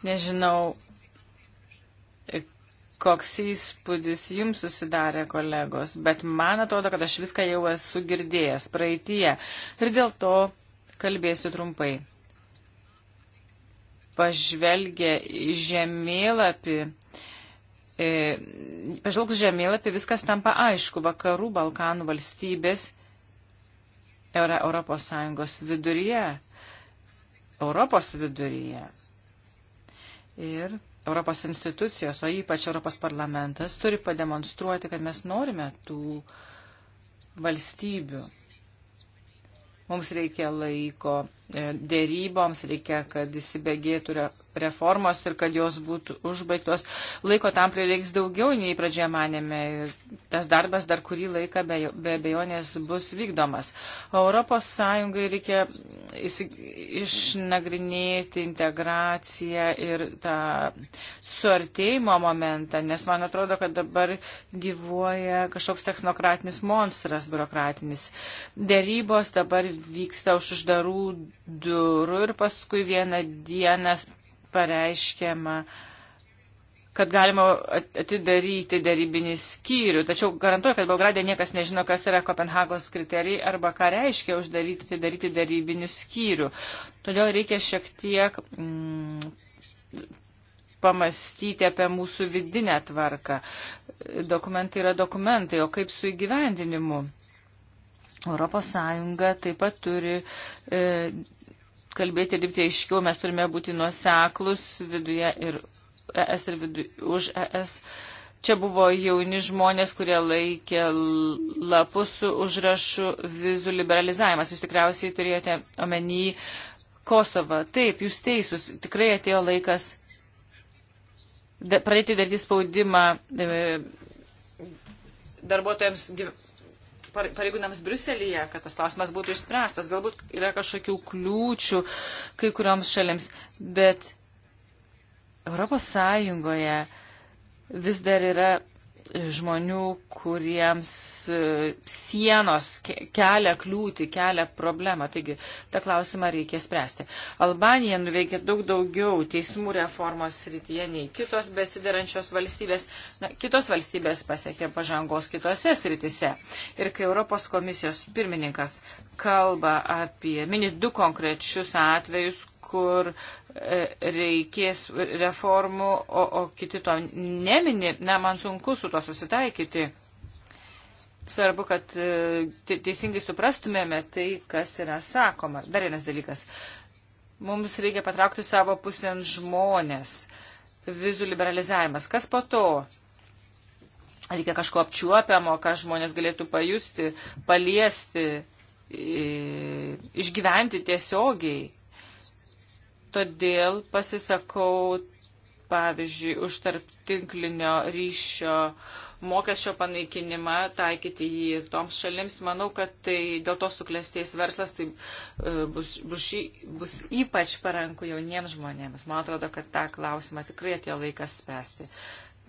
Nežinau, koks įspūdis jums susidarė, kolegos, bet man atrodo, kad aš viską jau esu girdėjęs praeitie. Ir dėl to Kalbėsiu trumpai. Pažvelgę žemėlapį, e, pažvelgus žemėlapį, viskas tampa aišku. Vakarų Balkanų valstybės yra Europos Sąjungos viduryje, Europos viduryje. Ir Europos institucijos, o ypač Europos parlamentas, turi pademonstruoti, kad mes norime tų valstybių. Mums reikia laiko E, dėryboms, reikia, kad įsibėgėtų reformos ir kad jos būtų užbaigtos. Laiko tam prireiks daugiau, nei pradžioje manėme. Ir tas darbas dar kurį laiką be, be abejonės bus vykdomas. Europos Sąjungai reikia išnagrinėti integraciją ir tą suartėjimo momentą, nes man atrodo, kad dabar gyvuoja kažkoks technokratinis monstras biurokratinis. Dėrybos dabar vyksta už uždarų durų ir paskui vieną dieną pareiškiama, kad galima atidaryti darybinį skyrių. Tačiau garantuoju, kad Belgradė niekas nežino, kas yra Kopenhagos kriterijai arba ką reiškia uždaryti, atidaryti darybinių skyrių. Todėl reikia šiek tiek mm, pamastyti apie mūsų vidinę tvarką. Dokumentai yra dokumentai, o kaip su įgyvendinimu? Europos Sąjunga taip pat turi e, kalbėti ir dirbti aiškiau, mes turime būti nuoseklus viduje ir ES ir vidu, už ES. Čia buvo jauni žmonės, kurie laikė lapus su užrašu vizų liberalizavimas. Jūs tikriausiai turėjote omeny Kosovą. Taip, jūs teisus, tikrai atėjo laikas pradėti daryti spaudimą e, darbuotojams pareigūnams Briuselėje, kad tas klausimas būtų išspręstas. Galbūt yra kažkokių kliūčių kai kurioms šalims, bet Europos Sąjungoje vis dar yra žmonių, kuriems e, sienos kelia kliūtį, kelia problemą. Taigi, tą klausimą reikia spręsti. Albanija nuveikė daug daugiau teismų reformos srityje nei kitos besidarančios valstybės. Na, kitos valstybės pasiekė pažangos kitose srityse. Ir kai Europos komisijos pirmininkas kalba apie, mini du konkrečius atvejus, kur E, reikės reformų, o, o kiti to nemini, na, man sunku su to susitaikyti. Svarbu, kad e, teisingai suprastumėme tai, kas yra sakoma. Dar vienas dalykas. Mums reikia patraukti savo pusėn žmonės. Vizų liberalizavimas. Kas po to? Reikia kažko apčiuopiamo, ką žmonės galėtų pajusti, paliesti, išgyventi tiesiogiai Todėl pasisakau, pavyzdžiui, už tarptinklinio ryšio mokesčio panaikinimą, taikyti jį ir toms šalims. Manau, kad tai dėl to suklestės verslas tai e, bus, bus, bus ypač paranku jauniems žmonėms. Man atrodo, kad tą klausimą tikrai atėjo laikas spręsti.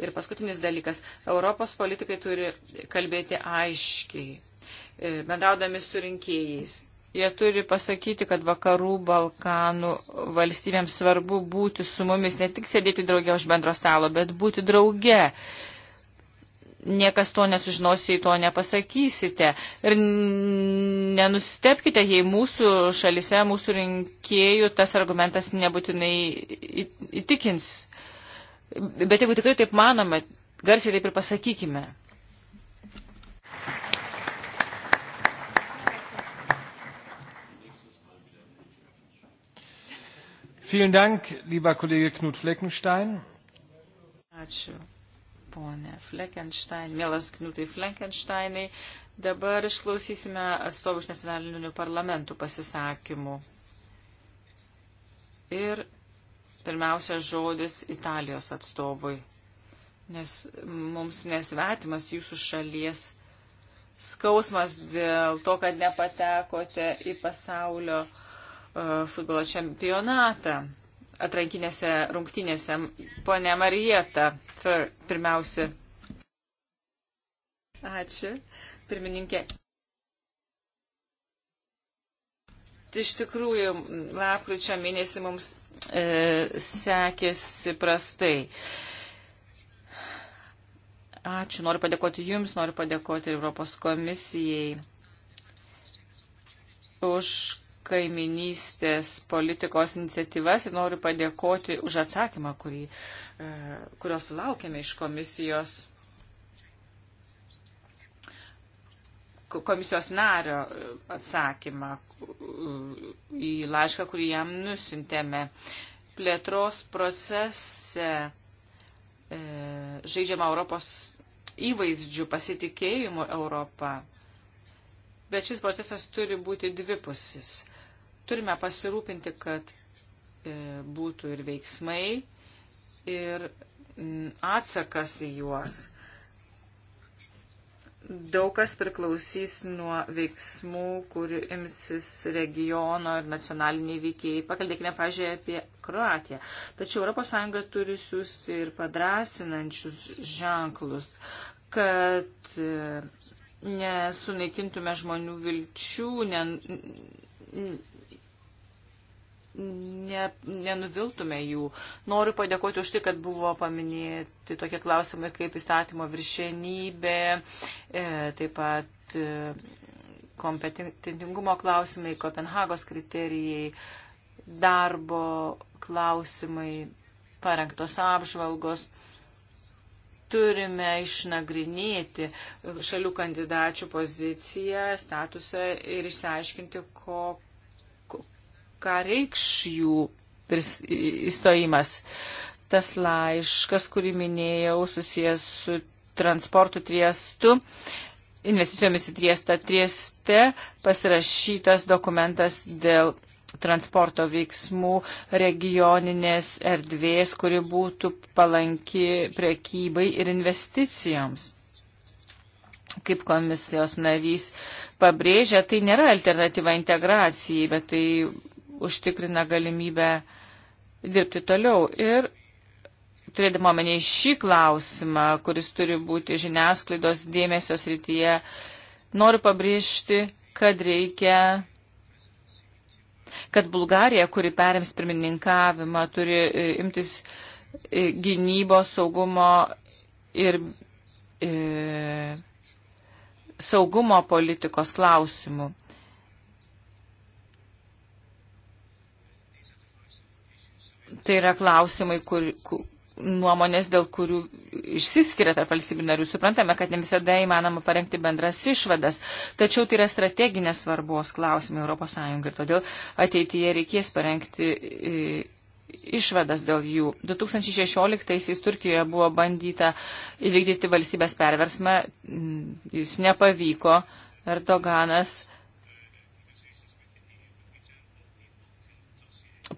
Ir paskutinis dalykas. Europos politikai turi kalbėti aiškiai, e, bendraudami su rinkėjais Jie turi pasakyti, kad vakarų Balkanų valstybėms svarbu būti su mumis, ne tik sėdėti drauge už bendro stalo, bet būti drauge. Niekas to nesužinos, jei to nepasakysite. Ir nenustepkite, jei mūsų šalise, mūsų rinkėjų tas argumentas nebūtinai įtikins. Bet jeigu tikrai taip manome, garsiai taip ir pasakykime.
Vielen Dank, lieber Kollege Knut Fleckenstein.
Ačiū, ponė Fleckenstein. Mielas Knutai Fleckensteinai, dabar išklausysime atstovų iš nacionalinių parlamentų pasisakymų. Ir pirmiausia žodis Italijos atstovui, nes mums nesvetimas jūsų šalies skausmas dėl to, kad nepatekote į pasaulio uh, E, futbolo čempionatą atrankinėse rungtynėse. Pone Marieta, pirmiausia. Ačiū, pirmininkė. Iš tikrųjų, lapkričio mėnesį mums e, sekėsi prastai. Ačiū, noriu padėkoti Jums, noriu padėkoti ir Europos komisijai už kaiminystės politikos iniciatyvas ir noriu padėkoti už atsakymą, kurį, e, kurio sulaukėme iš komisijos, komisijos nario atsakymą e, į laišką, kurį jam nusintėme. Plėtros procese e, žaidžiama Europos įvaizdžių pasitikėjimų Europą. Bet šis procesas turi būti dvipusis Turime pasirūpinti, kad e, būtų ir veiksmai, ir atsakas į juos. Daug kas priklausys nuo veiksmų, kur imsis regiono ir nacionaliniai veikėjai. Pakalbėkime, pažiūrėjau, apie Kroatiją. Tačiau ES turi siūsti ir padrasinančius ženklus, kad e, nesunaikintume žmonių vilčių, ne, ne, nenuviltume jų. Noriu padėkoti už tai, kad buvo paminėti tokie klausimai kaip įstatymo viršenybė, e, taip pat e, kompetentingumo klausimai, Kopenhagos kriterijai, darbo klausimai, parengtos apžvalgos. Turime išnagrinėti šalių kandidačių poziciją, statusą ir išsiaiškinti, kokią ką reikš jų įstojimas. Tas laiškas, kurį minėjau, susijęs su transportu triestu, investicijomis į triestą trieste, pasirašytas dokumentas dėl transporto veiksmų regioninės erdvės, kuri būtų palanki prekybai ir investicijoms. Kaip komisijos narys pabrėžia, tai nėra alternatyva integracijai, bet tai užtikrina galimybę dirbti toliau. Ir turėdama omenyje šį klausimą, kuris turi būti žiniasklaidos dėmesio srityje, noriu pabrėžti, kad reikia kad Bulgarija, kuri perims pirmininkavimą, turi e, imtis e, gynybos, saugumo ir e, saugumo politikos klausimų. Tai yra klausimai, kur, kur, nuomonės, dėl kurių išsiskiria tarp valstybių narių. Suprantame, kad ne visada įmanoma parengti bendras išvadas, tačiau tai yra strateginės svarbos klausimai ES ir todėl ateityje reikės parengti e, išvadas dėl jų. 2016-aisiais Turkijoje buvo bandyta įvykdyti valstybės perversmą, mm, jis nepavyko, Erdoganas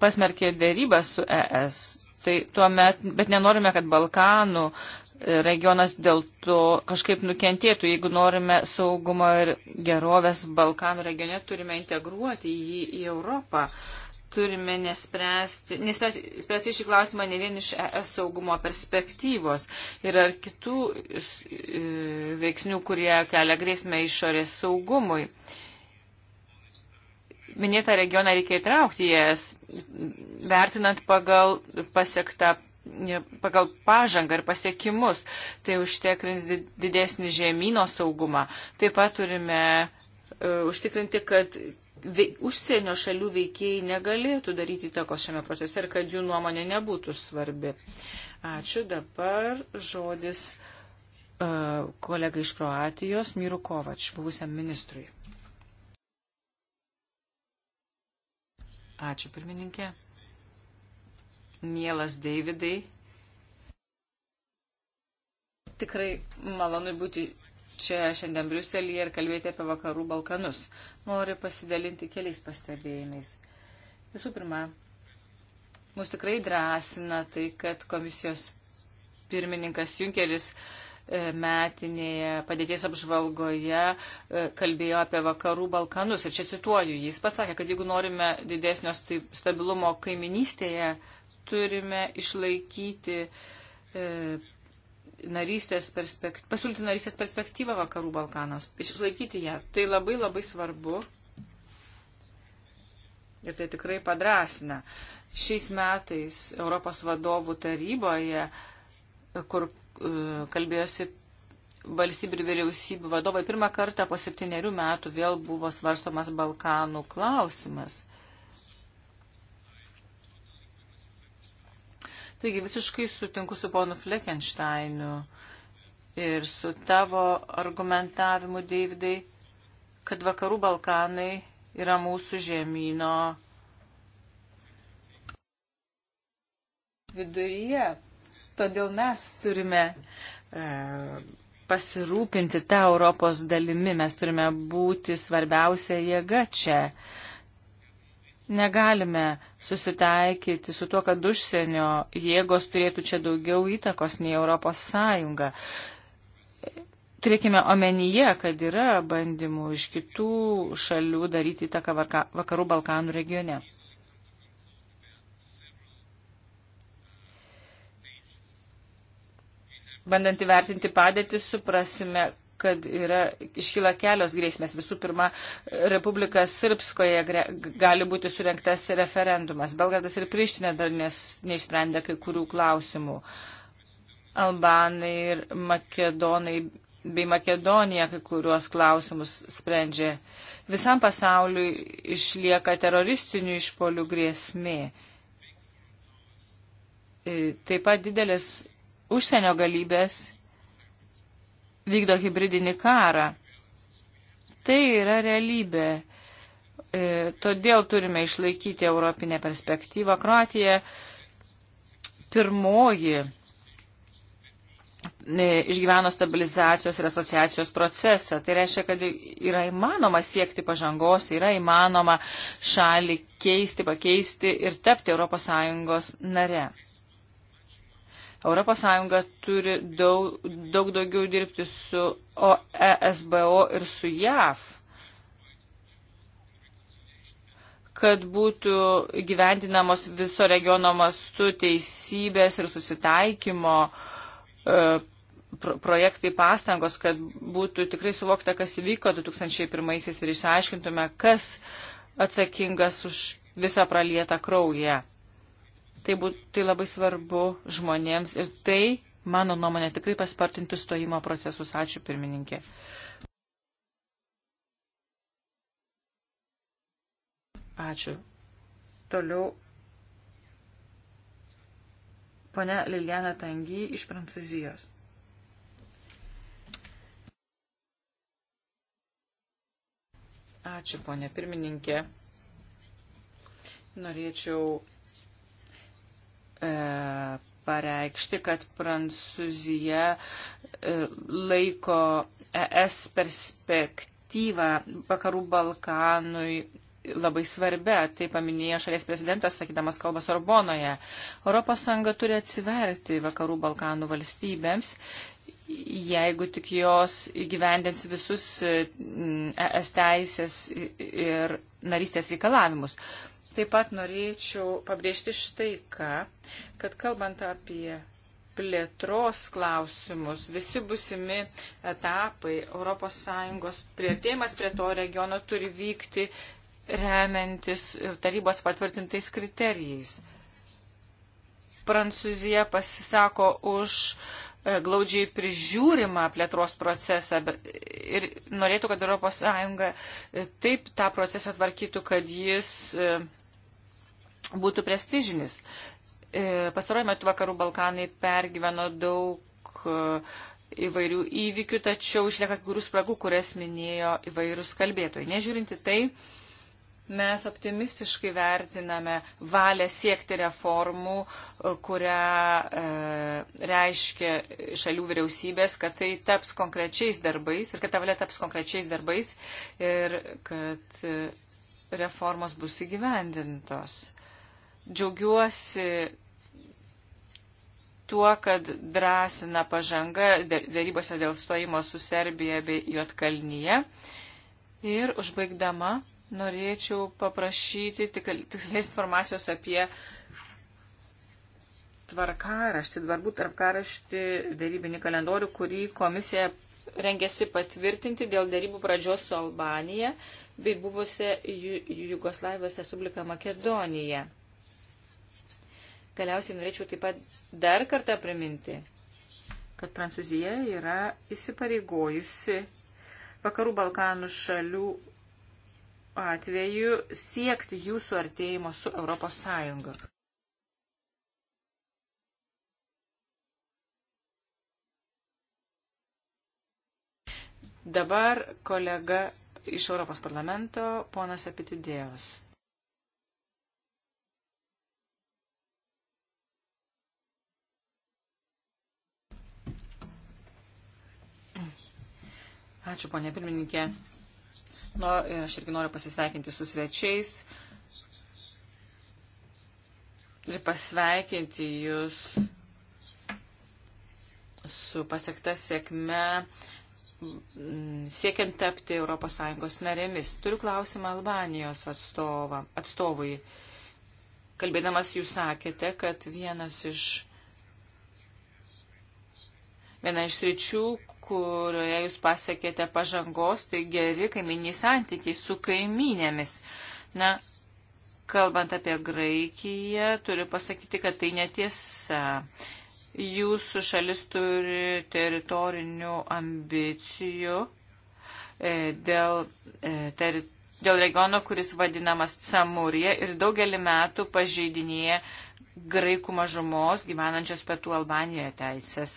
pasmerkė dėrybas su ES. Tai tuomet, bet nenorime, kad Balkanų e, regionas dėl to kažkaip nukentėtų. Jeigu norime saugumo ir gerovės Balkanų regione, turime integruoti jį į Europą. Turime nespręsti, nespręsti šį klausimą ne vien iš ES saugumo perspektyvos. Yra ir kitų e, veiksnių, kurie kelia grėsmę išorės saugumui. E, minėtą regioną reikia įtraukti jas, vertinant pagal pasiektą pagal pažangą ir pasiekimus. Tai užtekrins didesnį žemynų saugumą. Taip pat turime uh, užtikrinti, kad vei, užsienio šalių veikėjai negalėtų daryti įtakos šiame procese ir kad jų nuomonė nebūtų svarbi. Ačiū. Dabar žodis uh, e, kolegai iš Kroatijos, Miru Kovač, buvusiam ministrui. Ačiū, pirmininkė. Mielas Davidai. Tikrai malonu būti čia šiandien Briuselėje ir kalbėti apie vakarų Balkanus. Noriu pasidalinti keliais pastebėjimais. Visų pirma, mus tikrai drąsina tai, kad komisijos pirmininkas Junkeris uh, E, metinėje padėties apžvalgoje e, kalbėjo apie vakarų Balkanus. Ir čia cituoju, jis pasakė, kad jeigu norime didesnio stabilumo kaiminystėje, turime išlaikyti e, narystės perspekt, pasiūlyti narystės perspektyvą vakarų Balkanas, išlaikyti ją. Tai labai labai svarbu. Ir tai tikrai padrasina. Šiais metais Europos vadovų taryboje, kur E, kalbėjosi valstybių ir vyriausybių vadovai. Pirmą kartą po septyniarių metų vėl buvo svarstomas Balkanų klausimas. Taigi visiškai sutinku su ponu Fleckensteinu ir su tavo argumentavimu, Deividai, kad vakarų Balkanai yra mūsų žemyno viduryje. Todėl mes turime e, pasirūpinti tą Europos dalimi, mes turime būti svarbiausia jėga čia. Negalime susitaikyti su tuo, kad užsienio jėgos turėtų čia daugiau įtakos nei Europos Sąjunga. Turėkime omenyje, kad yra bandymų iš kitų šalių daryti įtaką Vakarų Balkanų regione. bandant įvertinti padėtį, suprasime, kad yra, iškyla kelios grėsmės. Visų pirma, Republika Sirpskoje gre, gali būti surinktas referendumas. Belgradas ir Prištinė dar nes, neišsprendė kai kurių klausimų. Albanai ir Makedonai bei Makedonija kai kuriuos klausimus sprendžia. Visam pasauliui išlieka teroristinių išpolių grėsmė. E, taip pat didelis užsienio galybės vykdo hybridinį karą. Tai yra realybė. E, todėl turime išlaikyti europinę perspektyvą. Kroatija pirmoji e, išgyveno stabilizacijos ir asociacijos procesą. Tai reiškia, kad yra įmanoma siekti pažangos, yra įmanoma šalį keisti, pakeisti ir tapti ES nare. ES turi daug, daug daugiau dirbti su OESBO e ir su JAV, kad būtų gyventinamos viso regiono mastu teisybės ir susitaikymo e, projektai pastangos, kad būtų tikrai suvokta, kas įvyko 2001 ir išsiaiškintume, kas atsakingas už visą pralietą kraują. Tai, būt, tai labai svarbu žmonėms ir tai, mano nuomonė, tikrai paspartintų stojimo procesus. Ačiū pirmininkė. Ačiū. Toliau. Pone Liliana Tangy iš Prancūzijos. Ačiū, ponė pirmininkė. Norėčiau E, pareikšti, kad Prancūzija e, laiko ES perspektyvą vakarų Balkanui labai svarbia, tai paminėjo šalies prezidentas, sakydamas kalbą Sorbonoje. ES turi atsiverti vakarų Balkanų valstybėms, jeigu tik jos įgyvendins visus ES e teisės ir narystės reikalavimus. Taip pat norėčiau pabrėžti štai ką, kad kalbant apie plėtros klausimus, visi busimi etapai ES prieartėjimas prie to regiono turi vykti remiantis tarybos patvirtintais kriterijais. Prancūzija pasisako už e, glaudžiai prižiūrimą plėtros procesą ir norėtų, kad ES e, taip tą procesą tvarkytų, kad jis e, būtų prestižinis. E, Pastaruoju metu Vakarų Balkanai pergyveno daug e, įvairių įvykių, tačiau išlieka kai kurių spragų, kurias minėjo įvairūs kalbėtojai. Nežiūrinti tai, mes optimistiškai vertiname valią siekti reformų, e, kurią e, reiškia šalių vyriausybės, kad tai taps konkrečiais darbais ir kad ta valia taps konkrečiais darbais ir kad reformos bus įgyvendintos. Džiaugiuosi tuo, kad drąsina pažanga darybose dėl stojimo su Serbija bei Jotkalnyje. Ir užbaigdama norėčiau paprašyti tikslės informacijos apie tvarkaraštį, darbų tvarkaraštį darybinį kalendorių, kurį komisija rengėsi patvirtinti dėl darybų pradžios su Albanija bei buvusią Jugoslavijos Respubliką Makedoniją. Galiausiai norėčiau taip pat dar kartą priminti, kad Prancūzija yra įsipareigojusi Vakarų Balkanų šalių atveju siekti jūsų artėjimo su Europos Sąjunga. Dabar kolega iš Europos parlamento, ponas Apitidėjos. Ačiū, ponė pirmininkė. Nu, aš irgi noriu pasisveikinti su svečiais ir pasveikinti jūs su pasiekta sėkme siekiant tapti ES narėmis. Turiu klausimą Albanijos atstovą, atstovui. Kalbėdamas jūs sakėte, kad vienas iš viena iš sričių, kurioje jūs pasiekėte pažangos, tai geri kaiminiai santykiai su kaiminėmis. Na, kalbant apie Graikiją, turiu pasakyti, kad tai netiesa. Jūsų šalis turi teritorinių ambicijų e, dėl, e, ter, dėl regiono, kuris vadinamas Samurija ir daugelį metų pažeidinėje graikų mažumos gyvenančios pietų Albanijoje teisės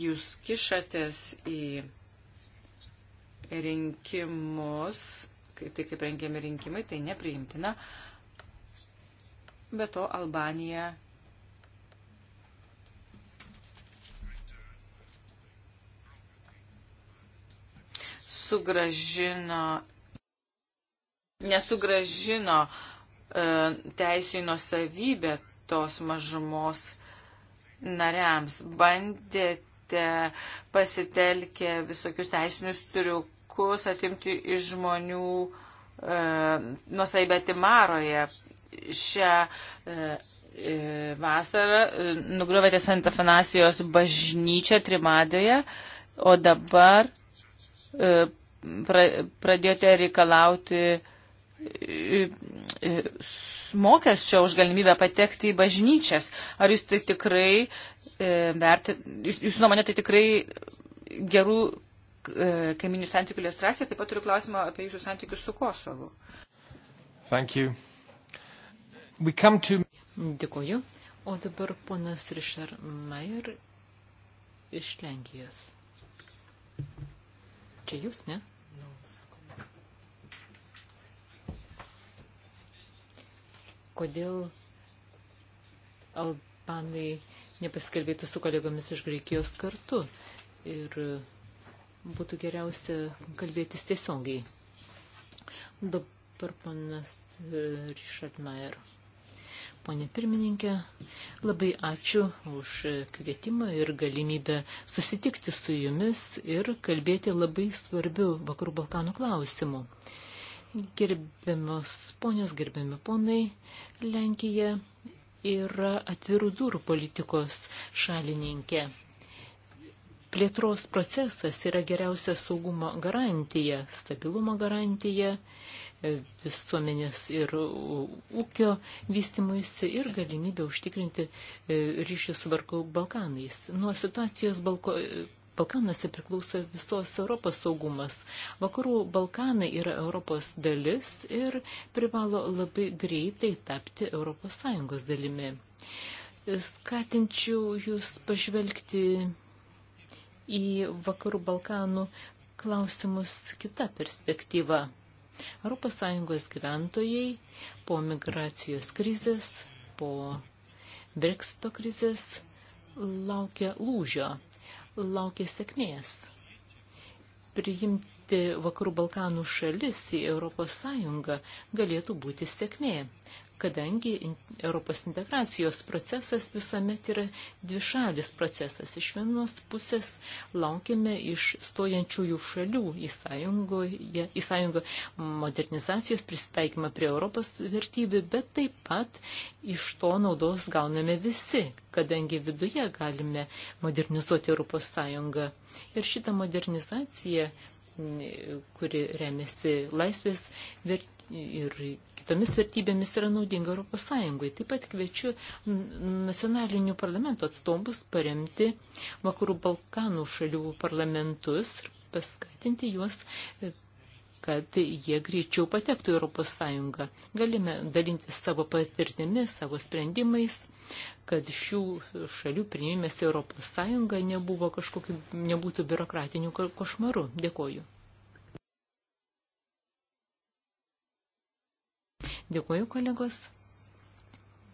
jūs kišatės į rinkimus, kai tai kaip rengiami rinkimai, tai nepriimtina. Be to, Albanija sugražino, nesugražino e, teisų į nusavybę tos mažumos nariams. Bandė bandėte pasitelkę visokius teisinius triukus atimti iš žmonių e, nusaibę Timaroje. Šią e, e, vasarą e, nugriuvėte Santa Fanasijos bažnyčią Trimadėje, o dabar e, pra, pradėjote reikalauti e, E, mokesčio už galimybę patekti į bažnyčias. Ar jūs tai tikrai, e, jūsų nuomonė, tai tikrai gerų e, kaiminių santykių iliustracija. Taip pat turiu klausimą apie jūsų santykius su Kosovu. To...
Dėkuoju. O dabar ponas Richard Mayer iš Lenkijos. Čia jūs, ne? kodėl albanai nepasikalbėtų su kolegomis iš Graikijos kartu ir būtų geriausia kalbėtis tiesiogiai. Dabar panas e, Richard Mayer. Pone pirmininkė, labai ačiū už kvietimą ir galimybę susitikti su jumis ir kalbėti labai svarbių Vakarų Balkanų klausimų. Gerbiamas ponios, gerbiami ponai, Lenkija yra atvirų durų politikos šalininkė. Plėtros procesas yra geriausia saugumo garantija, stabilumo garantija visuomenės ir ūkio vystimuisi ir galimybę užtikrinti e, ryšį su Balkanais. Nuo situacijos Balko, Balkanuose tai priklauso visos Europos saugumas. Vakarų Balkanai yra Europos dalis ir privalo labai greitai tapti Europos Sąjungos dalimi. Skatinčiau jūs pažvelgti į Vakarų Balkanų klausimus kitą perspektyvą. Europos Sąjungos gyventojai po migracijos krizės, po Brexito krizės laukia lūžio laukia sėkmės. Priimti Vakarų Balkanų šalis į Europos Sąjungą galėtų būti sėkmė kadangi Europos integracijos procesas visuomet yra dvišalis procesas. Iš vienos pusės laukiame iš stojančiųjų šalių į, sąjungoje, į sąjungą modernizacijos prisitaikymą prie Europos vertybių, bet taip pat iš to naudos gauname visi, kadangi viduje galime modernizuoti Europos Sąjungą. Ir šitą modernizaciją kuri remiasi laisvės ir kitomis vertybėmis yra naudinga Europos Sąjungoje. Taip pat kviečiu nacionalinių parlamentų atstovus paremti Vakarų Balkanų šalių parlamentus ir paskatinti juos kad jie greičiau patektų į Europos Sąjungą. Galime dalintis savo patirtimis, savo sprendimais, kad šių šalių priėmėmės į Europos Sąjungą nebuvo kažkokiu, nebūtų biurokratinių košmarų. Dėkoju. Dėkuoju, kolegos.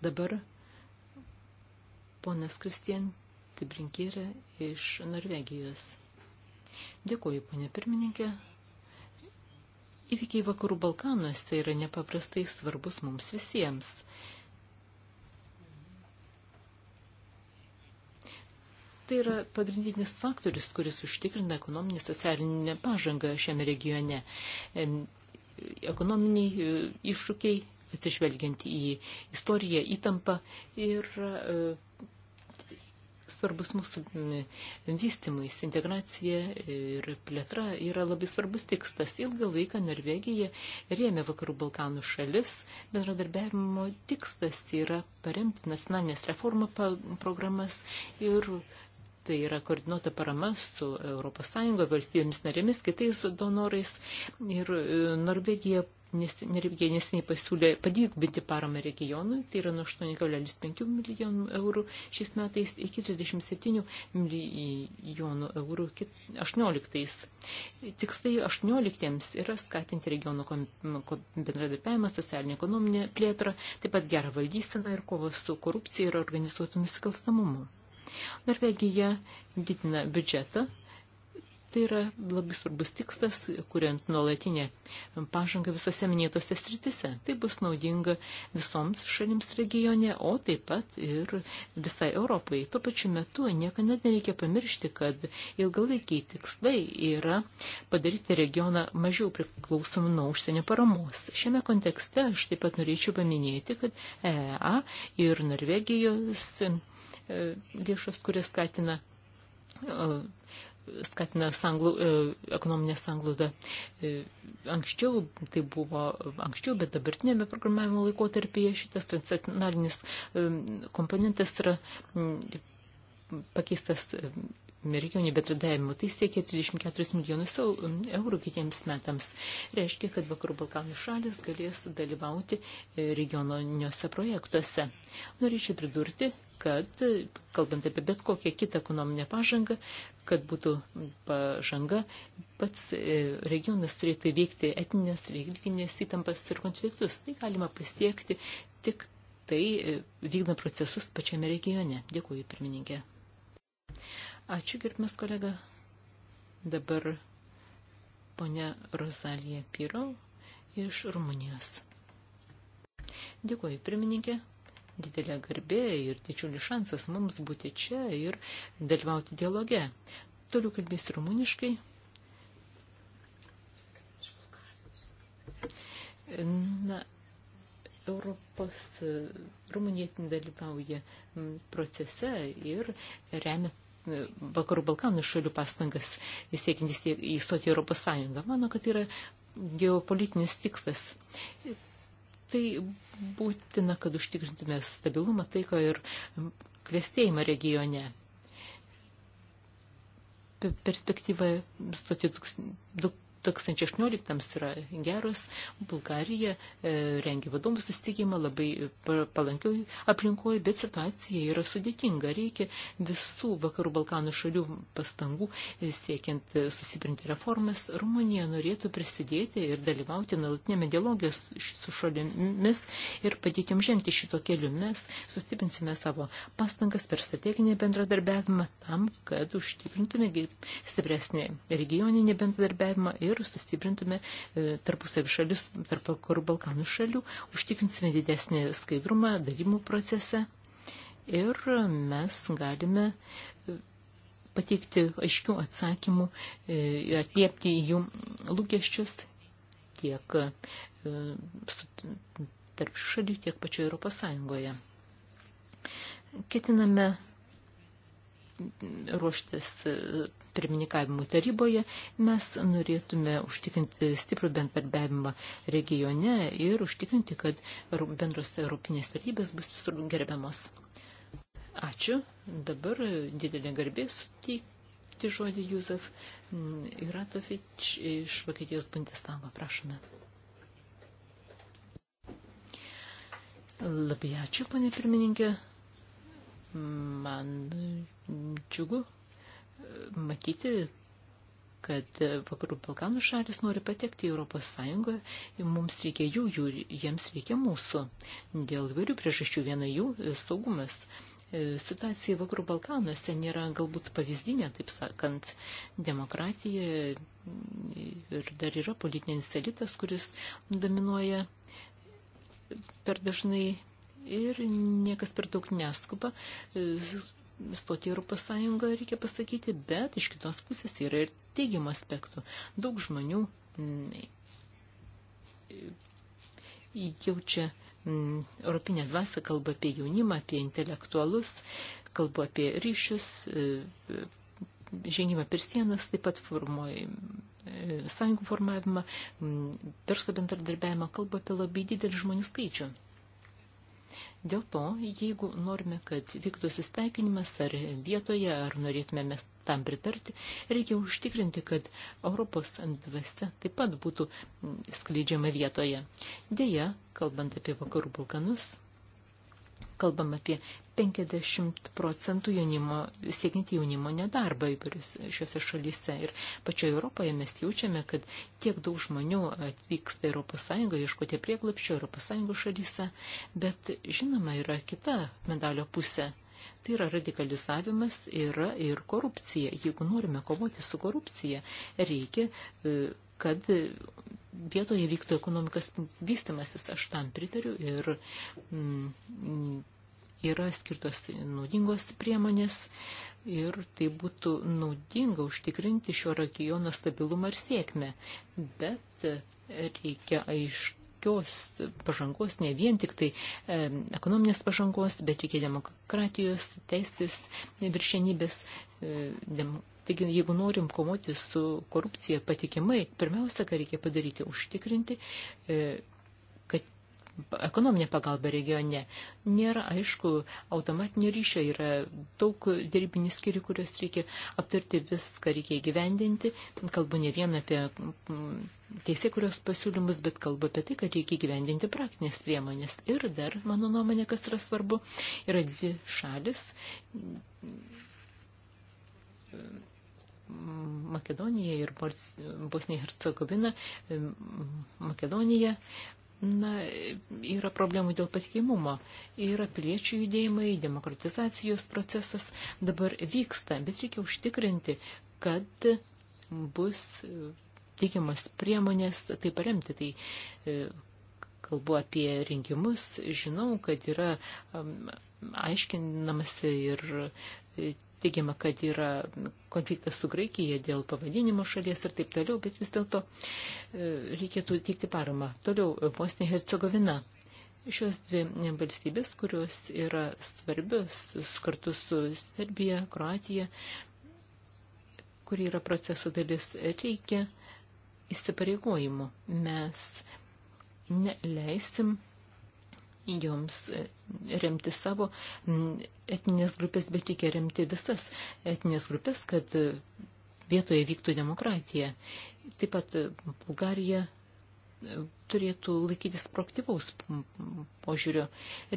Dabar ponas Kristian Tibrinkirė iš Norvegijos. Dėkuoju, ponė pirmininkė. Įvykiai vakarų Balkanuose yra nepaprastai svarbus mums visiems. Tai yra pagrindinis faktorius, kuris užtikrina ekonominį socialinį pažangą šiame regione ekonominiai e, iššūkiai, atsižvelgiant į istoriją, įtampą ir e, svarbus mūsų vystimais, integracija ir plėtra yra labai svarbus tikslas. Ilgą laiką Norvegija rėmė Vakarų Balkanų šalis, bendradarbiavimo tikslas yra paremti nacionalinės reformų programas ir tai yra koordinuota parama su ES valstybėmis narėmis, kitais donorais ir e, Norvegija Norvegija nesiniai pasiūlė padvigubinti paramą regionui, tai yra nuo 8,5 milijonų eurų šiais metais iki 37 milijonų eurų 18. Tikslai 18 yra skatinti regionų bendradarbiavimą, socialinį ekonominį plėtrą, taip pat gerą valdyseną ir kovą su korupcija ir organizuotų nusikalstamumu. Norvegija didina biudžetą. Tai yra labai svarbus tikslas, kuriant nuolatinę pažangą visose minėtose sritise. Tai bus naudinga visoms šalims regione, o taip pat ir visai Europai. Tuo pačiu metu niekada nereikia pamiršti, kad ilgalaikiai tikslai yra padaryti regioną mažiau priklausomų nuo užsienio paramos. Šiame kontekste aš taip pat norėčiau paminėti, kad EEA ir Norvegijos lėšos, e, kuris skatina e, skatina sanglų, e, ekonominę sanglaudą. Anksčiau tai buvo anksčiau, bet dabartinėme programavimo laikotarpyje šitas transnacionalinis komponentas yra pakeistas regioninio betradavimo. Tai siekia 34 milijonus eurų kitiems metams. Reiškia, kad Vakarų Balkanų šalis galės dalyvauti regioniniuose projektuose. Norėčiau pridurti, kad, kalbant apie bet kokią kitą ekonominę pažangą, kad būtų pažanga, pats e, regionas turėtų įveikti etinės, religinės įtampas ir konfliktus. Tai galima pasiekti tik tai e, vykdant procesus pačiame regione. Dėkuoju, pirmininkė. Ačiū, gerbimas kolega. Dabar ponia Rosalija Piro iš Rumunijos. Dėkuoju, pirmininkė didelė garbė ir didžiulis šansas mums būti čia ir dalyvauti dialoge. Toliau kalbės rumuniškai. Na, Europos Rumunija dalyvauja procese ir remia vakarų Balkanų šalių pastangas siekintis įstoti į Europos Sąjungą. Mano, kad yra geopolitinis tikslas. Tai būtina, kad užtikrintume stabilumą, taiką ir klėstėjimą regione perspektyva stoti 2018 yra geros, Bulgarija e, rengia vadovų susitikimą labai palankioj aplinkoje, bet situacija yra sudėtinga. Reikia visų vakarų Balkanų šalių pastangų e, siekiant e, susiprinti reformas. Rumunija norėtų prisidėti ir dalyvauti nuolatinėme dialogė su šalimis ir padėti jums žengti šito keliu. Mes sustiprinsime savo pastangas per strateginį bendradarbiavimą tam, kad užtikrintume stipresnį regioninį bendradarbiavimą ir ir sustiprintume e, tarpusavį šalius, tarp vakarų Balkanų šalių, užtikrinsime didesnį skaidrumą darimų procese ir mes galime e, pateikti aiškių atsakymų, e, atliepti jų lūkesčius tiek tarp šių šalių, tiek pačioje Europos Sąjungoje. Ketiname ruoštis e, pirmininkavimų taryboje, mes norėtume užtikrinti stiprų bendarbiavimą regione ir užtikrinti, kad bendros europinės vertybės bus visur gerbiamos. Ačiū. Dabar didelė garbė suteikti žodį Jūzef Iratovič iš Vokietijos Bundestago. Prašome. Labai ačiū, panė pirmininkė. Man džiugu e, matyti, kad vakarų Balkanų šalis nori patekti į Europos Sąjungą, mums reikia jų, jų jiems reikia mūsų. Dėl vairių priežasčių viena jų e, - saugumas. E, situacija vakarų Balkanuose nėra galbūt pavyzdinė, taip sakant, demokratija ir dar yra politinis elitas, kuris dominuoja per dažnai ir niekas per daug neskuba stoti Europos Sąjungą, reikia pasakyti, bet iš kitos pusės yra ir teigiamų aspektų. Daug žmonių mm, jaučia mm, europinę dvasę, kalba apie jaunimą, apie intelektualus, kalba apie ryšius, e, žengimą per sienas, taip pat formuoja e, sąjungų formavimą, mm, verslo bendradarbiavimą, kalba apie labai didelį žmonių skaičių. Dėl to, jeigu norime, kad vyktų susitaikinimas ar vietoje, ar norėtume mes tam pritarti, reikia užtikrinti, kad Europos dvasia taip pat būtų mm, skleidžiama vietoje. Deja, kalbant apie vakarų Balkanus, Kalbam apie 50 procentų jaunimo, siekinti jaunimo nedarbą šiuose šalyse. Ir pačioje Europoje mes jaučiame, kad tiek daug žmonių atvyksta Europos Sąjungą, ieškotie prieglapščio Europos Sąjungos šalyse, bet žinoma yra kita medalio pusė. Tai yra radikalizavimas, yra ir korupcija. Jeigu norime kovoti su korupcija, reikia, e, kad vietoje vyktų ekonomikas vystimasis, aš tam pritariu ir mm, yra skirtos naudingos priemonės ir tai būtų naudinga užtikrinti šio regiono stabilumą ir sėkmę, bet reikia aiškios pažangos, ne vien tik tai e, ekonominės pažangos, bet reikia demokratijos, teisės, viršienybės, e, demokratijos Taigi, jeigu norim komoti su korupcija patikimai, pirmiausia, ką reikia padaryti, užtikrinti, e, kad ekonominė pagalba regione. Nėra, aišku, automatinio ryšio, yra daug dėrybinių skirių, kuriuos reikia aptarti, viską reikia įgyvendinti. Kalbu ne vien apie mm, teisė kurios pasiūlymus, bet kalbu apie tai, kad reikia įgyvendinti praktinės priemonės. Ir dar, mano nuomonė, kas yra svarbu, yra dvi šalis Makedonija ir Bosnija Hercegovina, Makedonija, na, yra problemų dėl patikimumo. Yra piliečių judėjimai, demokratizacijos procesas dabar vyksta, bet reikia užtikrinti, kad bus e, teikiamas priemonės tai paremti. Tai e, kalbu apie rinkimus, žinau, kad yra aiškinamasi ir e, teigiama, kad yra konfliktas su Graikija dėl pavadinimo šalies ir taip toliau, bet vis dėlto e, reikėtų teikti paramą. Toliau e, Bosnija Hercegovina. Šios dvi valstybės, kurios yra svarbios kartu su Serbija, Kroatija, kuri yra proceso dalis, reikia įsipareigojimų. Mes neleisim joms e, remti savo etinės grupės, bet reikia remti visas etinės grupės, kad e, vietoje vyktų demokratija. Taip pat e, Bulgarija turėtų laikytis proaktyvaus požiūrio.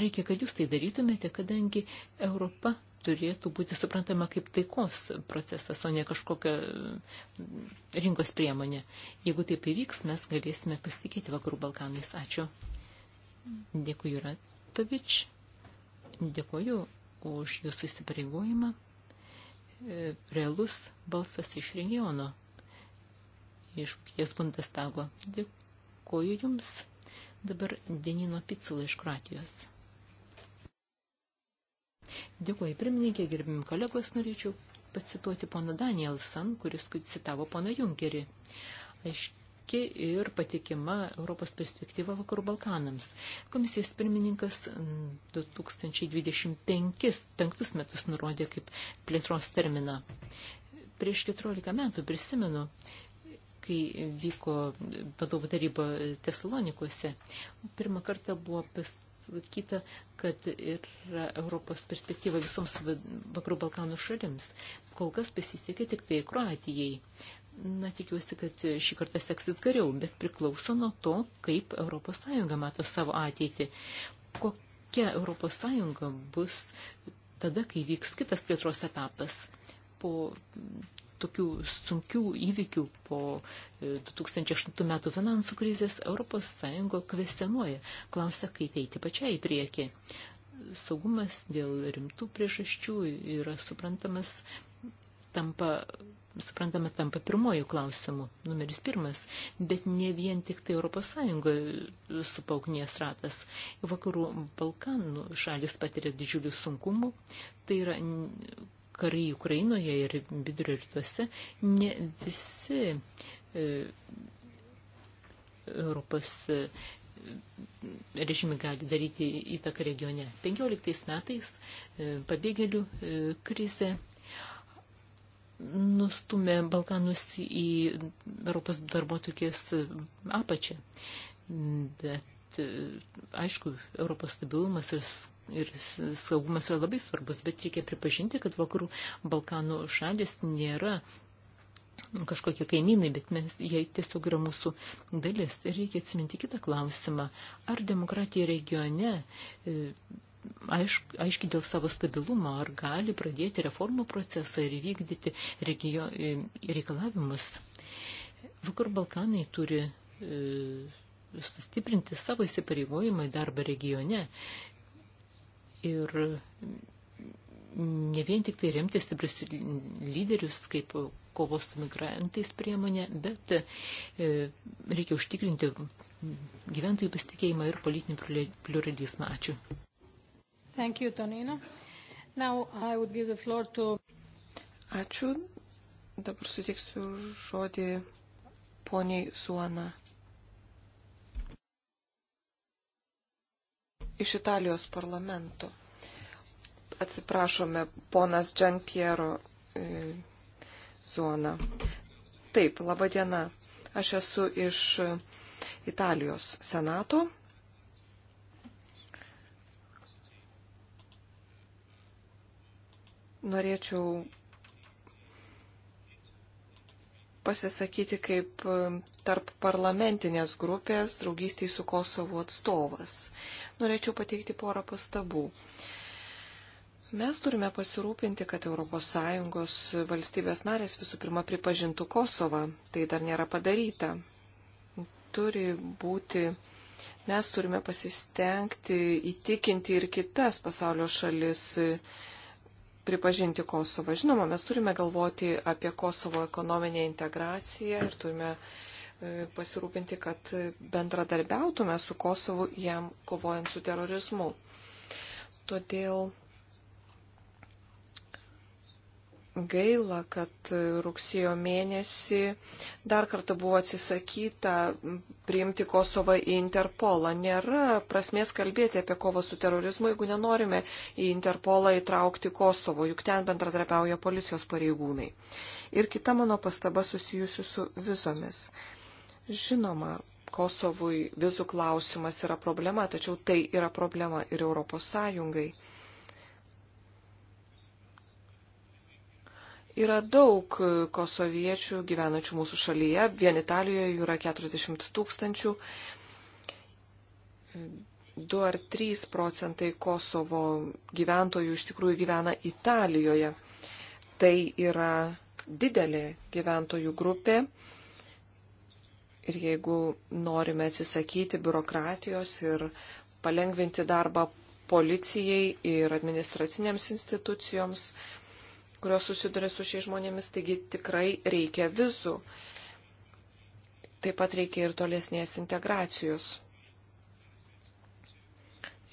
Reikia, kad jūs tai darytumėte, kadangi Europa turėtų būti suprantama kaip taikos procesas, o ne kažkokia rinkos priemonė. Jeigu taip įvyks, mes galėsime pasitikėti Vakarų Balkanais. Ačiū. Dėkui, Juratovič. Dėkuoju už jūsų įsipareigojimą. E, realus balsas iš regiono, iš Ties Bundestago. Dėkuoju Jums. Dabar Denino Picula iš Kroatijos. Dėkuoju, pirmininkė, gerbim kolegos, norėčiau pacituoti poną Danielson, kuris citavo poną Junkerį. Aš aiški ir patikima Europos perspektyva Vakarų Balkanams. Komisijos pirmininkas 2025 metus nurodė kaip plėtros terminą. Prieš 14 metų prisimenu, kai vyko vadovų taryba Tesalonikuose, pirmą kartą buvo pasakyta, kad yra Europos perspektyva visoms vakarų Balkanų šalims. Kol kas pasisekė tik tai Kroatijai. Na, tikiuosi, kad šį kartą seksis geriau, bet priklauso nuo to, kaip ES mato savo ateitį. Kokia ES bus tada, kai vyks kitas plėtros etapas po tokių sunkių įvykių po 2008 e, metų finansų krizės ES kvestionuoja, klausia, kaip eiti pačiai į priekį. Saugumas dėl rimtų priežasčių yra suprantamas, tampa suprantama, tampa pirmojų klausimų, numeris pirmas, bet ne vien tik tai Europos Sąjungoje supauknės ratas. Vakarų Balkanų šalis patiria didžiulių sunkumų, tai yra karai Ukrainoje ir vidurio rytuose, ne visi e, Europos e, režimai gali daryti įtaką regione. 15 metais e, pabėgėlių e, krize nustumė Balkanus į Europos darbotokės apačią. Bet, e, aišku, Europos stabilumas ir ir saugumas yra labai svarbus, bet reikia pripažinti, kad vakarų Balkanų šalis nėra kažkokie kaimynai, bet mes, jie tiesiog yra mūsų dalis. Ir reikia atsiminti kitą klausimą. Ar demokratija regione e, aišk, aiškiai dėl savo stabilumo, ar gali pradėti reformų procesą ir vykdyti regio, e, reikalavimus. Vakarų Balkanai turi e, sustiprinti savo įsipareigojimą į darbą regione ir ne vien tik tai remti stiprius lyderius kaip kovos su migrantais priemonė, bet e, reikia užtikrinti gyventojų pasitikėjimą ir politinį pluralizmą. Ačiū.
Thank you,
Tonina. Now I would give the floor to... Ačiū. Dabar sutiksiu žodį poniai Suana. Iš Italijos parlamento. Atsiprašome, ponas Gian Piero Suana. E, Taip, laba diena. Aš esu iš Italijos senato norėčiau pasisakyti kaip e, tarp parlamentinės grupės draugystiai su Kosovo atstovas. Norėčiau pateikti porą pastabų. Mes turime pasirūpinti, kad ES valstybės narės visų pirma pripažintų Kosovą. Tai dar nėra padaryta. Turi būti, mes turime pasistengti įtikinti ir kitas pasaulio šalis pripažinti Kosovą. Žinoma, mes turime galvoti apie Kosovo ekonominę integraciją ir turime e, pasirūpinti, kad bendradarbiautume su Kosovu jam kovojant su terorizmu. Todėl gaila, kad rugsėjo mėnesį dar kartą buvo atsisakyta priimti Kosovą į Interpolą. Nėra prasmės kalbėti apie kovą su terorizmu, jeigu nenorime į Interpolą įtraukti Kosovo, juk ten bendradarbiauja policijos pareigūnai. Ir kita mano pastaba susijusi su vizomis. Žinoma, Kosovui vizų klausimas yra problema, tačiau tai yra problema ir Europos Sąjungai. Yra daug kosoviečių gyvenančių mūsų šalyje, vien Italijoje jų yra 40 tūkstančių. 2 ar 3 procentai Kosovo gyventojų iš tikrųjų gyvena Italijoje. Tai yra didelė gyventojų grupė. Ir jeigu norime atsisakyti biurokratijos ir palengvinti darbą policijai ir administracinėms institucijoms, kurios susiduria su šiais žmonėmis, taigi tikrai reikia vizų. Taip pat reikia ir tolesnės integracijos.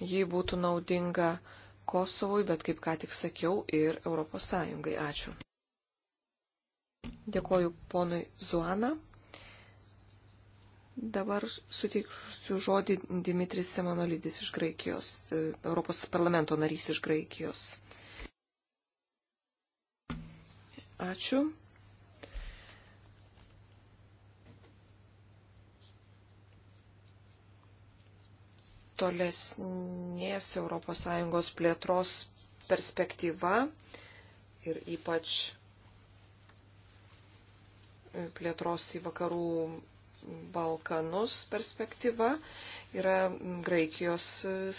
Jei būtų naudinga Kosovui, bet kaip ką tik sakiau, ir Europos Sąjungai. Ačiū. Dėkoju ponui Zuana. Dabar suteiksiu žodį Dimitris Semanolidis iš Graikijos, Europos parlamento narys iš Graikijos. Ačiū. Tolesnės ES plėtros perspektyva ir ypač plėtros į vakarų Balkanus perspektyva yra Graikijos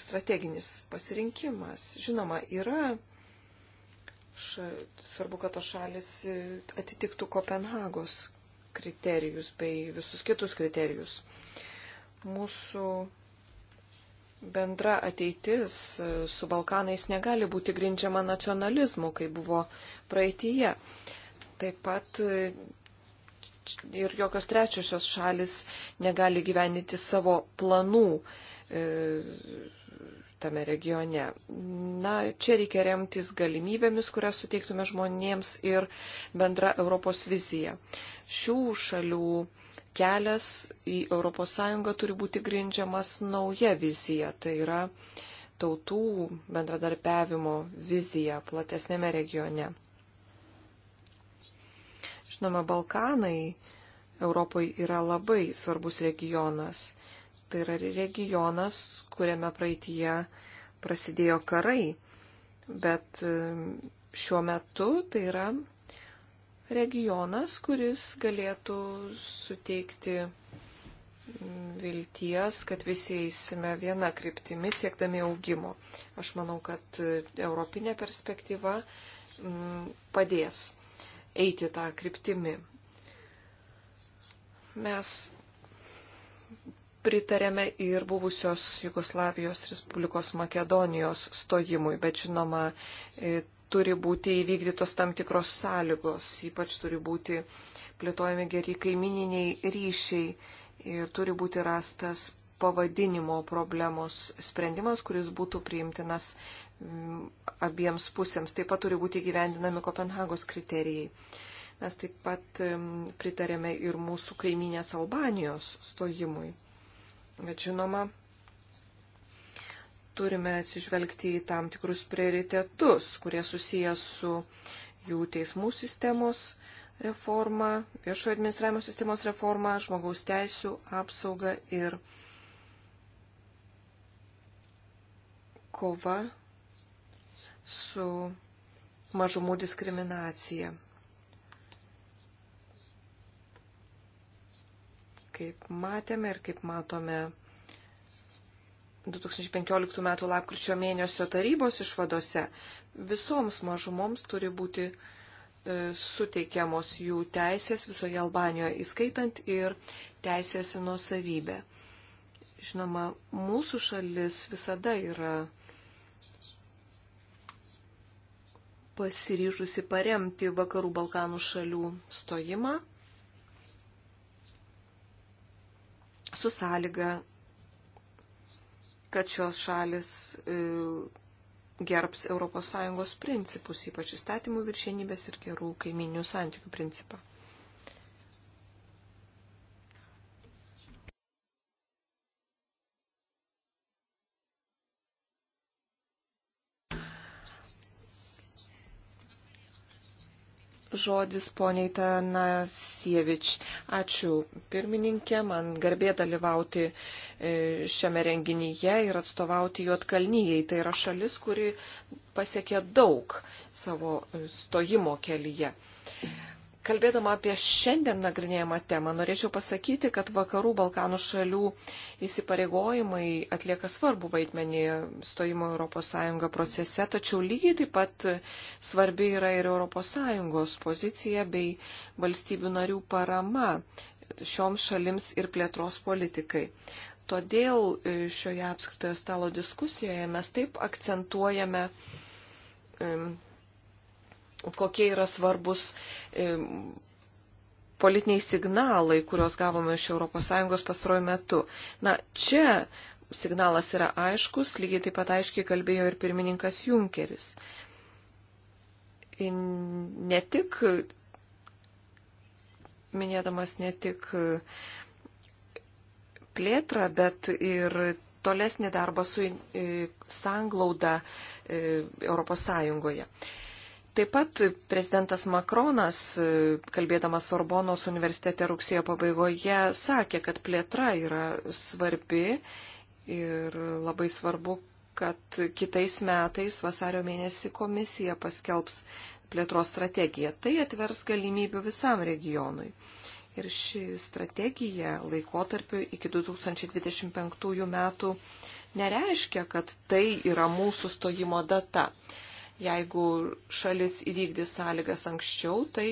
strateginis pasirinkimas. Žinoma, yra ša, svarbu, kad tos šalis atitiktų Kopenhagos kriterijus bei visus kitus kriterijus. Mūsų bendra ateitis e, su Balkanais negali būti grindžiama nacionalizmu, kaip buvo praeitįje. Taip pat e, ir jokios trečiosios šalis negali gyveninti savo planų e, tame regione. Na, čia reikia remtis galimybėmis, kurias suteiktume žmonėms ir bendra Europos vizija. Šių šalių kelias į ES turi būti grindžiamas nauja vizija, tai yra tautų bendradarbiavimo vizija platesnėme regione. Žinoma, Balkanai Europai yra labai svarbus regionas Tai yra regionas, kuriame praeitie prasidėjo karai, bet e, šiuo metu tai yra regionas, kuris galėtų suteikti vilties, kad visi eisime vieną kryptimį siekdami augimo. Aš manau, kad e, europinė perspektyva padės eiti tą kryptimį. Mes pritarėme ir buvusios Jugoslavijos Respublikos Makedonijos stojimui, bet žinoma, e, turi būti įvykdytos tam tikros sąlygos, ypač turi būti plėtojami geri kaimininiai ryšiai ir turi būti rastas pavadinimo problemos sprendimas, kuris būtų priimtinas abiems pusėms. Taip pat turi būti gyvendinami Kopenhagos kriterijai. Mes taip pat pritarėme ir mūsų kaiminės Albanijos stojimui. Bet žinoma, turime atsižvelgti į tam tikrus prioritetus, kurie susijęs su jų teismų sistemos reforma, viešojo administravimo sistemos reforma, žmogaus teisų apsauga ir kova su mažumų diskriminacija. Kaip matėme ir kaip matome 2015 m. lapkričio mėnesio tarybos išvadose, visoms mažumoms turi būti e, suteikiamos jų teisės visoje Albanijoje, įskaitant ir teisės į nuosavybę. Žinoma, mūsų šalis visada yra pasiryžusi paremti Vakarų Balkanų šalių stojimą su sąlyga, kad šios šalis e, gerbs ES principus, ypač įstatymų viršienybės ir gerų kaiminių santykių principą. žodis poniai Tanasievič. Ačiū pirmininkė, man garbė dalyvauti e, šiame renginyje ir atstovauti Juotkalnyjei. Tai yra šalis, kuri pasiekė daug savo stojimo kelyje. Kalbėdama apie šiandien nagrinėjimą temą, norėčiau pasakyti, kad vakarų Balkanų šalių įsipareigojimai atlieka svarbu vaidmenį stojimo ES procese, tačiau lygiai taip pat svarbi yra ir ES pozicija bei valstybių narių parama šioms šalims ir plėtros politikai. Todėl e, šioje apskritojo stalo diskusijoje mes taip akcentuojame kokie yra svarbus politiniai signalai, kuriuos gavome iš ES pastaruoju metu. Na, čia signalas yra aiškus, lygiai taip pat aiškiai kalbėjo ir pirmininkas Junkeris. Ne tik, minėdamas ne tik plėtrą, bet ir tolesnį darbą su sanglauda ES. Taip pat prezidentas Makronas, e, kalbėdamas Sorbonos universitete rugsėjo pabaigoje, sakė, kad plėtra yra svarbi ir labai svarbu, kad kitais metais vasario mėnesį komisija paskelbs plėtros strategiją. Tai atvers galimybių visam regionui. Ir ši strategija laikotarpiu iki 2025 metų nereiškia, kad tai yra mūsų stojimo data. Jeigu šalis įvykdys sąlygas anksčiau, tai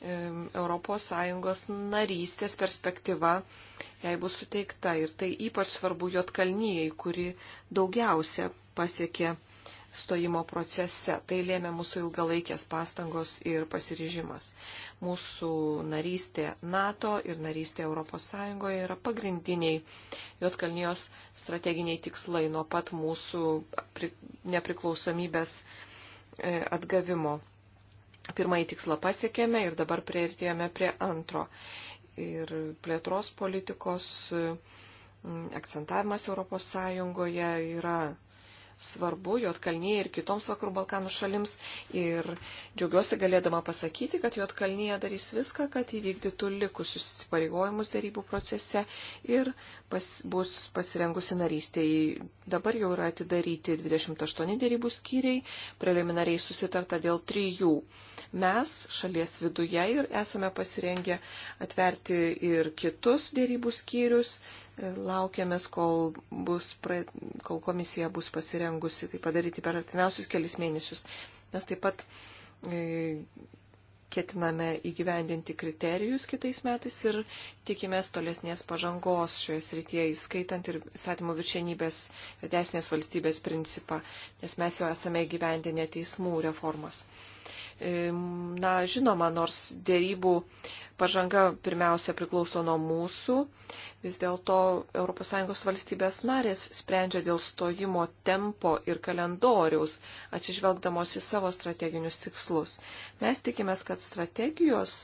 ES narystės perspektyva jai bus suteikta. Ir tai ypač svarbu Jotkalnyjei, kuri daugiausia pasiekė stojimo procese. Tai lėmė mūsų ilgalaikės pastangos ir pasiryžimas. Mūsų narystė NATO ir narystė ES yra pagrindiniai Jotkalnyjos strateginiai tikslai nuo pat mūsų nepriklausomybės E, atgavimo. Pirmąjį tikslą pasiekėme ir dabar prieartėjome prie antro. Ir plėtros politikos e, akcentavimas ES yra svarbu Jotkalnyje ir kitoms Vakarų Balkanų šalims. Ir džiaugiuosi galėdama pasakyti, kad Jotkalnyje darys viską, kad įvykdytų likusius įsipareigojimus darybų procese ir pas, bus pasirengusi narystėjai. Dabar jau yra atidaryti 28 dėrybų skyriai, preliminariai susitarta dėl trijų. Mes šalies viduje ir esame pasirengę atverti ir kitus dėrybų skyrius. Laukiamės, kol, bus, kol komisija bus pasirengusi tai padaryti per artimiausius kelis mėnesius. Mes taip pat e, ketiname įgyvendinti kriterijus kitais metais ir tikimės tolesnės pažangos šioje srityje, įskaitant ir įstatymo viršienybės teisinės valstybės principą, nes mes jau esame įgyvendinę teismų reformas. Na, žinoma, nors dėrybų pažanga pirmiausia priklauso nuo mūsų, vis dėlto ES valstybės narės sprendžia dėl stojimo tempo ir kalendoriaus, atsižvelgdamos į savo strateginius tikslus. Mes tikimės, kad strategijos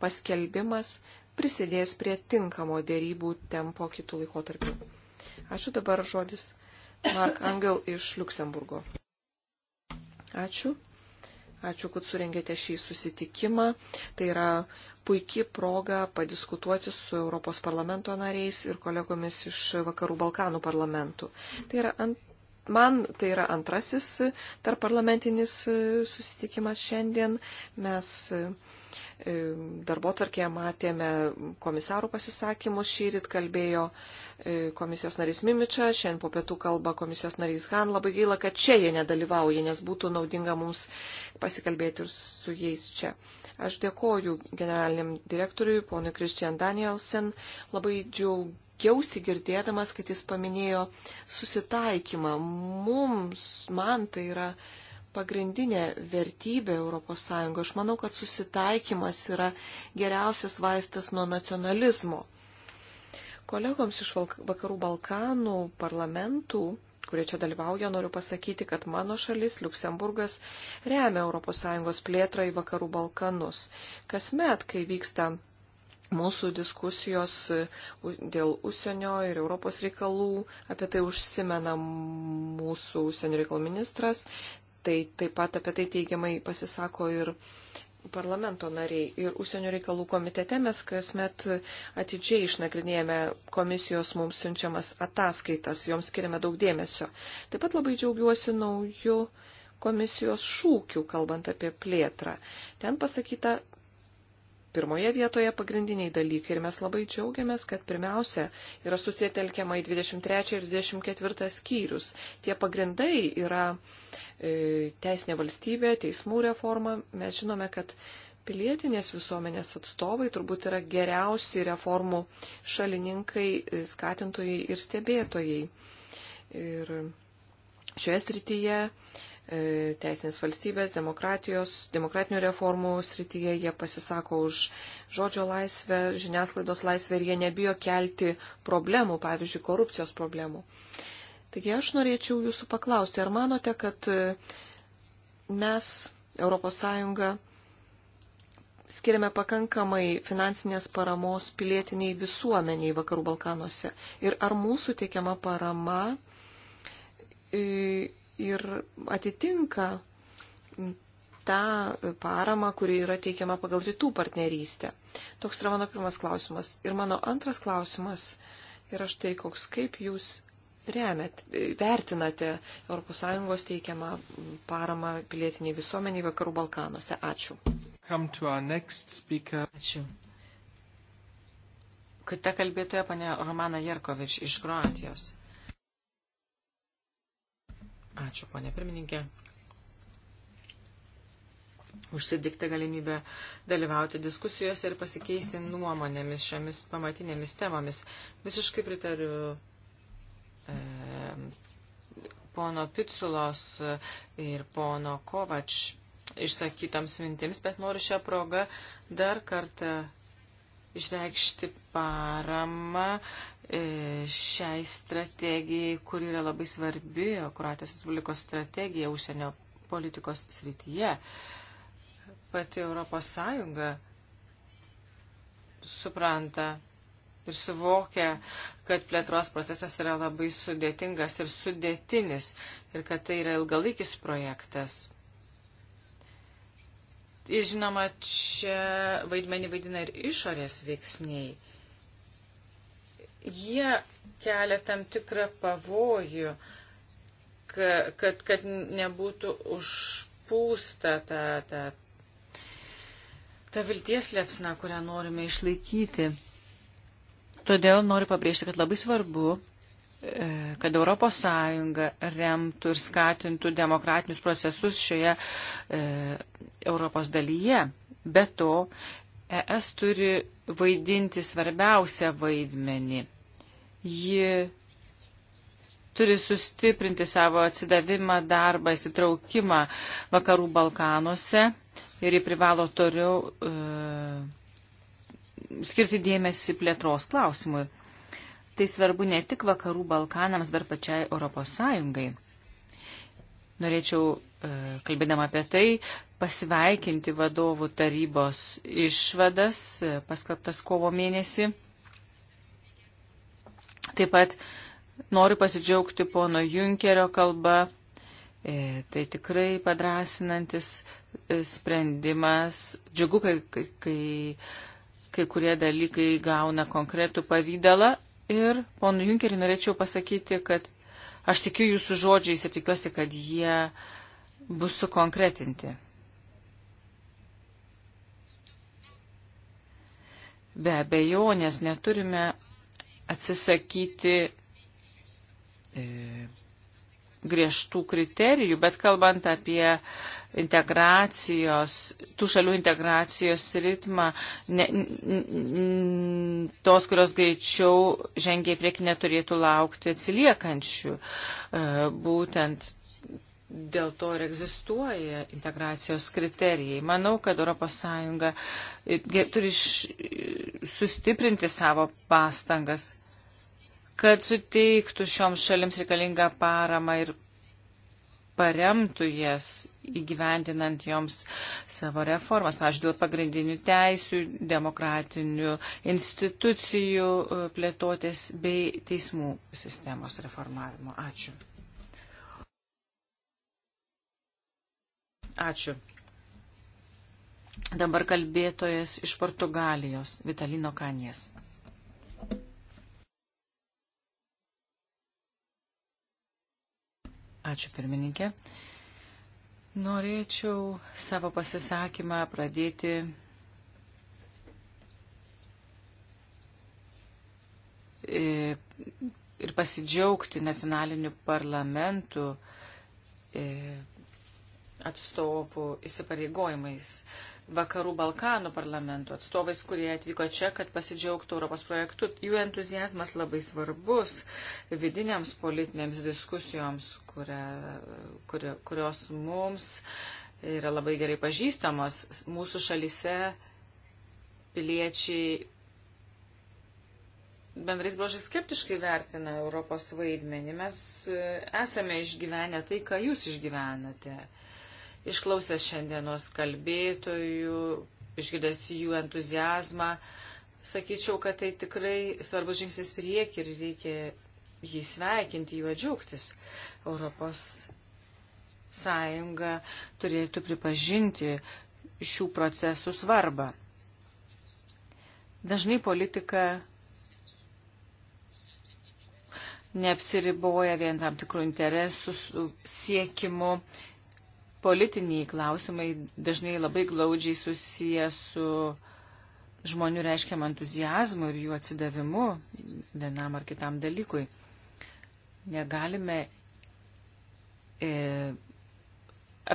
paskelbimas prisidės prie tinkamo dėrybų tempo kitų laikotarpių. Ačiū dabar žodis Mark Angel iš Luksemburgo. Ačiū. Ačiū, kad surengėte šį susitikimą. Tai yra puikia proga padiskutuoti su Europos parlamento nariais ir kolegomis iš Vakarų Balkanų parlamentų. Tai yra ant, man tai yra antrasis tarp parlamentinis e, susitikimas šiandien. Mes e, E, darbo tarkėje matėme komisarų pasisakymus, šį ryt kalbėjo e, komisijos narys Mimiča, šiandien po pietų kalba komisijos narys Han. Labai gaila, kad čia jie nedalyvauja, nes būtų naudinga mums pasikalbėti ir su jais čia. Aš dėkoju generaliniam direktoriui, ponui Kristian Danielsen. Labai džiaugiausi girdėdamas, kad jis paminėjo susitaikymą. Mums, man tai yra pagrindinė vertybė ES. Aš manau, kad susitaikymas yra geriausias vaistas nuo nacionalizmo. Kolegoms iš Vakarų Balkanų parlamentų, kurie čia dalyvauja, noriu pasakyti, kad mano šalis, Luksemburgas, remia ES plėtrą į Vakarų Balkanus. Kasmet, kai vyksta mūsų diskusijos e, dėl užsienio ir Europos reikalų, apie tai užsimena mūsų užsienio reikalų ministras, tai taip pat apie tai teigiamai pasisako ir parlamento nariai. Ir užsienio reikalų komitete mes kasmet atidžiai išnagrinėjame komisijos mums siunčiamas ataskaitas, joms skiriame daug dėmesio. Taip pat labai džiaugiuosi nauju komisijos šūkiu, kalbant apie plėtrą. Ten pasakyta pirmoje vietoje pagrindiniai dalykai ir mes labai džiaugiamės, kad pirmiausia yra susitelkiama į 23 ir 24 skyrius. Tie pagrindai yra e, teisinė valstybė, teismų reforma. Mes žinome, kad pilietinės visuomenės atstovai turbūt yra geriausi reformų šalininkai, e, skatintojai ir stebėtojai. Ir šioje srityje e, E, teisinės valstybės, demokratijos, demokratinių reformų srityje, jie pasisako už žodžio laisvę, žiniasklaidos laisvę ir jie nebijo kelti problemų, pavyzdžiui, korupcijos problemų. Taigi aš norėčiau jūsų paklausti, ar manote, kad e, mes, ES, skiriame pakankamai finansinės paramos pilietiniai visuomeniai Vakarų Balkanuose ir ar mūsų teikiama parama e, ir atitinka tą paramą, kuri yra teikiama pagal rytų partnerystę. Toks yra mano pirmas klausimas. Ir mano antras klausimas yra štai koks, kaip jūs remet, vertinate ES teikiamą paramą pilietiniai visuomeniai Vakarų Balkanuose. Ačiū.
Ačiū.
Kita kalbėtoja, panė Romana Jerkovič iš
Kroatijos. Ačiū, ponė pirmininkė. Užsidikti galimybę dalyvauti diskusijose ir pasikeisti nuomonėmis šiomis pamatinėmis temomis. Visiškai pritariu e, pono Pitsulos ir pono Kovač išsakytoms mintims, bet noriu šią progą dar kartą išreikšti paramą E, šiai strategijai, kuri yra labai svarbi Kroatijos Respublikos strategija užsienio politikos srityje. Pati Europos Sąjunga supranta ir suvokia, kad plėtros procesas yra labai sudėtingas ir sudėtinis ir kad tai yra ilgalaikis projektas. Ir žinoma, čia vaidmenį vaidina ir išorės veiksniai jie kelia tam tikrą pavojų, kad, kad, kad nebūtų užpūsta ta, ta, ta vilties liepsna, kurią norime išlaikyti. Todėl noriu pabrėžti, kad labai svarbu, e, kad ES remtų ir skatintų demokratinius procesus šioje e, Europos dalyje. Be to, ES turi vaidinti svarbiausią vaidmenį. Ji turi sustiprinti savo atsidavimą, darbą, įsitraukimą vakarų Balkanuose ir ji privalo toliau e, skirti dėmesį plėtros klausimui. Tai svarbu ne tik vakarų Balkanams, bet pačiai Europos Sąjungai. Norėčiau, e, kalbėdama apie tai, pasveikinti vadovų tarybos išvadas, e, paskelbtas kovo mėnesį. Taip pat noriu pasidžiaugti pono Junkerio kalba. E, tai tikrai padrasinantis sprendimas. Džiugu, kai, kai, kai kurie dalykai gauna konkretų pavydalą. Ir ponui Junkeriui norėčiau pasakyti, kad Aš tikiu jūsų žodžiais ir tikiuosi, kad jie bus sukonkretinti. Be abejonės neturime atsisakyti e, griežtų kriterijų, bet kalbant apie integracijos, tų šalių integracijos ritmą, ne, n, tos, kurios greičiau žengiai prieki neturėtų laukti atsiliekančių. E, būtent dėl to ir egzistuoja integracijos kriterijai. Manau, kad ES turi sustiprinti savo pastangas kad suteiktų šioms šalims reikalingą paramą ir paremtų jas įgyvendinant joms savo reformas, pavyzdžiui, dėl pagrindinių teisių, demokratinių institucijų e, plėtotės bei teismų sistemos reformavimo. Ačiū. Ačiū. Dabar kalbėtojas iš Portugalijos, Vitalino Kanijas. Ačiū pirmininkė. Norėčiau savo pasisakymą pradėti e, ir pasidžiaugti nacionaliniu parlamentu e, atstovų įsipareigojimais Vakarų Balkanų parlamento atstovais, kurie atvyko čia, kad pasidžiaugtų Europos projektu. Jų entuzijazmas labai svarbus vidiniams politinėms diskusijoms, kuria, kuria, kurios mums yra labai gerai pažįstamos. Mūsų šalise piliečiai bendrais bložais skeptiškai vertina Europos vaidmenį. Mes e, esame išgyvenę tai, ką jūs išgyvenate. Išklausęs šiandienos kalbėtojų, išgirdęs jų entuzijazmą, sakyčiau, kad tai tikrai svarbus žingsnis prieki ir reikia jį sveikinti, juo džiaugtis. Europos Sąjunga turėtų pripažinti šių procesų svarbą. Dažnai politika neapsiriboja vien tam tikrų interesų siekimu politiniai klausimai dažnai labai glaudžiai susiję su žmonių reiškiam entuzijazmu ir jų atsidavimu vienam ar kitam dalykui. Negalime e,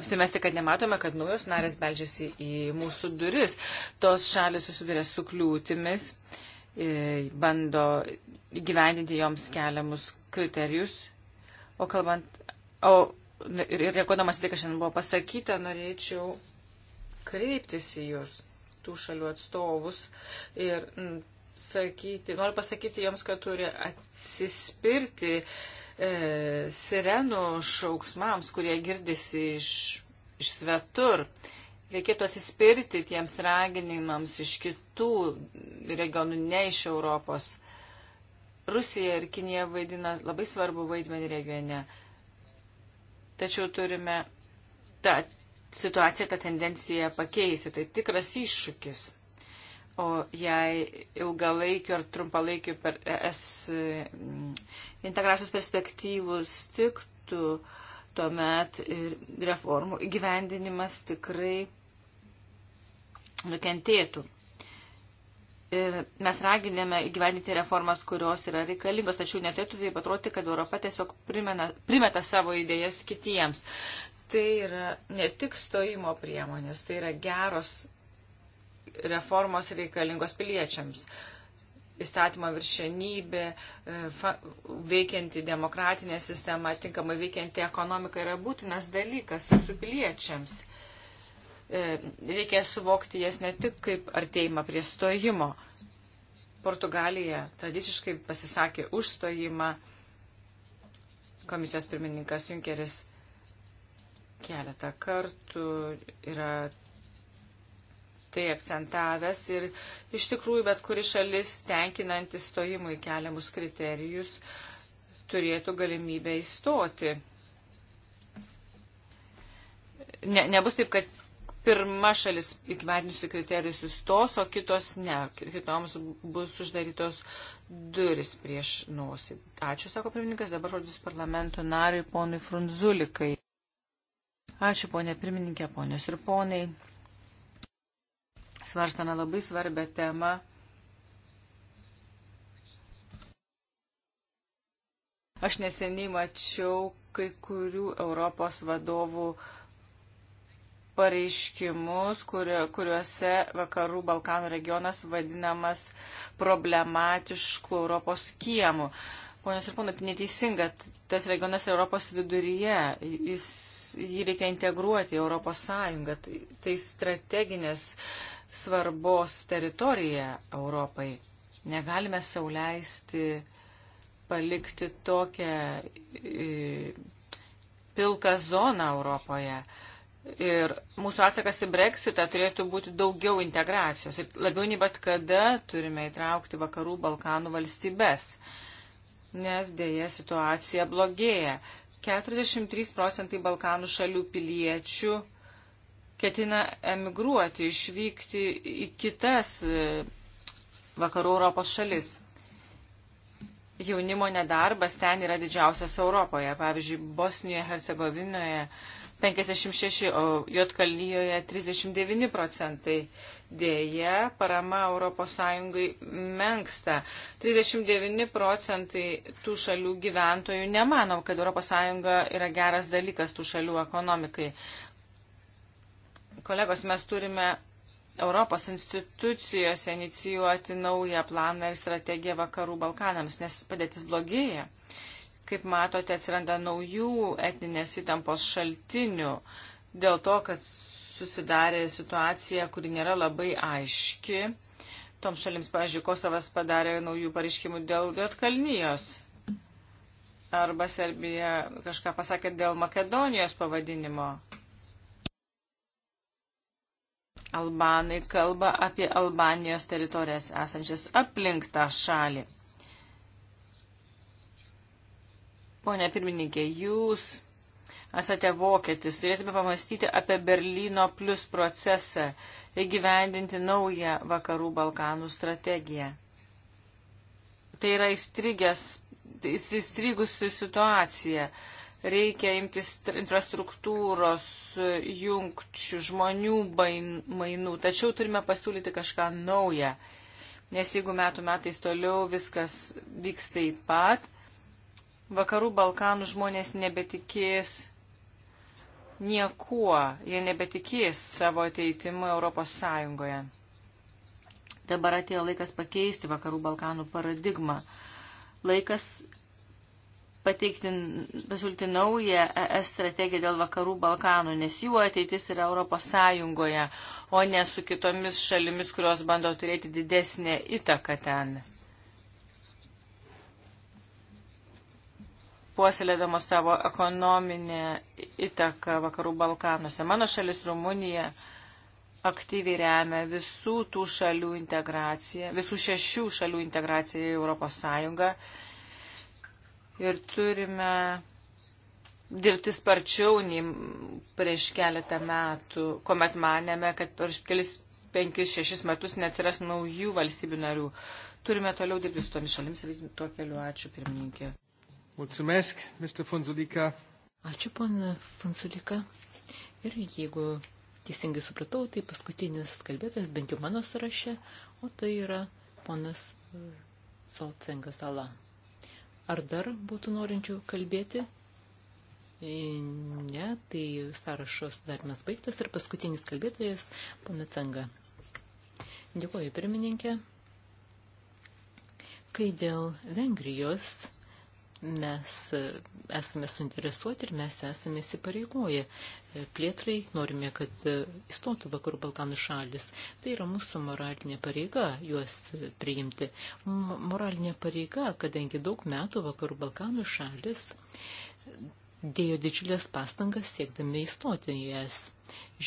apsimesti, kad nematome, kad naujos narės beldžiasi į mūsų duris. Tos šalis susiduria su kliūtimis, e, bando gyvendinti joms keliamus kriterijus. O kalbant, o ir, ir reaguodamas tai, kas šiandien buvo pasakyta, norėčiau kreiptis į jūs, tų šalių atstovus, ir m, mm, sakyti, noriu pasakyti joms, kad turi atsispirti e, sirenų šauksmams, kurie girdisi iš, iš svetur. Reikėtų atsispirti tiems raginimams iš kitų regionų, ne iš Europos. Rusija ir Kinija vaidina labai svarbu vaidmenį regione. Tačiau turime tą situaciją, tą tendenciją pakeisti. Tai tikras iššūkis. O jei ilgalaikiu ar trumpalaikiu per es mm, integracijos perspektyvus tiktų, tuomet reformų įgyvendinimas tikrai nukentėtų. E, mes raginėme gyveninti reformas, kurios yra reikalingos, tačiau neturėtų taip atrodyti, kad Europa tiesiog primena, primeta savo idėjas kitiems. Tai yra ne tik stojimo priemonės, tai yra geros reformos reikalingos piliečiams. Įstatymo viršenybė, e, veikianti demokratinė sistema, tinkamai veikianti ekonomika yra būtinas dalykas jūsų piliečiams. Uh, E, reikia suvokti jas ne tik kaip artėjimą prie stojimo. Portugalija tradiciškai pasisakė už stojimą. Komisijos pirmininkas Junkeris keletą kartų yra tai akcentavęs ir iš tikrųjų bet kuri šalis tenkinantis stojimui keliamus kriterijus turėtų galimybę įstoti. Ne, nebus taip, kad pirma šalis įgyvendinusi kriterijus sustos, o kitos ne. Kitoms bus uždarytos duris prieš nosį. Ačiū, sako pirmininkas, dabar žodis parlamento nariui ponui Frunzulikai. Ačiū, ponė pirmininkė, ponės ir ponai. Svarstame labai svarbę temą. Aš neseniai mačiau kai kurių Europos vadovų uh, pareiškimus, kuriuose vakarų Balkanų regionas vadinamas problematišku Europos kiemu. Ponios ir ponai, tai neteisinga, tas regionas yra Europos viduryje, jis, jį reikia integruoti į Europos Sąjungą, tai, tai strateginės svarbos teritorija Europai. Negalime sauliaisti palikti tokią pilką zoną Europoje. Ir mūsų atsakas į breksitą turėtų būti daugiau integracijos. Ir labiau nei bet kada turime įtraukti vakarų Balkanų valstybės, nes dėja situacija blogėja. 43 procentai Balkanų šalių piliečių ketina emigruoti, išvykti į kitas e, vakarų Europos šalis. Jaunimo nedarbas ten yra didžiausias Europoje. Pavyzdžiui, Bosnijoje, Hercegovinoje 56, o Jotkalnyjoje 39 procentai. Dėja, parama ES menksta. 39 procentai tų šalių gyventojų nemano, kad ES yra geras dalykas tų šalių ekonomikai. Kolegos, mes turime Europos institucijose inicijuoti naują planą ir strategiją vakarų Balkanams, nes padėtis blogėja. Kaip matote, atsiranda naujų etninės įtampos šaltinių dėl to, kad susidarė situacija, kuri nėra labai aiški. Tom šalims, pavyzdžiui, Kosovas padarė naujų pareiškimų dėl Jotkalnyjos. Arba Serbija kažką pasakė dėl Makedonijos pavadinimo. Albanai kalba apie Albanijos teritorijas esančias aplink tą šalį. Pone pirmininkė, jūs esate vokietis, turėtume pamastyti apie Berlyno plus procesą, įgyvendinti naują vakarų Balkanų strategiją. Tai yra įstrigęs, įstrigusi situacija. Reikia imtis infrastruktūros, jungčių, žmonių mainų, tačiau turime pasiūlyti kažką naują. Nes jeigu metų metais toliau viskas vyks taip pat, Vakarų Balkanų žmonės nebetikės niekuo, jie nebetikės savo ateitimu Europos Sąjungoje. Dabar atėjo laikas pakeisti Vakarų Balkanų paradigmą. Laikas pateikti, pasiūlyti naują ES strategiją dėl vakarų Balkanų, nes jų ateitis yra Europos Sąjungoje, o ne su kitomis šalimis, kurios bando turėti didesnę įtaką ten. puoselėdamos savo ekonominę įtaką Vakarų Balkanuose. Mano šalis Rumunija aktyviai remia visų tų šalių integraciją, visų šešių šalių integraciją į Europos Sąjungą. Ir turime dirbti sparčiau nei prieš keletą metų, kuomet manėme, kad per kelis, penkis, šešis metus neatsiras naujų valstybių narių. Turime toliau dirbti su tomis šalims ir tuo keliu ačiū pirmininkė. Mulțumesc, Mr. Fonsulika. Ačiū, pana Fonsulika. Ir
jeigu teisingai supratau, tai paskutinis kalbėtojas bent jau mano sąraše, o tai yra ponas Salcengas Ala. Ar dar būtų norinčių kalbėti? E, ne, tai sąrašos dar mes baigtas ir paskutinis kalbėtojas, pana Cenga. Dėkuoju, pirmininkė. Kai dėl Vengrijos mes e, esame suinteresuoti ir mes esame įsipareigoję e, plėtrai, norime, kad e, įstotų vakarų Balkanų šalis. Tai yra mūsų moralinė pareiga juos priimti. Moralinė pareiga, kadangi daug metų vakarų Balkanų šalis dėjo didžiulės pastangas siekdami įstoti į jas.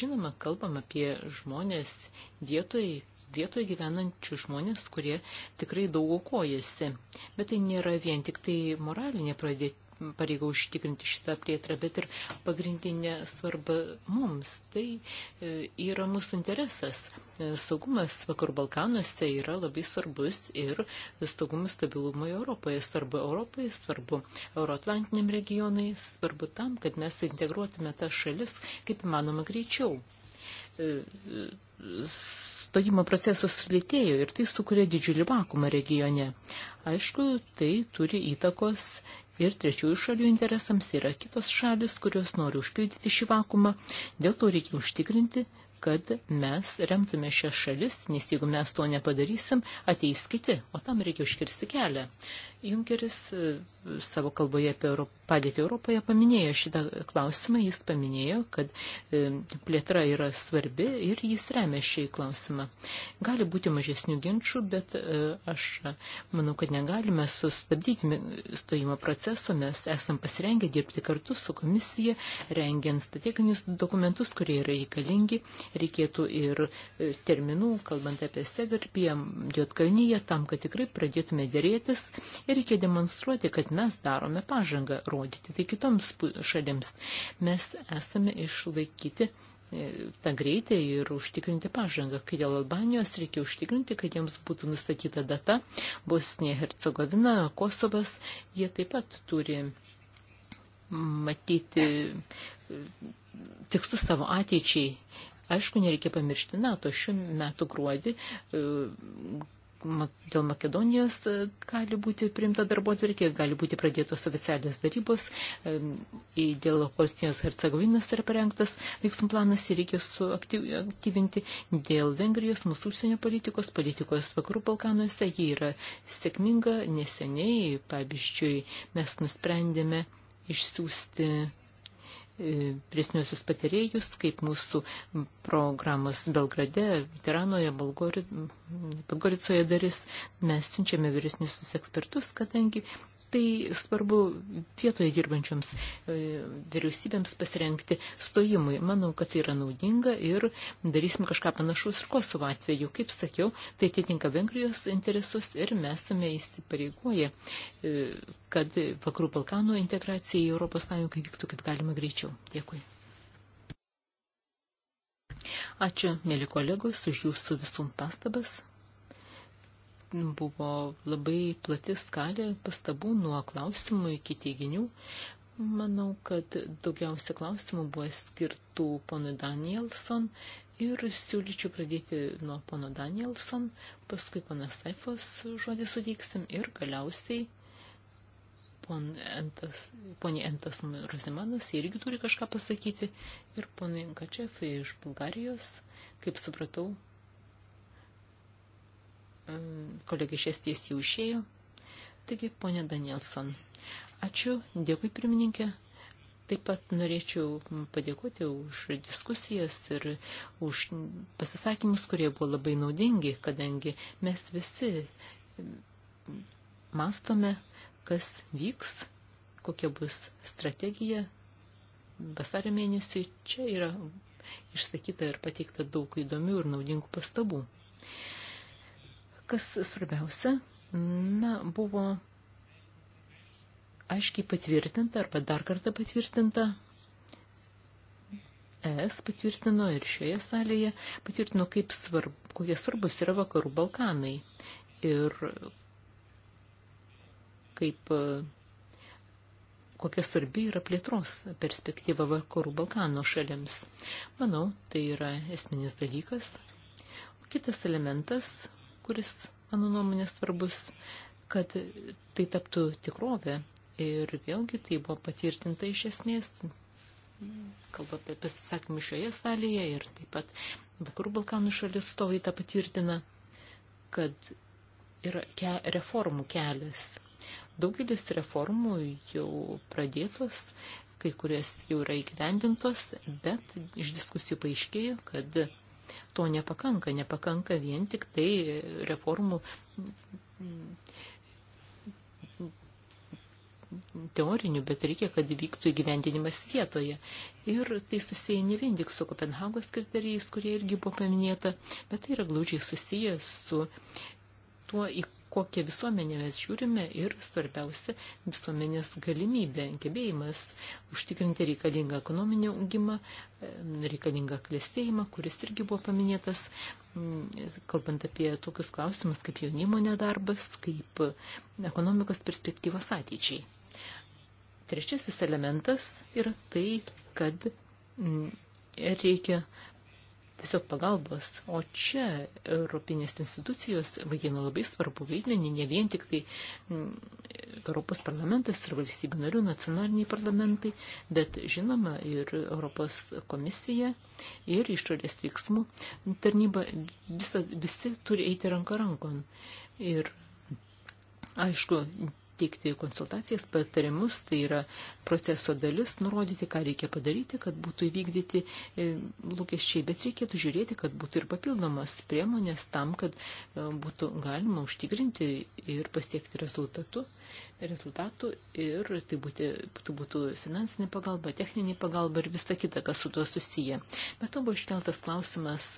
Žinoma, kalbam apie žmonės vietoj vietoje gyvenančių žmonės, kurie tikrai daug aukojasi. Bet tai nėra vien tik tai moralinė pradėti pareiga užtikrinti šitą plėtrą, bet ir pagrindinė svarba mums. Tai e, yra mūsų interesas. E, saugumas Vakarų Balkanuose yra labai svarbus ir saugumas stabilumui Europoje. Svarbu Europoje, svarbu Euroatlantiniam regionai, svarbu tam, kad mes integruotume tas šalis kaip įmanoma greičiau e, stojimo procesas sulėtėjo ir tai sukuria didžiulį vakumą regione. Aišku, tai turi įtakos ir trečiųjų šalių interesams yra kitos šalis, kurios nori užpildyti šį vakumą, dėl to reikia užtikrinti kad mes remtume šias šalis, nes jeigu mes to nepadarysim, ateis kiti, o tam reikia užkirsti kelią. Junkeris e, savo kalboje apie padėtį Europoje paminėjo šitą klausimą, jis paminėjo, kad e, plėtra yra svarbi ir jis remia šį klausimą. Gali būti mažesnių ginčių, bet e, aš manau, kad negalime sustabdyti stojimo proceso, mes esam pasirengę dirbti kartu su komisija, rengiant strateginius dokumentus, kurie yra reikalingi, reikėtų ir terminų, kalbant apie Segarpiją, Jotkalnyje, tam, kad tikrai pradėtume dėrėtis ir reikia demonstruoti, kad mes darome pažangą, rodyti tai kitoms šalims. Mes esame išlaikyti e, tą greitį ir užtikrinti pažangą. Kai dėl Albanijos reikia užtikrinti, kad jiems būtų nustatyta data, Bosnija, Hercegovina, Kosovas, jie taip pat turi matyti e, tikslus savo ateičiai. Aišku, nereikia pamiršti NATO. Šiuo metu gruodį e, dėl Makedonijos e, gali būti priimta darbo atvirkė, gali būti pradėtos oficialios darybos, e, dėl Bosnijos Hercegovinos yra parengtas veiksmų planas ir reikia suaktyvinti dėl Vengrijos mūsų užsienio politikos, politikos vakarų Balkanuose, ji yra sėkminga neseniai, pavyzdžiui, mes nusprendėme išsiųsti prisniusius patarėjus, kaip mūsų programos Belgrade, Tiranoje, Balgoricoje daris. Mes siunčiame vyresniusius ekspertus, kadangi Tai svarbu vietoje dirbančioms e, vyriausybėms pasirenkti stojimui. Manau, kad tai yra naudinga ir darysim kažką panašaus ir Kosovo atveju. Kaip sakiau, tai atitinka Vengrijos interesus ir mes esame įsipareigoję, e, kad vakarų Balkanų integracija į Europos Sąjungą vyktų kaip galima greičiau. Dėkui. Ačiū, mėly kolegos, už jūsų visų pastabas buvo labai plati skalė pastabų nuo klausimų iki teiginių. Manau, kad daugiausia klausimų buvo skirtų ponui Danielson ir siūlyčiau pradėti nuo pono Danielson, paskui ponas Saifos žodį suteiksim ir galiausiai pon Entas, ponė Entas Rozimanas irgi turi kažką pasakyti ir ponai Kačefai iš Bulgarijos, kaip supratau, Kolegai Šesties jau išėjo. Taigi, ponė Danielson. Ačiū, dėkui pirmininkė. Taip pat norėčiau padėkoti už diskusijas ir už pasisakymus, kurie buvo labai naudingi, kadangi mes visi mastome, kas vyks, kokia bus strategija vasario mėnesiui. Čia yra išsakyta ir pateikta daug įdomių ir naudingų pastabų. Kas svarbiausia, na, buvo aiškiai patvirtinta arba dar kartą patvirtinta. ES patvirtino ir šioje salėje patvirtino, kaip svarb, kokie svarbus yra vakarų Balkanai ir kaip kokia svarbi yra plėtros perspektyva vakarų Balkano šalims. Manau, tai yra esminis dalykas. O kitas elementas kuris, mano nuomonė, svarbus, kad tai taptų tikrovė. Ir vėlgi tai buvo patvirtinta iš esmės, kalbant apie pasisakymą šioje salėje ir taip pat Vakarų Balkanų šalis stovai tą patvirtina, kad yra ke reformų kelias. Daugelis reformų jau pradėtos, kai kurias jau yra įgyvendintos, bet iš diskusijų paaiškėjo, kad To nepakanka, nepakanka vien tik tai reformų mm, teorinių, bet reikia, kad vyktų įgyvendinimas vietoje. Ir tai susiję ne vien tik su Kopenhagos kriterijais, kurie irgi buvo paminėta, bet tai yra glaudžiai susiję su tuo, į kokią visuomenę mes žiūrime ir, svarbiausia, visuomenės galimybė, gebėjimas užtikrinti reikalingą ekonominį augimą, reikalingą klėstėjimą, kuris irgi buvo paminėtas, mm, kalbant apie tokius klausimus kaip jaunimo nedarbas, kaip ekonomikos perspektyvos ateičiai. Trečiasis elementas yra tai, kad mm, reikia tiesiog pagalbos. O čia Europinės institucijos vaidina labai svarbu vaidmenį, ne vien tik tai mm, Europos parlamentas ir valstybių narių nacionaliniai parlamentai, bet žinoma ir Europos komisija ir išorės veiksmų tarnyba visa, visi turi eiti ranką rankon. Ir aišku, teikti konsultacijas, patarimus, tai yra proceso dalis, nurodyti, ką reikia padaryti, kad būtų įvykdyti e, lūkesčiai, bet reikėtų žiūrėti, kad būtų ir papildomas priemonės tam, kad e, būtų galima užtikrinti ir pasiekti rezultatų. Rezultatų ir tai būtų, tai būtų finansinė pagalba, techninė pagalba ir visa kita, kas su tuo susiję. Bet to buvo iškeltas klausimas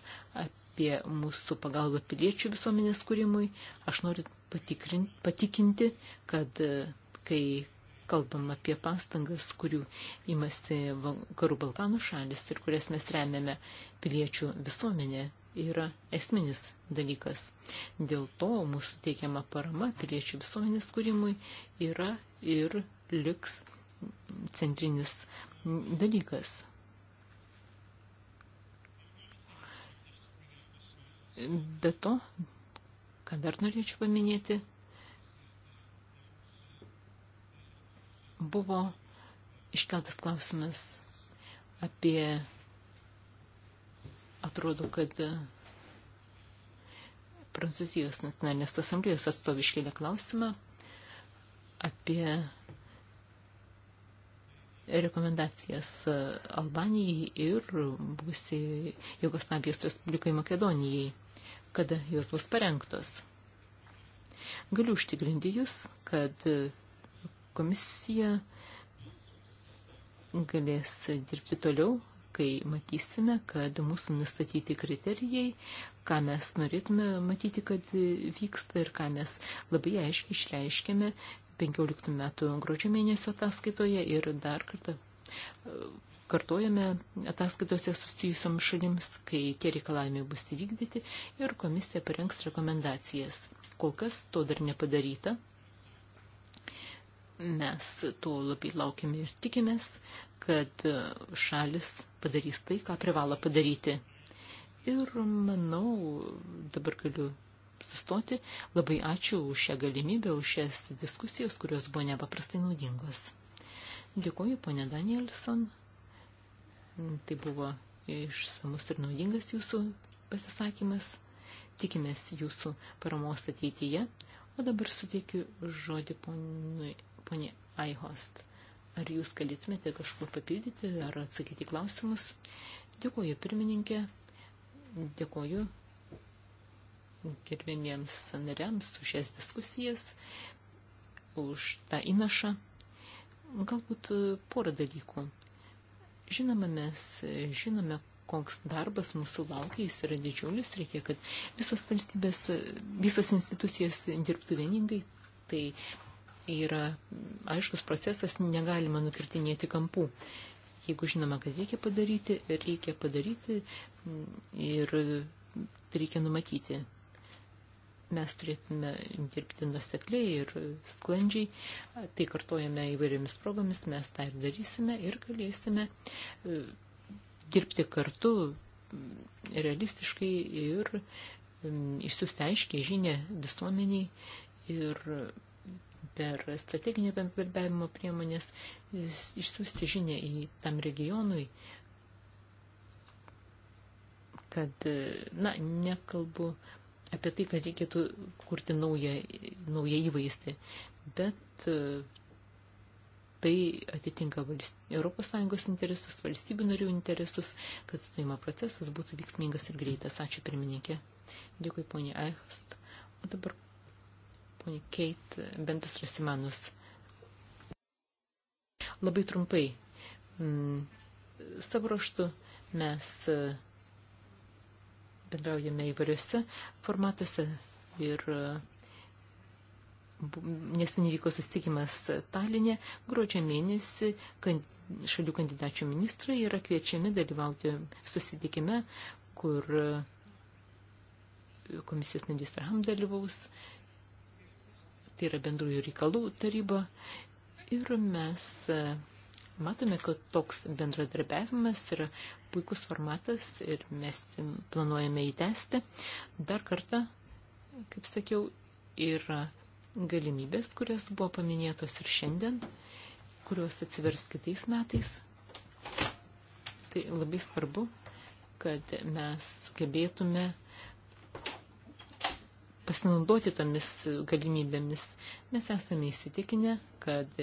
apie mūsų pagalbą piliečių visuomenės kūrimui. Aš noriu patikrin, patikinti, kad e, kai kalbam apie pastangas, kurių imasi Karų Balkanų šalis ir kurias mes remiame piliečių visuomenė, yra esminis dalykas. Dėl to mūsų teikiama parama piliečių visuomenės kūrimui yra ir liks centrinis dalykas. Be to, Ką dar norėčiau paminėti? Buvo iškeltas klausimas apie, atrodo, kad Prancūzijos nacionalinės asamblėjos atstoviškėlė klausimą apie rekomendacijas Albanijai ir buvusiai Jugoslavijos Respublikai Makedonijai kada jos bus parengtos. Galiu užtikrinti jūs, kad komisija galės dirbti toliau, kai matysime, kad mūsų nustatyti kriterijai, ką mes norėtume matyti, kad vyksta ir ką mes labai aiškiai išreiškėme 15 metų gruodžio mėnesio ataskaitoje ir dar kartą kartojame ataskaitose susijusiom šalims, kai tie reikalavimai bus įvykdyti ir komisija parengs rekomendacijas. Kol kas to dar nepadaryta. Mes to labai laukiame ir tikimės, kad šalis padarys tai, ką privalo padaryti. Ir manau, dabar galiu sustoti. Labai ačiū už šią galimybę, už šias diskusijas, kurios buvo nepaprastai naudingos. Dėkuoju, ponė Danielson. Mm, tai buvo išsamus ir naudingas jūsų pasisakymas. Tikimės jūsų paramos ateityje. O dabar suteikiu žodį poniai Aihost. Ar jūs galėtumėte kažkuo papildyti ar atsakyti klausimus? Dėkuoju pirmininkė, dėkuoju gerbėmiems nariams už šias diskusijas, už tą įnašą. Galbūt porą dalykų. Žinoma, mes žinome, koks darbas mūsų laukia, jis yra didžiulis, reikia, kad visos valstybės, visos institucijos dirbtų vieningai, tai yra aiškus procesas, negalima nukirtinėti kampų. Jeigu žinoma, kad reikia padaryti, reikia padaryti mm, ir reikia numatyti mes turėtume dirbti nusekliai ir sklandžiai. Tai kartojame įvairiomis progomis, mes tą ir darysime ir galėsime e, dirbti kartu realistiškai ir išsiųsti aiškiai žinę visuomeniai ir per strateginio bendradarbiavimo priemonės išsiųsti žinę į tam regionui, kad, e, na, nekalbu apie tai, kad reikėtų kurti naują, naują įvaizdį, bet e, tai atitinka ES interesus, valstybių narių interesus, kad stojimo procesas būtų vyksmingas ir greitas. Ačiū pirmininkė. Dėkui, ponė Eichst. O dabar ponė Keit Bentus Rasimanus. Labai trumpai. Mm, savo raštu mes e, bendraujame įvairiuose formatuose ir e, neseniai vyko susitikimas Talinė, gruodžio mėnesį kan, šalių kandidačių ministrai yra kviečiami dalyvauti susitikime, kur e, komisijos narys Raham dalyvaus, tai yra bendrųjų reikalų taryba ir mes e, Matome, kad toks bendradarbiavimas yra puikus formatas ir mes planuojame jį tęsti. Dar kartą, kaip sakiau, yra galimybės, kurios buvo paminėtos ir šiandien, kurios atsivers kitais metais. Tai labai svarbu, kad mes sugebėtume pasinaudoti tomis galimybėmis. Mes esame įsitikinę, kad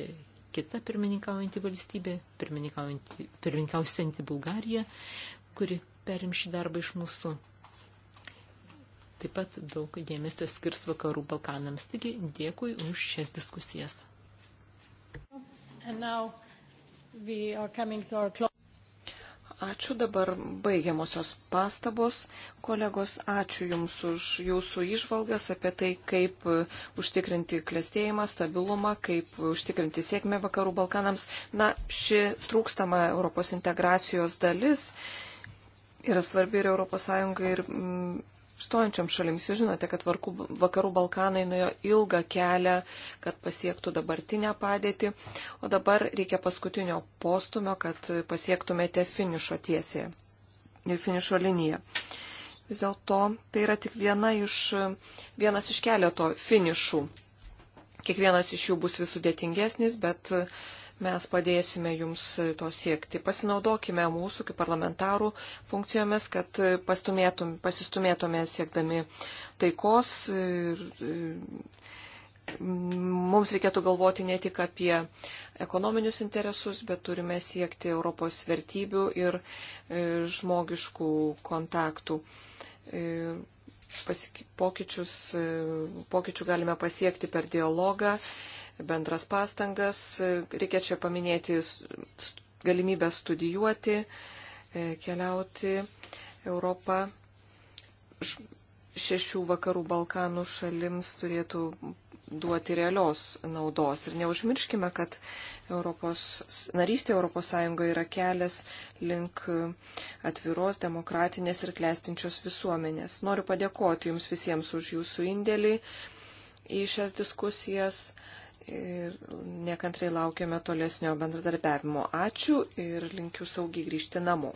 kita pirmininkaujanti valstybė, pirmininkausianti Bulgarija, kuri perim šį darbą iš mūsų. Taip pat daug dėmesio skirs vakarų Balkanams. Taigi dėkui už šias diskusijas.
Ačiū dabar baigiamosios pastabos. Kolegos, ačiū Jums už Jūsų išvalgas apie tai, kaip užtikrinti klėstėjimą, stabilumą, kaip užtikrinti sėkmę Vakarų Balkanams. Na, ši trūkstama Europos integracijos dalis yra svarbi ir ES ir mm, stojančiom šalims. Jūs žinote, kad varkų, vakarų Balkanai nuėjo ilgą kelią, kad pasiektų dabartinę padėtį, o dabar reikia paskutinio postumio, kad pasiektumėte finišo tiesėje ir finišo liniją. Vis dėlto tai yra tik viena iš, vienas iš keleto finišų. Kiekvienas iš jų bus vis sudėtingesnis, bet uh, mes padėsime jums to siekti. Pasinaudokime mūsų kaip parlamentarų funkcijomis, kad pasistumėtume siekdami taikos. Mm, mums reikėtų galvoti ne tik apie ekonominius interesus, bet turime siekti Europos vertybių ir e, žmogiškų kontaktų e, pokyčius, e, pokyčių galime pasiekti per dialogą, bendras pastangas. Reikia čia paminėti galimybę studijuoti, e, keliauti Europą. Šešių vakarų Balkanų šalims turėtų duoti realios naudos. Ir neužmirškime, kad Europos, narystė ES yra kelias link atviros, demokratinės ir klestinčios visuomenės. Noriu padėkoti Jums visiems už Jūsų indėlį į šias diskusijas ir nekantrai laukiame tolesnio bendradarbiavimo. Ačiū ir linkiu saugiai grįžti namo.